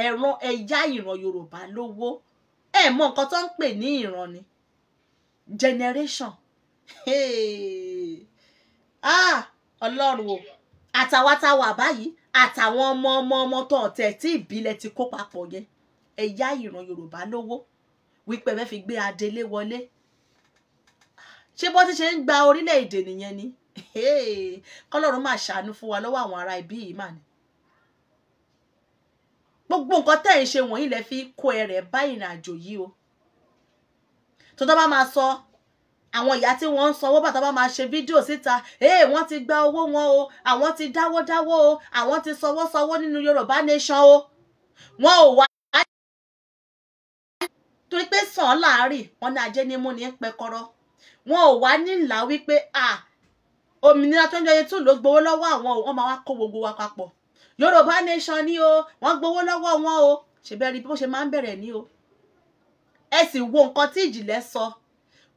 ẹ rán ẹ yá ìran yorùbá lówó ẹ mọ nǹkan tó ń pè ní ìran ni generation hey. ah ọlọ́run o àtàwa tá a wà báyìí àtàwọn ọmọ ọmọ ọmọ tó ọ̀tẹ̀ tí ìbílẹ̀ ti kó papọ̀ yẹn ẹ yá ìran yorùbá lówó wípé ẹ fi gbé adelé wọlé ṣé bó ti ṣe ń gba orílẹ̀-èdè nìyẹn ni kọ́lọ́run máa ṣàánú fún wa lọ́wọ́ àwọn ará ibí yìí mà ní. gbogbo nǹkan tẹ́ ń ṣe wọ̀nyí lẹ fi kó ẹrẹ̀ bá ìrìn àjò yìí o tó tọ́ bá máa sọ àwọn ìyá tí wọ́n ń sanwó bàtà bá máa ṣe fídíò síta ee wọ́n ti gba owó wọn o àwọn ti dáwó dáwó o àwọn ti sanwó sanwó nínú Yorùbá nation o wọn ò wá. torí pé sàn láàárín wọn ní ajé ní mú ní pẹkọrọ wọn ò wá nílà wípé à òmìnira tó ń jẹyẹ tún ló gbowó lọ́wọ́ àwọn o wọ́n máa wá kó gbogbo wa papọ̀ Yorùbá nation ni o wọ́n gbowó lọ́wọ́ wọn o ṣèbẹ̀rẹ̀ bí wọ́n ṣe máa ń bẹ̀rẹ̀ ni o ẹ sì wo nǹkan tí ìjìnlẹ̀ sọ. So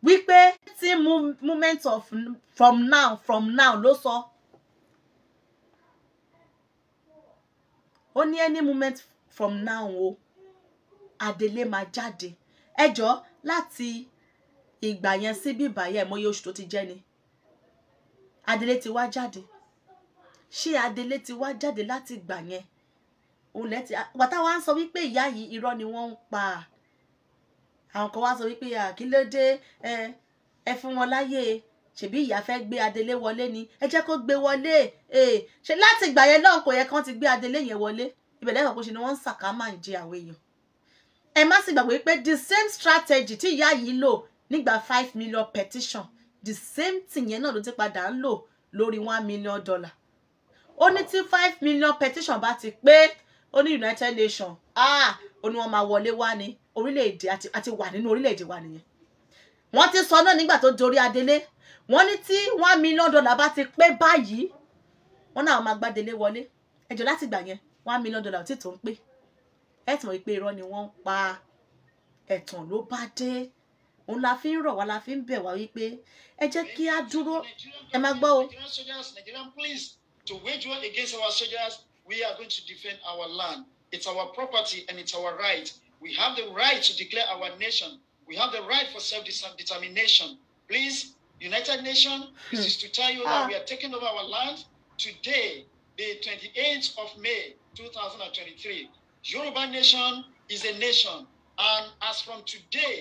wípé team movement of from now from now ló sọ ó ní any movement from now o adelé máa jáde ẹjọ́ láti ìgbà yẹn sí bíbá yẹn mọ́yé oṣù tó ti jẹ́ ni adelé ti wá jáde ṣé adelé ti wá jáde láti ìgbà yẹn òun lẹ́tì wàtá wa ń sọ wípé ìyá yìí irọ́ ni wọ́n ń pa á àwọn kan wá sọ wípé àkílódé ẹ ẹ fún wọn láyè ṣèbí ìyá fẹ́ gbé adelé wọlé ni ẹ jẹ́ kó gbé wọlé ṣe láti ìgbà yẹn náà kò yẹ kán ti gbé adelé yẹn wọlé ìbẹ̀lẹ̀ kan kò ṣe ni wọ́n ń sàkà máa ń jẹ àwọn èèyàn ẹ má sì gbàgbé pé the same strategy tí ìyá yìí lò nígbà five million petition the same thing yẹn náà ló ti padà ń lò lórí one million dollar ó ní tí five million petition bá ti pé ó ní United Nations ah ó ní wọ́n máa wọlé wá ni orílẹ̀-èdè àti wà nínú orílẹ̀-èdè wa nìyẹn wọ́n ti sọ náà nígbà tó dorí adelé wọ́n ní tí one million dollar bá ti pé báyìí wọ́n náà máa gbádélé wọlé ẹjọ́ láti gbà yẹn one million dollar ò tí tó ń pé ẹ ti mọ̀ pé irọ́ ni wọ́n ń pa ẹ̀tàn ló bá dé òun la fi ń rọ̀ wá la fi ń bẹ̀ wá wípé ẹ jẹ́ kí á dúró ẹ máa gbọ́ o. To wage war against our soldiers, we are going to defend our land. It's our property and it's our right. We have the right to declare our nation. We have the right for self-determination. Please, United Nations, hmm. this is to tell you that ah. we are taking over our land today, the 28th of May, 2023. Yoruba Nation is a nation. And as from today,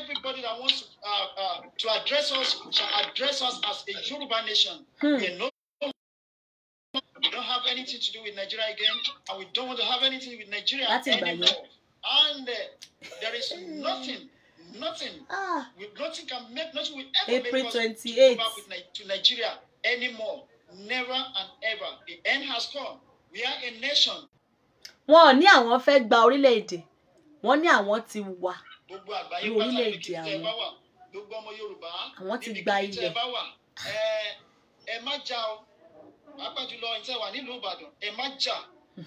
everybody that wants to, uh, uh, to address us shall address us as a Yoruba Nation. Hmm. We, we don't have anything to do with Nigeria again, and we don't want to have anything with Nigeria That's anymore. And uh, there is mm. nothing, nothing, ah. with, nothing can make, nothing will ever April make 28. us to, with, to Nigeria anymore. Never and ever. The end has come. We are a nation. Wọn ò ní àwọn fẹ́ gba orílẹ̀-èdè, wọ́n ní àwọn ti wà ní orílẹ̀-èdè àwọn. Gbogbo ọmọ Yorùbá, àwọn ti gba ilẹ̀. Ẹ má jà o, pàápàá jùlọ ìtẹ̀wà nílùú Ìbàdàn, ẹ má jà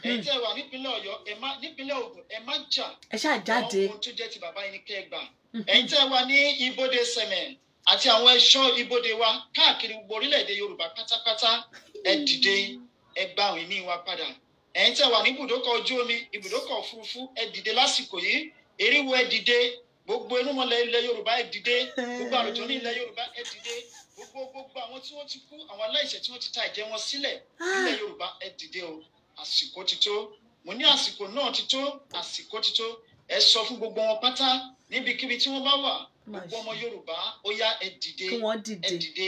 ẹ tí ẹ wà nípínlẹ̀ Ọ̀yọ́ ẹ má nípínlẹ̀ Ògùn ẹ má jà ẹ ṣáà jáde àwọn ohun tó jẹ́ ti bàbá yín ní kẹgbà ẹ tí mhm. ẹ wà ní ibodè sẹmẹ àti àwọn ẹ̀ṣọ́ ibodè wa káàkiri gbogbo orílẹ̀-èdè Yorùbá pátápátá ẹ dìde ẹ gba àwọn ìní wa padà ẹ tí ẹ wà ní ibùdókọ̀ ojú omi ibùdókọ̀ òfurufú ẹ dìde lásìkò yìí eriwo ẹ dìde gbogbo enumọlẹ ilẹ̀ Yorùbá ẹ dìde gbogbo àròjọ ní ilẹ̀ Yorùbá ẹ dìde gbogbo gbogbo àwọn tí wọ́n ti kú àwọn aláìṣẹ̀ tí wọ́n ti ta ìjẹ wọn sílẹ̀ ilẹ̀ ah. Yorùbá ẹ dìde o àsìkò ti tó mo ní àsìkò náà ti tó àsìkò ti tó ẹ sọ fún gbogbo wọn pátá níbikíbi tí wọ́n bá wà gbogbo ọmọ Yorùbá ó yá ẹ dìde ẹ dìde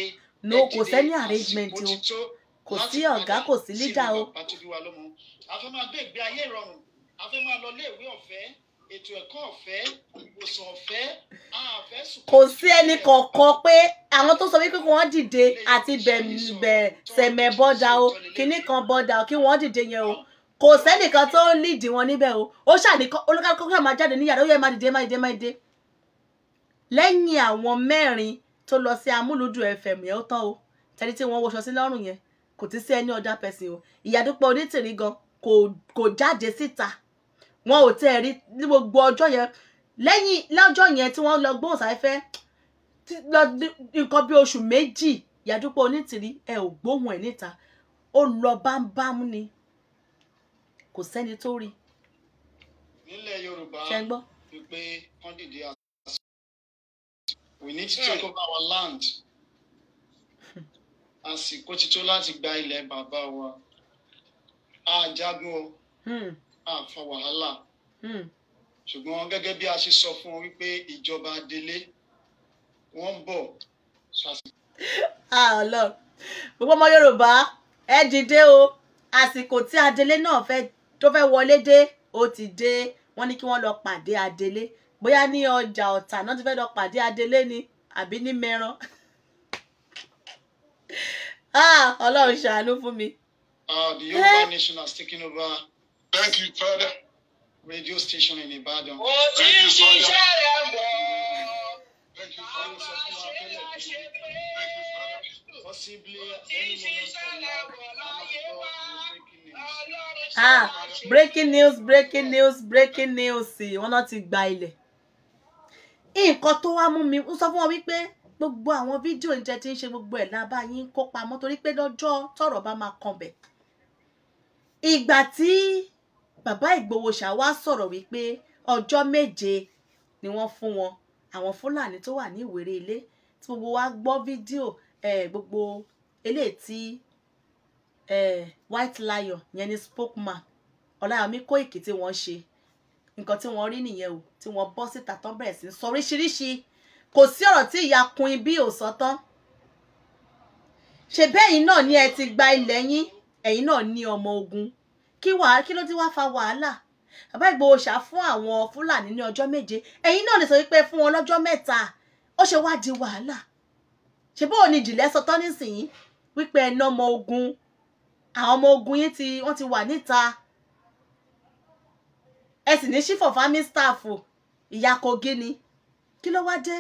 no kò sẹ́ni arrangement o kò sí ọ̀gá kò sí leader o. a fẹ́ máa gbé ìgbé ayé ìrọ̀rùn a fẹ́ máa lọ ilé ìwé ọ̀fẹ́ ètò ẹ̀kọ́ ọ̀fẹ́ ìwòsàn ọ̀fẹ́ àfẹ́ sùn. kò sí ẹni kọ̀ọ̀kan pé àwọn tó sọ wípé kí wọ́n dìde àti sẹ̀mẹ̀ bọ́dà o kínní kan bọ́dà o kí wọ́n dìde yẹn o kò sẹ́nìkan tó ń líìdì wọn níbẹ̀ o ó ṣàníkọ́ olúkálukú kí wọ́n máa jáde níyàrá ó yẹ máa dìde máa dìde máa dìde lẹ́yìn àwọn mẹ́rin tó lọ sí amúlùdù fm yẹn ó tán o tẹ́lí tí wọ́n wọṣọ sí lọ́rùn yẹn kò ti sí ẹni ọ̀dà pẹ̀sìn o ìyàdúpọ̀ onítìrí gan kò jáde síta wọn ò tẹ́ ẹ rí ní gbogbo ọjọ́ yẹn lẹ́yìn lọ́jọ́ yẹn tí wọ́n lọ gbóhùn sáfẹ́ nǹkan bí oṣù méjì Ìyádúpẹ́ Onítìrí ẹ ò gbóhùn ẹ̀ níta ó lọ bámbám ni kò sẹ́ni tó rí. nílẹ̀ Yorùbá ti pé wọ́n dìde àṣà we need to take over our land àsìkò ti tó láti gba ilẹ̀ bàbá wa àjagun o. Hmm à ń fa wàhálà hmm. ṣùgbọ́n gẹ́gẹ́ bí a ṣe sọ fún wọn wípé ìjọba délé wọ́n ń bọ̀. àlọ́ ah, gbogbo ọmọ Yorùbá ẹ dìde o àsìkò tí adelé náà tó fẹ́ wọlé dé ó ti dé wọ́n ní kí wọ́n lọ pàdé adelé bóyá ní ọjà Ọ̀tà náà ti fẹ́ lọ pàdé adelé ni àbí ní mẹ́ran ah, ọlọ́run ṣàánú fún mi. Uh, the Yoruba eh? nation has taken over Thank you, Father. Radio station in Ibadan. Ó ti ń ṣiṣẹ́ rẹ̀ bọ̀. Thank you, Father. Possibly Ah, breaking news, breaking news, breaking news. Wọ́n náà ti gba ilẹ̀. Nǹkan tó wá mú mi, ó sọ fún wọn wípé gbogbo àwọn fídíò ìjẹ tí ń ṣe gbogbo ẹ̀ la bá yín kó pamọ́ torí pé lọ́jọ́ tọ̀rọ̀ bá máa kàn Ìgbà tí bàbá Ìgbòho ṣá wá sọ̀rọ̀ wípé ọjọ́ méje ni wọ́n fún wọn àwọn Fúlàní tó wà ní Ìwéré Ilé tí gbogbo wa gbọ́ fídíò gbogbo eléyìí tí White Lion yẹn ni spokesman Ọláyọmí Kóìkì tí wọ́n ṣe nǹkan tí wọ́n rí nìyẹn o tí wọ́n bọ́ síta tán bẹ̀rẹ̀ sí sọ oríṣiríṣi kò sí ọ̀rọ̀ tí ìyá kun ibi ò sọ tán ṣe bẹ́yìn náà ni ẹ ti gba ilẹ̀ yín ẹ̀yin náà ní ọmọ ogun kí wàá kí ló ti wá fa wàhálà bàbá Ìgbòho ṣá fún àwọn fúlàní ní ọjọ́ méje ẹ̀yin náà lè sọ wípé fún wọn lọ́jọ́ mẹ́ta ó ṣe wá di wàhálà ṣe bóò ni ìjìnlẹ̀ sọ tán nísìnyí wípé ẹ̀nà ọmọ ogun àwọn ọmọ ogun yín tí wọ́n ti wà níta ẹ sì ní chief of army ìyá Kogi ni kí ló wá dé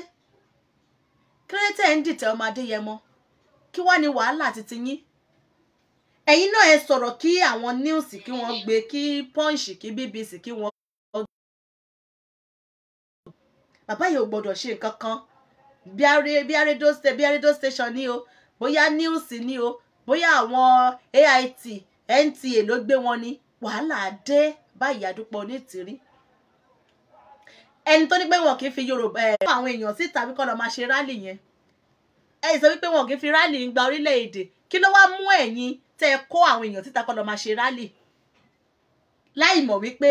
kírẹ́tẹ̀ ń dìtẹ̀ ọmọ Adéyẹmọ kí wá ní wàhálà titi yín ẹ̀yin náà ẹ sọ̀rọ̀ kí àwọn news kí wọ́n gbé kí punch kí bbc kí wọ́n. bàbá yìí ò gbọ́dọ̀ ṣe nǹkan kan bí arédó station ni o bóyá news ni o bóyá àwọn AIT NTA ló gbé wọn ni wàhálà dé báyìí àdúpọ̀ onítìrí ẹni tó ní pé wọn kì í fi Yorùbá ẹ fún àwọn èèyàn síta wípé lọ máa ṣe rálì yẹn ẹ sọ wípé wọn kì í fi rálì ń gba orílẹ̀-èdè kí ló wá mú ẹ̀yin tẹ́ ẹ kó àwọn èèyàn títa kọ́ lọ máa ṣe rálì láì mọ̀ wípé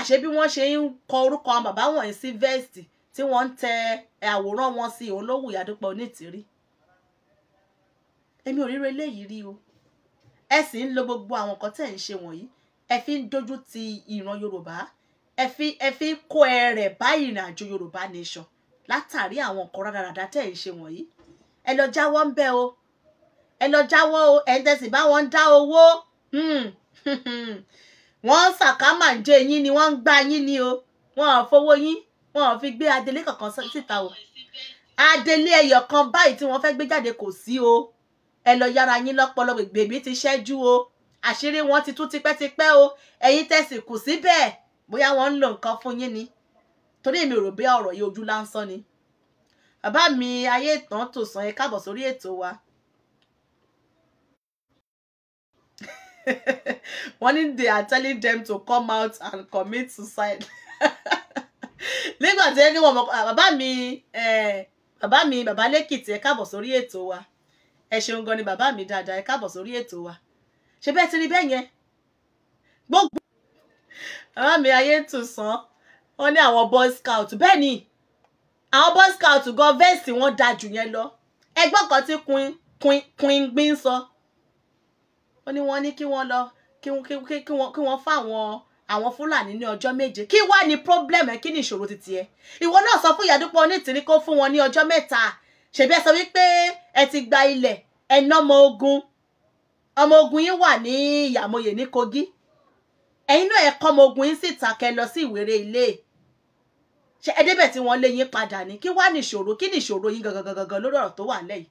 àṣé bí wọ́n ṣe ń kọ orúkọ àwọn bàbá wọ̀nyí sí vest tí wọ́n ń tẹ àwòrán wọn sí olówó ìyàdúpọ̀ onítìrí èmi ò ríro eléyìí rí o ẹ sì ń lo gbogbo àwọn nǹkan tẹ̀ ń ṣe wọ̀nyí ẹ fi ń dojú ti ìran yorùbá ẹ fi ẹ fi ń kó ẹrẹ̀ bá ìrìn àjò yorùbá nation látàrí àwọn nǹkan rádaràda tẹ̀ ń ṣe wọ̀nyí ẹ lọ jáwọ́ ń bẹ́ o ẹ lọ jáwọ́ o ẹ̀ ń tẹ̀sí bá wọn dá owó hmm. wọ́n sàkámà ń jẹ yín ni wọ́n ń gbá yín ni o wọ́n ò fowó yín wọ́n ò fi gbé adelé kankan síta o adelé ẹyọ kan báyìí tí wọ́n fẹ́ gbé jáde kò sí o ẹ lọ yára yín lọ́pọlọ bèbí ti ṣẹ́jú o àṣírí wọn ti tú tipẹ́tipẹ́ o ẹ̀yin tẹ̀sí kù síbẹ̀ bóyá wọ́n ń lo nǹkan fún yín ni torí èmi rò bí ọ̀rọ̀ yìí ojú lásán ni bàbá mi ayé ìtàn tòsàn ẹ káàbọ̀ sórí ètò wa warning they are telling them to come out and commit suicide nígbà tí ẹni wọn bàbá mi bàbá mi bàbá lẹ́kìtì ẹ káàbọ̀ sórí ètò wa ẹ ṣeun gan ni bàbá mi dáadáa ẹ káàbọ̀ sórí ètò wa ṣe bẹ́ẹ̀ ti rí bẹ́ẹ̀ yẹn gbogbo bàbá mi ayé tùsàn wọn ní àwọn boy scout bẹ́ẹ̀ ni àwọn boy scout gan vẹ́ẹ̀sì wọn da jù yẹn lọ ẹgbọ́n kan tí queen queen queen gbin sọ. So ó ní wọ́n ní kí wọ́n lọ kí wọ́n fáwọn àwọn fúlàní ní ọjọ́ méje kí wá ní problem ẹ kí ni ìṣòro ti tiẹ̀ ìwọ náà sọ fún ìyàdúpọ̀ onítìrí kó fún wọn ní ọjọ́ mẹ́ta ṣèbí ẹ sọ wípé ẹ ti gba ilẹ̀ ẹ ọmọ ogun ọmọ ogun yín wà ní ìyàmóye ní Kogi ẹ̀yin náà ẹ kọ́ ọmọ ogun yín síta kẹ lọ sí ìwéré ilé ṣe ẹdẹbẹ tí wọ́n lé yín padà ní kí wá ní ìṣòro kí ni ìṣòro yín gangan gangan lórí ọ̀rọ̀ tó wà lẹ́yìn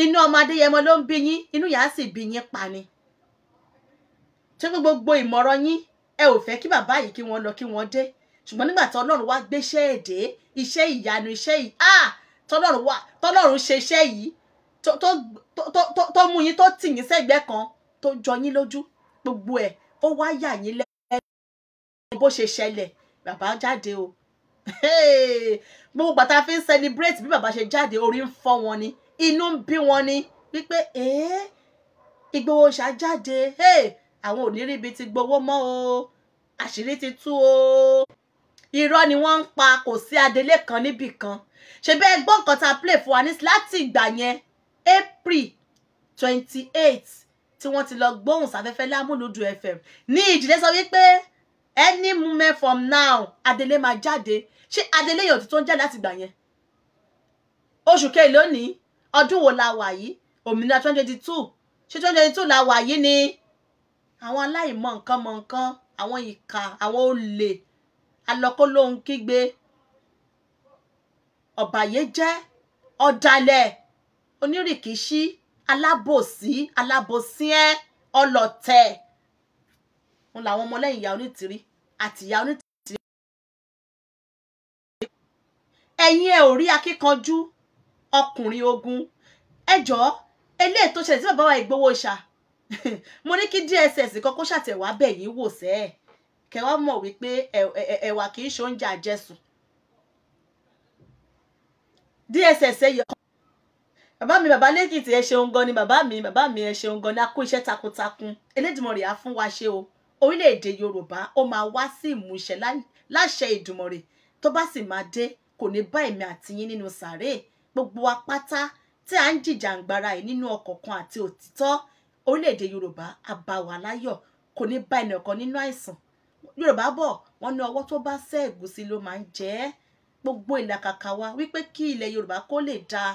inú ọmọ adéyẹmọ ló ń bí yín inú yàá sì bí yín pa ni tí pé gbogbo ìmọ̀ràn yín ẹ ò fẹ́ kí bàbá yìí kí wọ́n lọ kí wọ́n dé ṣùgbọ́n nígbà tí ọlọ́run wá gbéṣẹ́ ẹ̀ dé iṣẹ́ ìyanu iṣẹ́ yìí ah tọ́lọ́run wá tọ́lọ́run ṣe iṣẹ́ yìí tó mú yín tó tì yín sẹ́gbẹ́ kan tó jọ yín lójú gbogbo ẹ̀ ó wá yà yín lẹ́yìn bó ṣe ṣẹlẹ̀ bàbá jáde o gbogbo bàtà fi ń celebrate bí bàbá ṣe jáde orí ń fọ́ wọn ni inú ń bí wọn ni wípé ee Ìgbòho ṣá jáde àwọn ò ní rí ibi tí gbowó mọ́ o àṣírí ti tú o irọ́ ni wọ́n ń pa kò sí adelé kan níbì kan ṣe bẹ́ẹ̀ gbọ́ nǹkan tá a play fún wa ní láti ìgbà yẹn April twenty eight tí wọ́n ti lọ gbóhùn sáfẹ́fẹ́ lámúlùdù fm ní ìjìnlẹ̀ sọ wípé any moment from now adelé máa jáde ṣé adelé yóò tuntun jáde láti ìgbà yẹn oṣù kejì lónìí ọdún wo la wà yìí òmìnira twenty twenty two ṣé twenty twenty two la wà yìí ni àwọn aláìmọ̀ nǹkan mọ̀ nǹkan àwọn ìkà àwọn olè alọkólóhùn kígbe ọ̀bàyéjẹ́ ọ̀dàlẹ̀ onírìkíṣí alábòsí alábòsíẹ́ ọlọ̀tẹ̀ ń làwọn ọmọlẹ́yìn ìyá onítìrí àti onítìrí ẹ̀yin ẹ̀ ò rí akíkanjú ọkùnrin ogun ẹjọ́ eléyìí tó ṣẹlẹ̀ sí bàbá wa Ìgbòho ṣá mo ní kí DSS kan kó ṣàtẹ̀wá bẹ̀ yín wò sẹ́ ẹ̀ kẹ́ wá mọ̀ wípé ẹ̀wà kì í ṣe oúnjẹ àjẹsùn DSS yọ bàbá mi bàbá lẹ́kìtì ẹ ṣeun gan ni bàbá mi bàbá mi ẹ ṣeun gan ni a kó iṣẹ́ takuntakun Elédùmarè á fún wa ṣe o orílẹ̀-èdè Yorùbá ó máa wá sí ìmúṣẹ láṣẹ Ìdùmarè tó bá sì máa dé kò ní bá èmi àti nínú sàréè gbogbo apáta tí a ń jìjàǹgbara ẹ̀ nínú ọkọ̀ọ̀kan àti òtítọ́ orílẹ̀-èdè yorùbá àbáwá láyọ̀ kò ní bá ẹnìkan nínú àìsàn yorùbá bọ̀ wọ́n ní ọwọ́ tó bá sẹ́ ẹ̀gúsí ló máa ń jẹ ẹ́ gbogbo ìlàkàkà wa wípé kí ilẹ̀ yorùbá kó lè dáa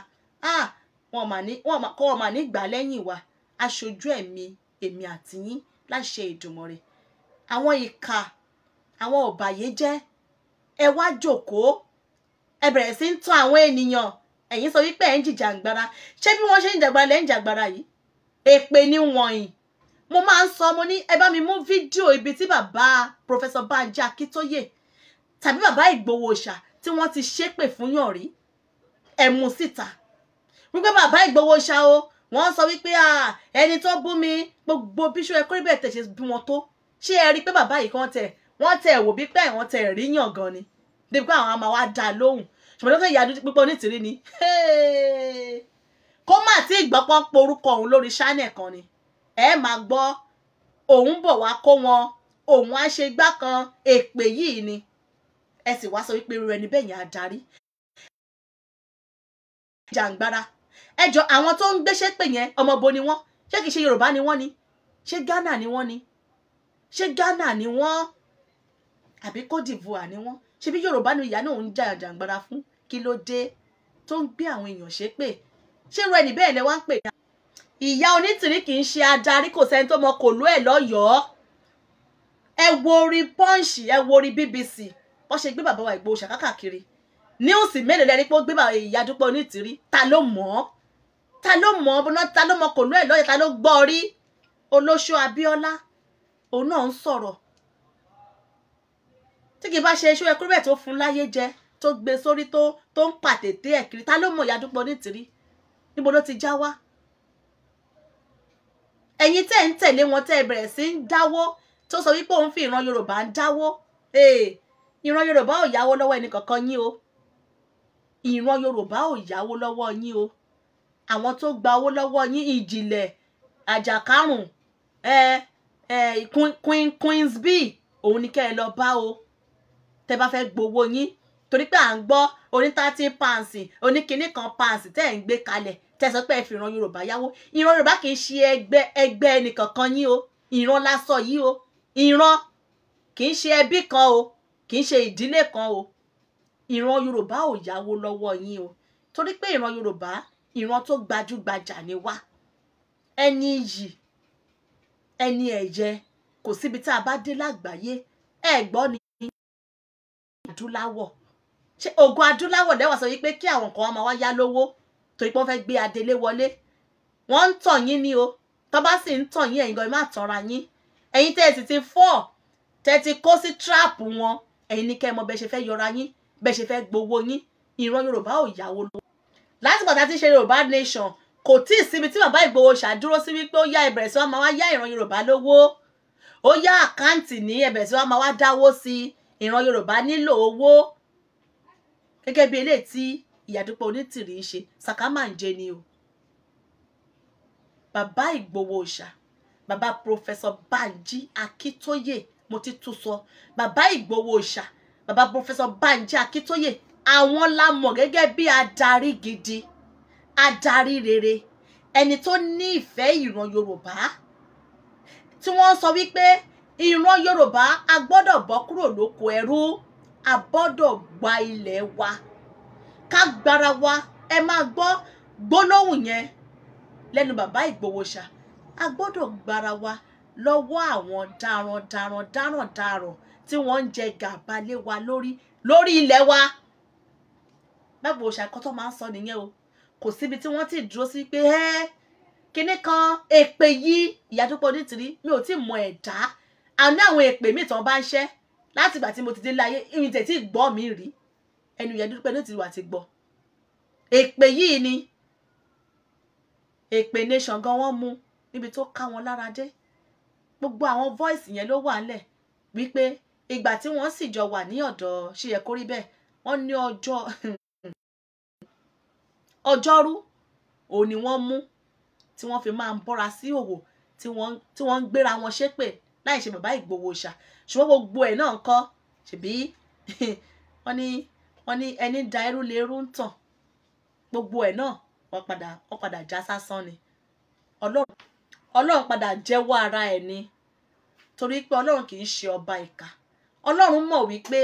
ah wọn mà ní wọn kọ́ wọn mà ní gbà lẹ́yìn wa aṣojú ẹ̀mí èmi àti yín láṣẹ Èdùmàrè àwọn ìka àwọn ọ̀bàyéjẹ́ ẹ wá jòkó ẹ bẹ̀rẹ̀ sí ń tàn àwọn ènìyàn ẹ̀yin sọ wípé ẹ̀ ń jìjàgbara ṣé bí wọ́n ṣe ń jàgbara lẹ́ ń jàgbara yìí èpè ni wọ̀nyí mo máa ń sọ mo ní ẹ bá mi mú fídíò ibi tí bàbá Professor Banji Akíntóyè tàbí bàbá Ìgbòho Òòṣà tí wọ́n ti ṣépè fún yàn rí ẹ mú síta wípé bàbá Ìgbòho Òòṣà o wọ́n sọ wípé ẹni tó bú mi gbogbo bíṣọ ẹkọ rí bẹ́ẹ̀ tẹ̀sẹ̀ bí wọn tó ṣé ẹ rí i pé bàbá yìí kan tẹ̀ wọ́n tẹ̀ wò bí pé àwọn tẹ̀ rí yàn gan ni dèbí pé àwọn àmà wa dá lóhùn ṣùgbọ́n lọ́sẹ̀ ìyá pípọ́ ní tìrí ni kó má tí ìgbọ́pọ́ porúkọ òun lórí ṣánẹ̀ kan ni ẹ máa gbọ́ òun bọ̀ wá kó wọn òun á ṣe igbá kan èpè yìí ni ẹ sì wá sọ wípé irú ẹni bẹ́ẹ̀ yẹn á darí jàǹgbára ẹjọ àwọn tó ń gbéṣẹ́ pè yẹn ọmọbo ni wọ́n ṣé kìí ṣe Yorùbá ni wọ́n ni ṣé Ghana ni wọ́n ni ṣé Ghana ni wọ́n àbí Cote d'Ivoire ni wọ́n ṣebí yorùbá ni ìyá náà ń jà jàǹgbara fún kí ló dé tó ń gbé àwọn èèyàn ṣépè ṣé irú ẹni bẹ́ẹ̀ lẹ wá ń pè ní. ìyá onítìrí kì í ṣe adarí kò sẹ́ni tó mọ kò ló ẹ̀ lọ́yọ̀ọ́ ẹ wo orí pọ́ǹṣì ẹ wo orí bbc wọ́n ṣe gbé bàbá wa Ìgbòho ṣàkàkà kiri níwùsì mélòó lẹ́rí pé ó gbé bàbá ìyá Dúpẹ́ Onítìrí ta ló mọ̀ ọ́ ta ló mọ̀ ọ́ bọ́ná ta ló mọ kò ló ẹ̀ lọ́yọ̀ọ́ ta ló gbọ́ rí olóṣó Abíọ́lá òun náà ń sọ̀rọ̀ tí kì í bá ṣe iṣẹ́ ẹkú bẹ́ẹ̀ tó fún láyé jẹ tó gbé sórí tó tó ń pàtètè ẹ̀ kiri ta ló mọ̀ ìyádúpọ̀ nítìrí níbo ló ti já wá. ẹ̀yin tẹ́ ń tẹ̀lé wọn tẹ́ ẹ bẹ̀rẹ̀ sí ń dáwó tó sọ wípé òun fi ìran Yorùbá ń dáwó ìran Yorùbá ò yáwó lọ́wọ́ ẹnì kankan yín o ìran Yorùbá ò yáwó lọ́wọ́ yín o àwọn tó gba owó lọ́wọ́ yín ìjìnlẹ̀ àjàkárùn-ún eh, eh, Queen, Queen, Queens B òun ni kẹ́ ẹ lọ bá o tẹ bá fẹ́ gbowó yín torí pé à ń gbọ́ oní thirty pounds oníkinní kan pounds tẹ́ ẹ̀ ń gbé kalẹ̀ tẹ́ sọ pé ẹ fi ìran Yorùbá yáwó ìran Yorùbá kì í ṣe ẹgbẹ́ ẹgbẹ́ ẹnìkankan yín o ìran lásán yìí o ìran kì í ṣe ẹbí kan o kì í ṣe ìdílé kan o ìran Yorùbá ò yáwó lọ́wọ́ yín o torí pé ìran Yorùbá ìran tó gbajúgbajà ni wá ẹni iyì ẹni ẹ̀yẹ kò síbi tá a bá dé lágbàáyé ẹ gbọ́ ni adúláwọ̀ ṣé oògùn adúláwọ̀ lẹ́wà sọ wípé kí àwọn kan máa wá yá lówó torí pé wọ́n fẹ́ gbé adelé wọlé wọ́n ń tàn yín ni o tó bá sì ń tàn yín ẹ̀yin gan ẹ má tanra yín ẹ̀yin tẹ́ ẹ sì ti fọ́ tẹ́ ti kó sí tíráàpù wọn ẹ̀yin ní kẹ́ ẹ mọ bẹ́ẹ̀ ṣe fẹ́ yọra yín bẹ́ẹ̀ ṣe fẹ́ gbowó yín ìran yorùbá ò yáwó lọ. láti pàtàkì tí ṣe yorùbá nation kò tí ì síbi tí bàbá ìgbòho ṣàdúró sí wípé ó yá ìbẹ̀rẹ̀ sí wa máa wá yá ìran yorùbá lówó ó yá àkáǹtì ní ẹ̀bẹ̀rẹ̀ sí wa máa wá dáwó sí i ìran yorùbá nílò owó gẹ́gẹ́ bí eléyìí tí ìyàdúpọ̀ onítìrí ń ṣe sàkámà ń ni o bàbá ìgbòho òòṣà bàbá pòfẹsọ banji akíntóyè mo ti tún sọ bàbá ìgbòho òòṣà bàbá pòfẹsọ banji akíntóyè àwọn la mọ̀ gẹ́gẹ́ bí adarí gidi adarí rere ẹni tó ní ìfẹ́ ìran yorùbá tí wọ́n sọ wípé ìran yorùbá a gbọ́dọ̀ bọ́ kúrò lóko ẹrú a gbọ́dọ̀ gba ilẹ̀ wa ká gbára wa ẹ máa gbọ́ gbólóhùn yẹn lẹ́nu bàbá ìgbowóṣà a gbọ́dọ̀ gbára wa lọ́wọ́ àwọn darandaran darandaran tí wọ́n ń jẹ gàba lé wa lórí lórí ilẹ̀ wa báwo ṣàkọ́tọ̀ máa ń sọ nìyẹn o kò síbi tí wọ́n ti dúró sí pé ẹ́ kinní kan èpè yìí ìyá Dúpẹ́ mi ò tí mọ ẹ̀dá àná àwọn èpè mi tán bá ń ṣẹ́ láti ìgbà tí mo ti dé láyé ìrìn tẹ̀ tí gbọ́ mi rí ẹnu yẹn dúpẹ́ ló ti wà ti gbọ́ èpè yìí ni èpè nation gan wọ́n mú níbi tó ká wọn lára dé gbogbo àwọn voice yẹn ló wà ńlẹ̀ wípé ìgbà tí wọ́n sì jọ wà ní ọ̀dọ̀ ṣe yẹ kó rí bẹ́ẹ̀ wọ́n ní ọjọ́ ọjọ́rú òun ni wọ́n mú tí wọ́n fi máa ń bọ́ra sí òwò tí wọ́n ń gbéra wọn ṣépè láì ṣe bàbá Ìgbòho ṣá ṣùgbọ́n gbogbo ẹ̀ náà ń kọ́ ṣèbí wọ́n ní wọ́n ní ẹni da ẹrú lérú ń tàn gbogbo ẹ̀ náà wọ́n padà wọ́n padà já sásán ni ọlọ́run padà jẹ́wọ́ ara ẹ̀ ni torí pé ọlọ́run kì í ṣe ọba ìkà ọlọ́run mọ̀ wípé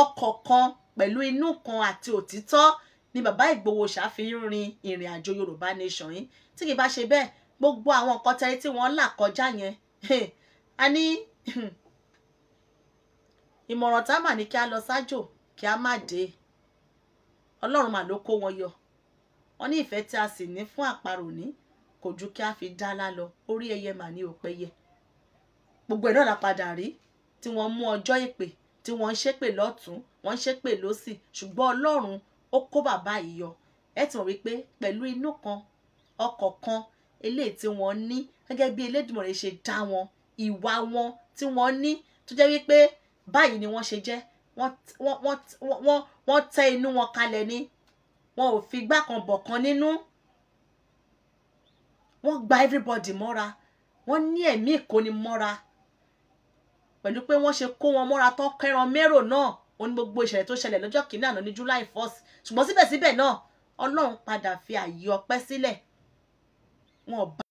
ọkọ̀ kan pẹ̀lú inú kan àti òtítọ́ ni bàbá Ìgbòho ṣá fi ń rin ìrìn àjò Yorùbá nation yìí tí kì í bá ṣe bẹ́ẹ̀ gbogbo àwọn nǹkan tẹ́rí tí wọ́n là kọjá yẹn a ní ìmọ̀ràn tá a mà ní kí a lọ sájò kí a má dé ọlọ́run mà ló kó wọn yọ wọn ní ìfẹ́ tí a sì ní fún àparò ní kò ju kí a fi dálá lọ orí ẹyẹ mà ní òpẹyẹ gbogbo ẹ̀ náà la padà rí tí wọ́n mú ọjọ́ ìpè tí wọ́n ń ṣépè lọ́tún wọ́n ń ṣépè lọ́sì ṣùgbọ́n ọlọ́run ó kó bàbá yìí yọ ẹ ti mọ̀ wípé pẹ̀lú inú kan ọkọ̀ kan eléyìí tí wọ́n ní gẹ́gẹ́ bí Elédùmarè ṣe dá wọn ìwà wọn tí wọ́n ní tó jẹ́ wípé báyìí ni wọ́n ṣe jẹ́ wọ́n tẹ́ inú wọn kalẹ̀ ni wọn ò fi igbá kan bọ̀ kan nínú wọ́n gba everybody mọ́ra wọ́n ní ẹ̀mí ìkóni mọ́ra pẹ̀lú pé wọ́n ṣe kó wọn mọ́ra tán kẹran mẹ́rò náà ó ní gbogbo ìṣẹ̀lẹ̀ tó ṣẹlẹ̀ lọ́jọ́ kìíní àná ní July 1st ṣùgbọ́n síbẹ̀síbẹ̀ náà Ọlọ́run padà fi àyè ọpẹ́ sílẹ̀ wọn ò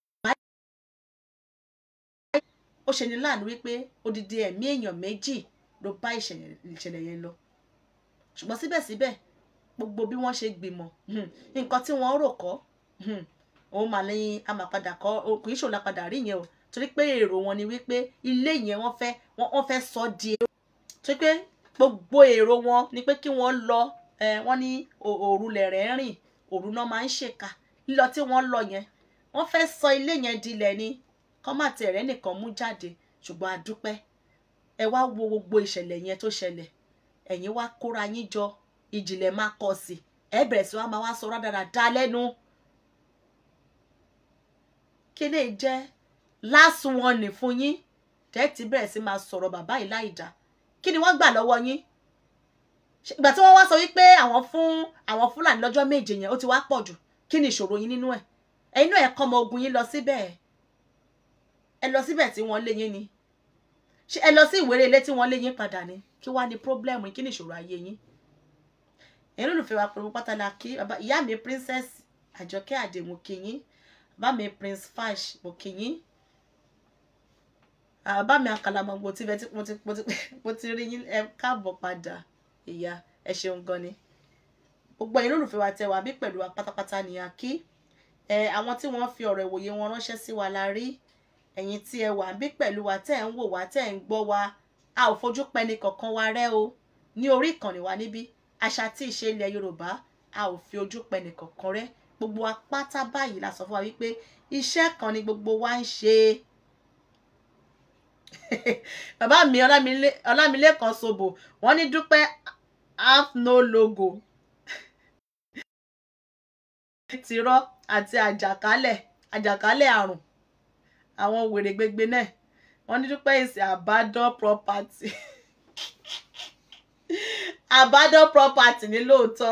ó ṣe ní láàánú wípé odidi ẹ̀mí èèyàn méjì ló bá ìṣẹ̀lẹ̀ yẹn lọ ṣùgbọ́n síbẹ̀síbẹ̀ gbogbo bí wọ́n ṣe gbìmọ̀ hmm, nǹkan tí wọ́n rò kọ́ hmm, òun mà lẹ́yìn amàpadà kọ́ kò í ṣòla padà rí yẹn o torí pé èrò wọn ni wípé ilé yẹn wọ́n fẹ́ wọ́n fẹ́ sọ di èrò torí pé gbogbo èrò wọn ni pé kí wọ́n lọ wọ́n ní òru lẹ̀rẹ̀ rìn òru náà máa ń ṣèkà lílọ tí wọ́n lọ yẹn wọ́n fẹ́ sọ ilé yẹn dilẹ̀ ni kọ́ má ti ẹ̀rẹ́ nìkan mú jáde ṣùgbọ́n a dúpẹ́ ẹ wá wo gbogbo ìṣẹ̀lẹ̀ yẹn tó ṣẹlẹ̀ ẹ̀yin wá kóra yín jọ ìjìnlẹ̀ máa kọ̀ sí ẹ bẹ̀rẹ̀ sí wa máa wá sọ rádaràda lẹ́nu kí lè jẹ́ last one fún yín tẹ́ ti bẹ̀rẹ̀ sí máa sọ̀rọ̀ bàbá yìí láìdá kí ni wọ́n gbà lọ́wọ́ yín ìgbà tí wọ́n wá sọ wípé àwọn fún àwọn fúlàní lọ́jọ́ méje yẹn ó ti wá pọ̀ jù kí ni ìṣòro yín nínú ẹ̀ ẹ̀yin ẹ̀ kọ́ ọmọ ogun yín lọ síbẹ̀ ẹ̀ ẹ lọ síbẹ̀ tí wọ́n lé yín ni ṣé ẹ lọ sí ìwéré ilé tí wọ́n lé yín padà ni kí wá ní pírọ́blẹ́mù kí ni ìṣòro ayé yín ẹ̀yin olùfẹ́ wa pẹ̀lú pátá la kí ìyá mi princess àjọkẹ́ àdè mo kí yín bá mi prince fash mo kí yín bá mi àkàlàmọ̀gbò tí mo ti rí yín ẹ káàbọ̀ padà ìyá ẹ ṣeun gan ni gbogbo ẹ̀yin olùfẹ́ wa tẹ wá bí pẹ̀lú wa pátápátá ni a kí àwọn tí wọ́n fi ọ̀rọ̀ ìwòye wọn ránṣẹ́ sí wa la rí ẹ̀yin tí ẹ wà ń bí pẹ̀lú wa tẹ́ ẹ̀ ń wò wá tẹ́ ẹ̀ ń gbọ́ wa a ò fojú pẹni kankan wa rẹ́ o ní orí ìkànnì wa níbí àṣà tí ìṣe ilẹ̀ Yorùbá a ò fi ojú pẹni kankan rẹ́ gbogbo apáta báyìí la sọ fún wa wípé iṣẹ́ kan ni gbogbo wa ń ṣe bàbá mi Ọlámilékan Sobo wọ́n ní Dúpẹ́ have no logo tirọ́ àti àjàkálẹ̀ àjàkálẹ̀ àrùn àwọn wèrè gbégbé náà wọ́n ní Dúpẹ́ is àbádán property àbádán property ní lóòótọ́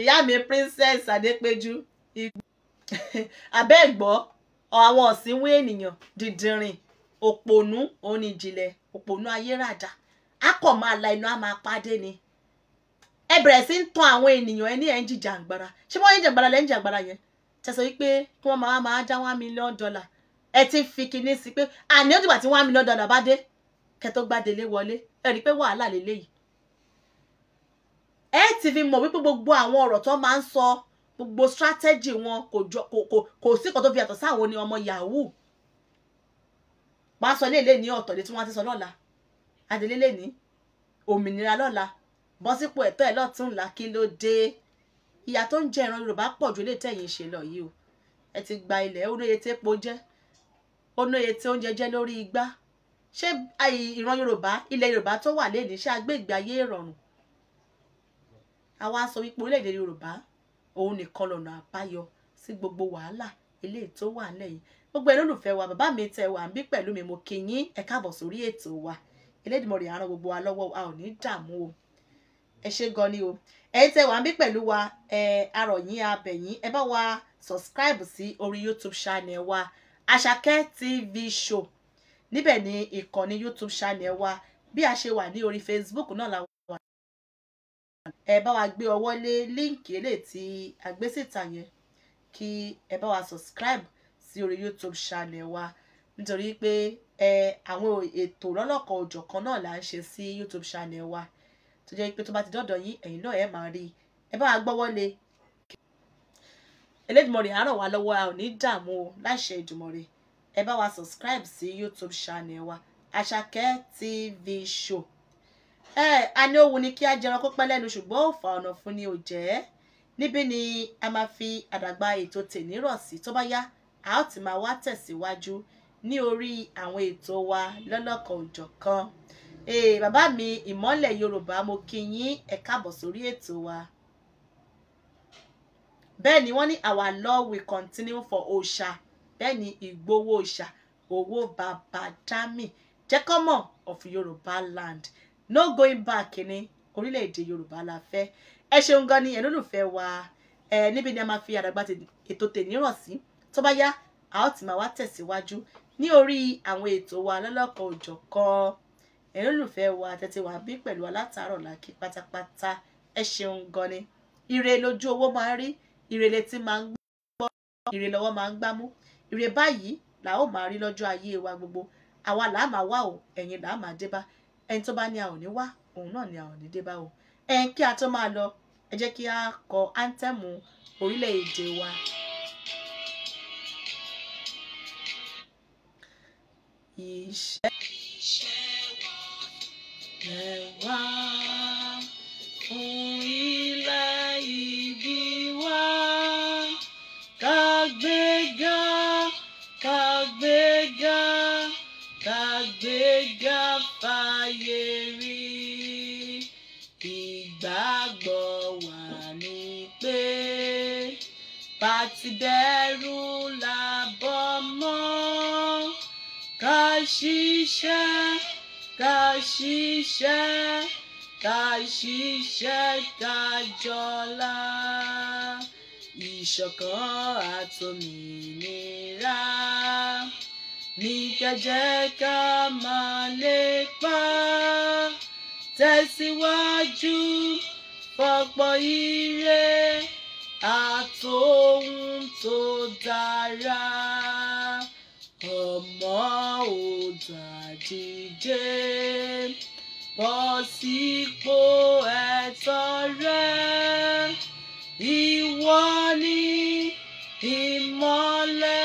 ìyá mi princess Adépéjú abẹ́ẹ̀gbọ́ àwọn ọ̀sìnwó ènìyàn dìndìnrìn òpònú oníjìnlẹ̀ òpònú ayérada a kọ̀ máa la inú a máa pàdé ni ẹ bẹ̀rẹ̀ sí ń tan àwọn ènìyàn ẹ ní ẹ̀ ń jìjàǹgbara ṣé wọ́n ń jàǹgbara lẹ́ ń jàǹgbara yẹn tẹ sọ wípé kí wọ́n máa máa já one million dollar ẹ ti ń fi kinní sí pé àní ó tí one million dollar bá dé kẹ tó gbá délé wọlé ẹ rí i pé wàhálà lélẹ́yìí ẹ ti fi mọ̀ wípé gbogbo àwọn ọ̀rọ̀ tó máa ń sọ gbogbo strategy wọn kò jọ kò kò kò sí kan tó fi yàtọ̀ sáwọn ni ọmọ yahoo wọ́n á sọ léèlé ní ọ̀tọ̀ lé tí wọ́n ti sọ lọ́la adélélé ní òmìnira lọ́la bọ́sípò ẹ̀tọ́ ẹ̀ lọ́tún là ìyà tó ń jẹ ìran yorùbá pọ̀ ju ilé tẹ̀yìn ṣe lọ yìí o ẹ ti gba ilẹ̀ oníye tí epo jẹ́ oníye tí oúnjẹ jẹ́ lórí igbá ṣé ìran yorùbá ilẹ̀ yorùbá tó wà lẹ́ni ṣé agbègbè ayé ìrọ̀rùn àwa sọ wípé orílẹ̀-èdè yorùbá òun nìkan lọ́nà àbáyọ sí gbogbo wàhálà eléyìí tó wà lẹ́yìn gbogbo ẹ̀ lólùfẹ́ wa bàbá mi tẹ wà ń bí pẹ̀lú mi mo kí yín ẹ káàbọ̀ sórí ètò wa Elédùmarè á ràn gbogbo wa lọ́wọ́ a ò ní dààmú o ẹ ṣe gan ni o ẹ̀yin tẹ́ wà ń bí pẹ̀lú wa ẹ arọ̀yìn abẹ̀yìn ẹ bá wa subscribe sí orí youtube channel wa àṣàkẹ́ tv show níbẹ̀ ni ìkànnì youtube channel wa bí a ṣe wà ní orí facebook náà la wà. ẹ bá wa gbé ọwọ́ lé líǹkì eléyìí tí a gbé síta yẹn kí ẹ bá wa subscribe sí orí youtube channel wa nítorí pé ẹ àwọn ètò lọ́lọ́kan òjọ̀kan náà là ń ṣe sí youtube channel wa jẹ́ pé tó bá ti dọ́dọ̀ yín ẹ̀yin náà ẹ̀ máa rí ẹ bá wa gbọ́wọ́ lé Elédùmarè á ràn lọ́wọ́ a ò ní dààmú o láṣẹ Èdùmarè ẹ bá wa subscribe sí YouTube channel wa Àṣàkẹ́ TV show ẹ a ní òun ni kí á jẹran kó pẹ́ lẹ́nu ṣùgbọ́n ò fa ọ̀nà fún ni ò jẹ́ níbí ni a máa fi àdàgbà ètò tèmi rọ̀ sí tó bá yá a ó ti máa wá tẹ̀síwájú ní orí àwọn ètò wa lọ́lọ́kan ò ee eh, bàbá mi ìmọ́lẹ̀ yorùbá mo kí yín ẹ káàbọ̀ sórí ètò wa bẹ́ẹ̀ ni wọ́n ní our love will continue for òòṣà bẹ́ẹ̀ ni ìgbowó òòṣà owó bàbá dami jẹ́kọ́mọ̀ of yorùbá land no going back ni orílẹ̀-èdè yorùbá la fẹ́ ẹ ṣeun gan ni ẹlólùfẹ́ wa ẹ níbi ni a máa fi àdàgbà ètò tèmi rọ̀ sí tó bá yá a ó ti máa wá tẹ̀síwájú ní orí àwọn ètò wa lọ́lọ́kan òjọ̀kan ẹ̀yin olùfẹ́ wa tẹ́tí wà bí pẹ̀lú alátàárọ̀ làkì pátápátá ẹ ṣeun gan ni ire lójú owó máa ń rí ire létí máa ń gbọ́ ire lọ́wọ́ máa ń gbámú ire báyìí là ó máa rí lọ́jọ́ ayé wa gbogbo àwa là á máa wá o ẹ̀yin là á máa dé bá ẹni tó bá ní a ò ní wá òun náà ní a ò ní dé bá o ẹ kí a tó máa lọ ẹ jẹ́ kí a kọ áńtẹ́mù orílẹ̀-èdè wa. Iṣẹ́ ẹ̀wá wa kàgbéga kàgbéga kàgbéga fàyè rí ìgbàgbọ́ wa ni pé pàtìbẹ́rù làbọ̀ mọ́ ká ká ṣiṣẹ́ ká ṣiṣẹ́ ká jọlá ìṣọ̀kan àtòmìnira ní kẹjẹ ká máa lépa tẹ̀síwájú fọ̀pọ̀ ire àtòhun tó dára ọmọ òdà. jẹ́ bọ́ sípò ẹ̀tọ́ rẹ ìwọ ni ìmọ́lẹ̀.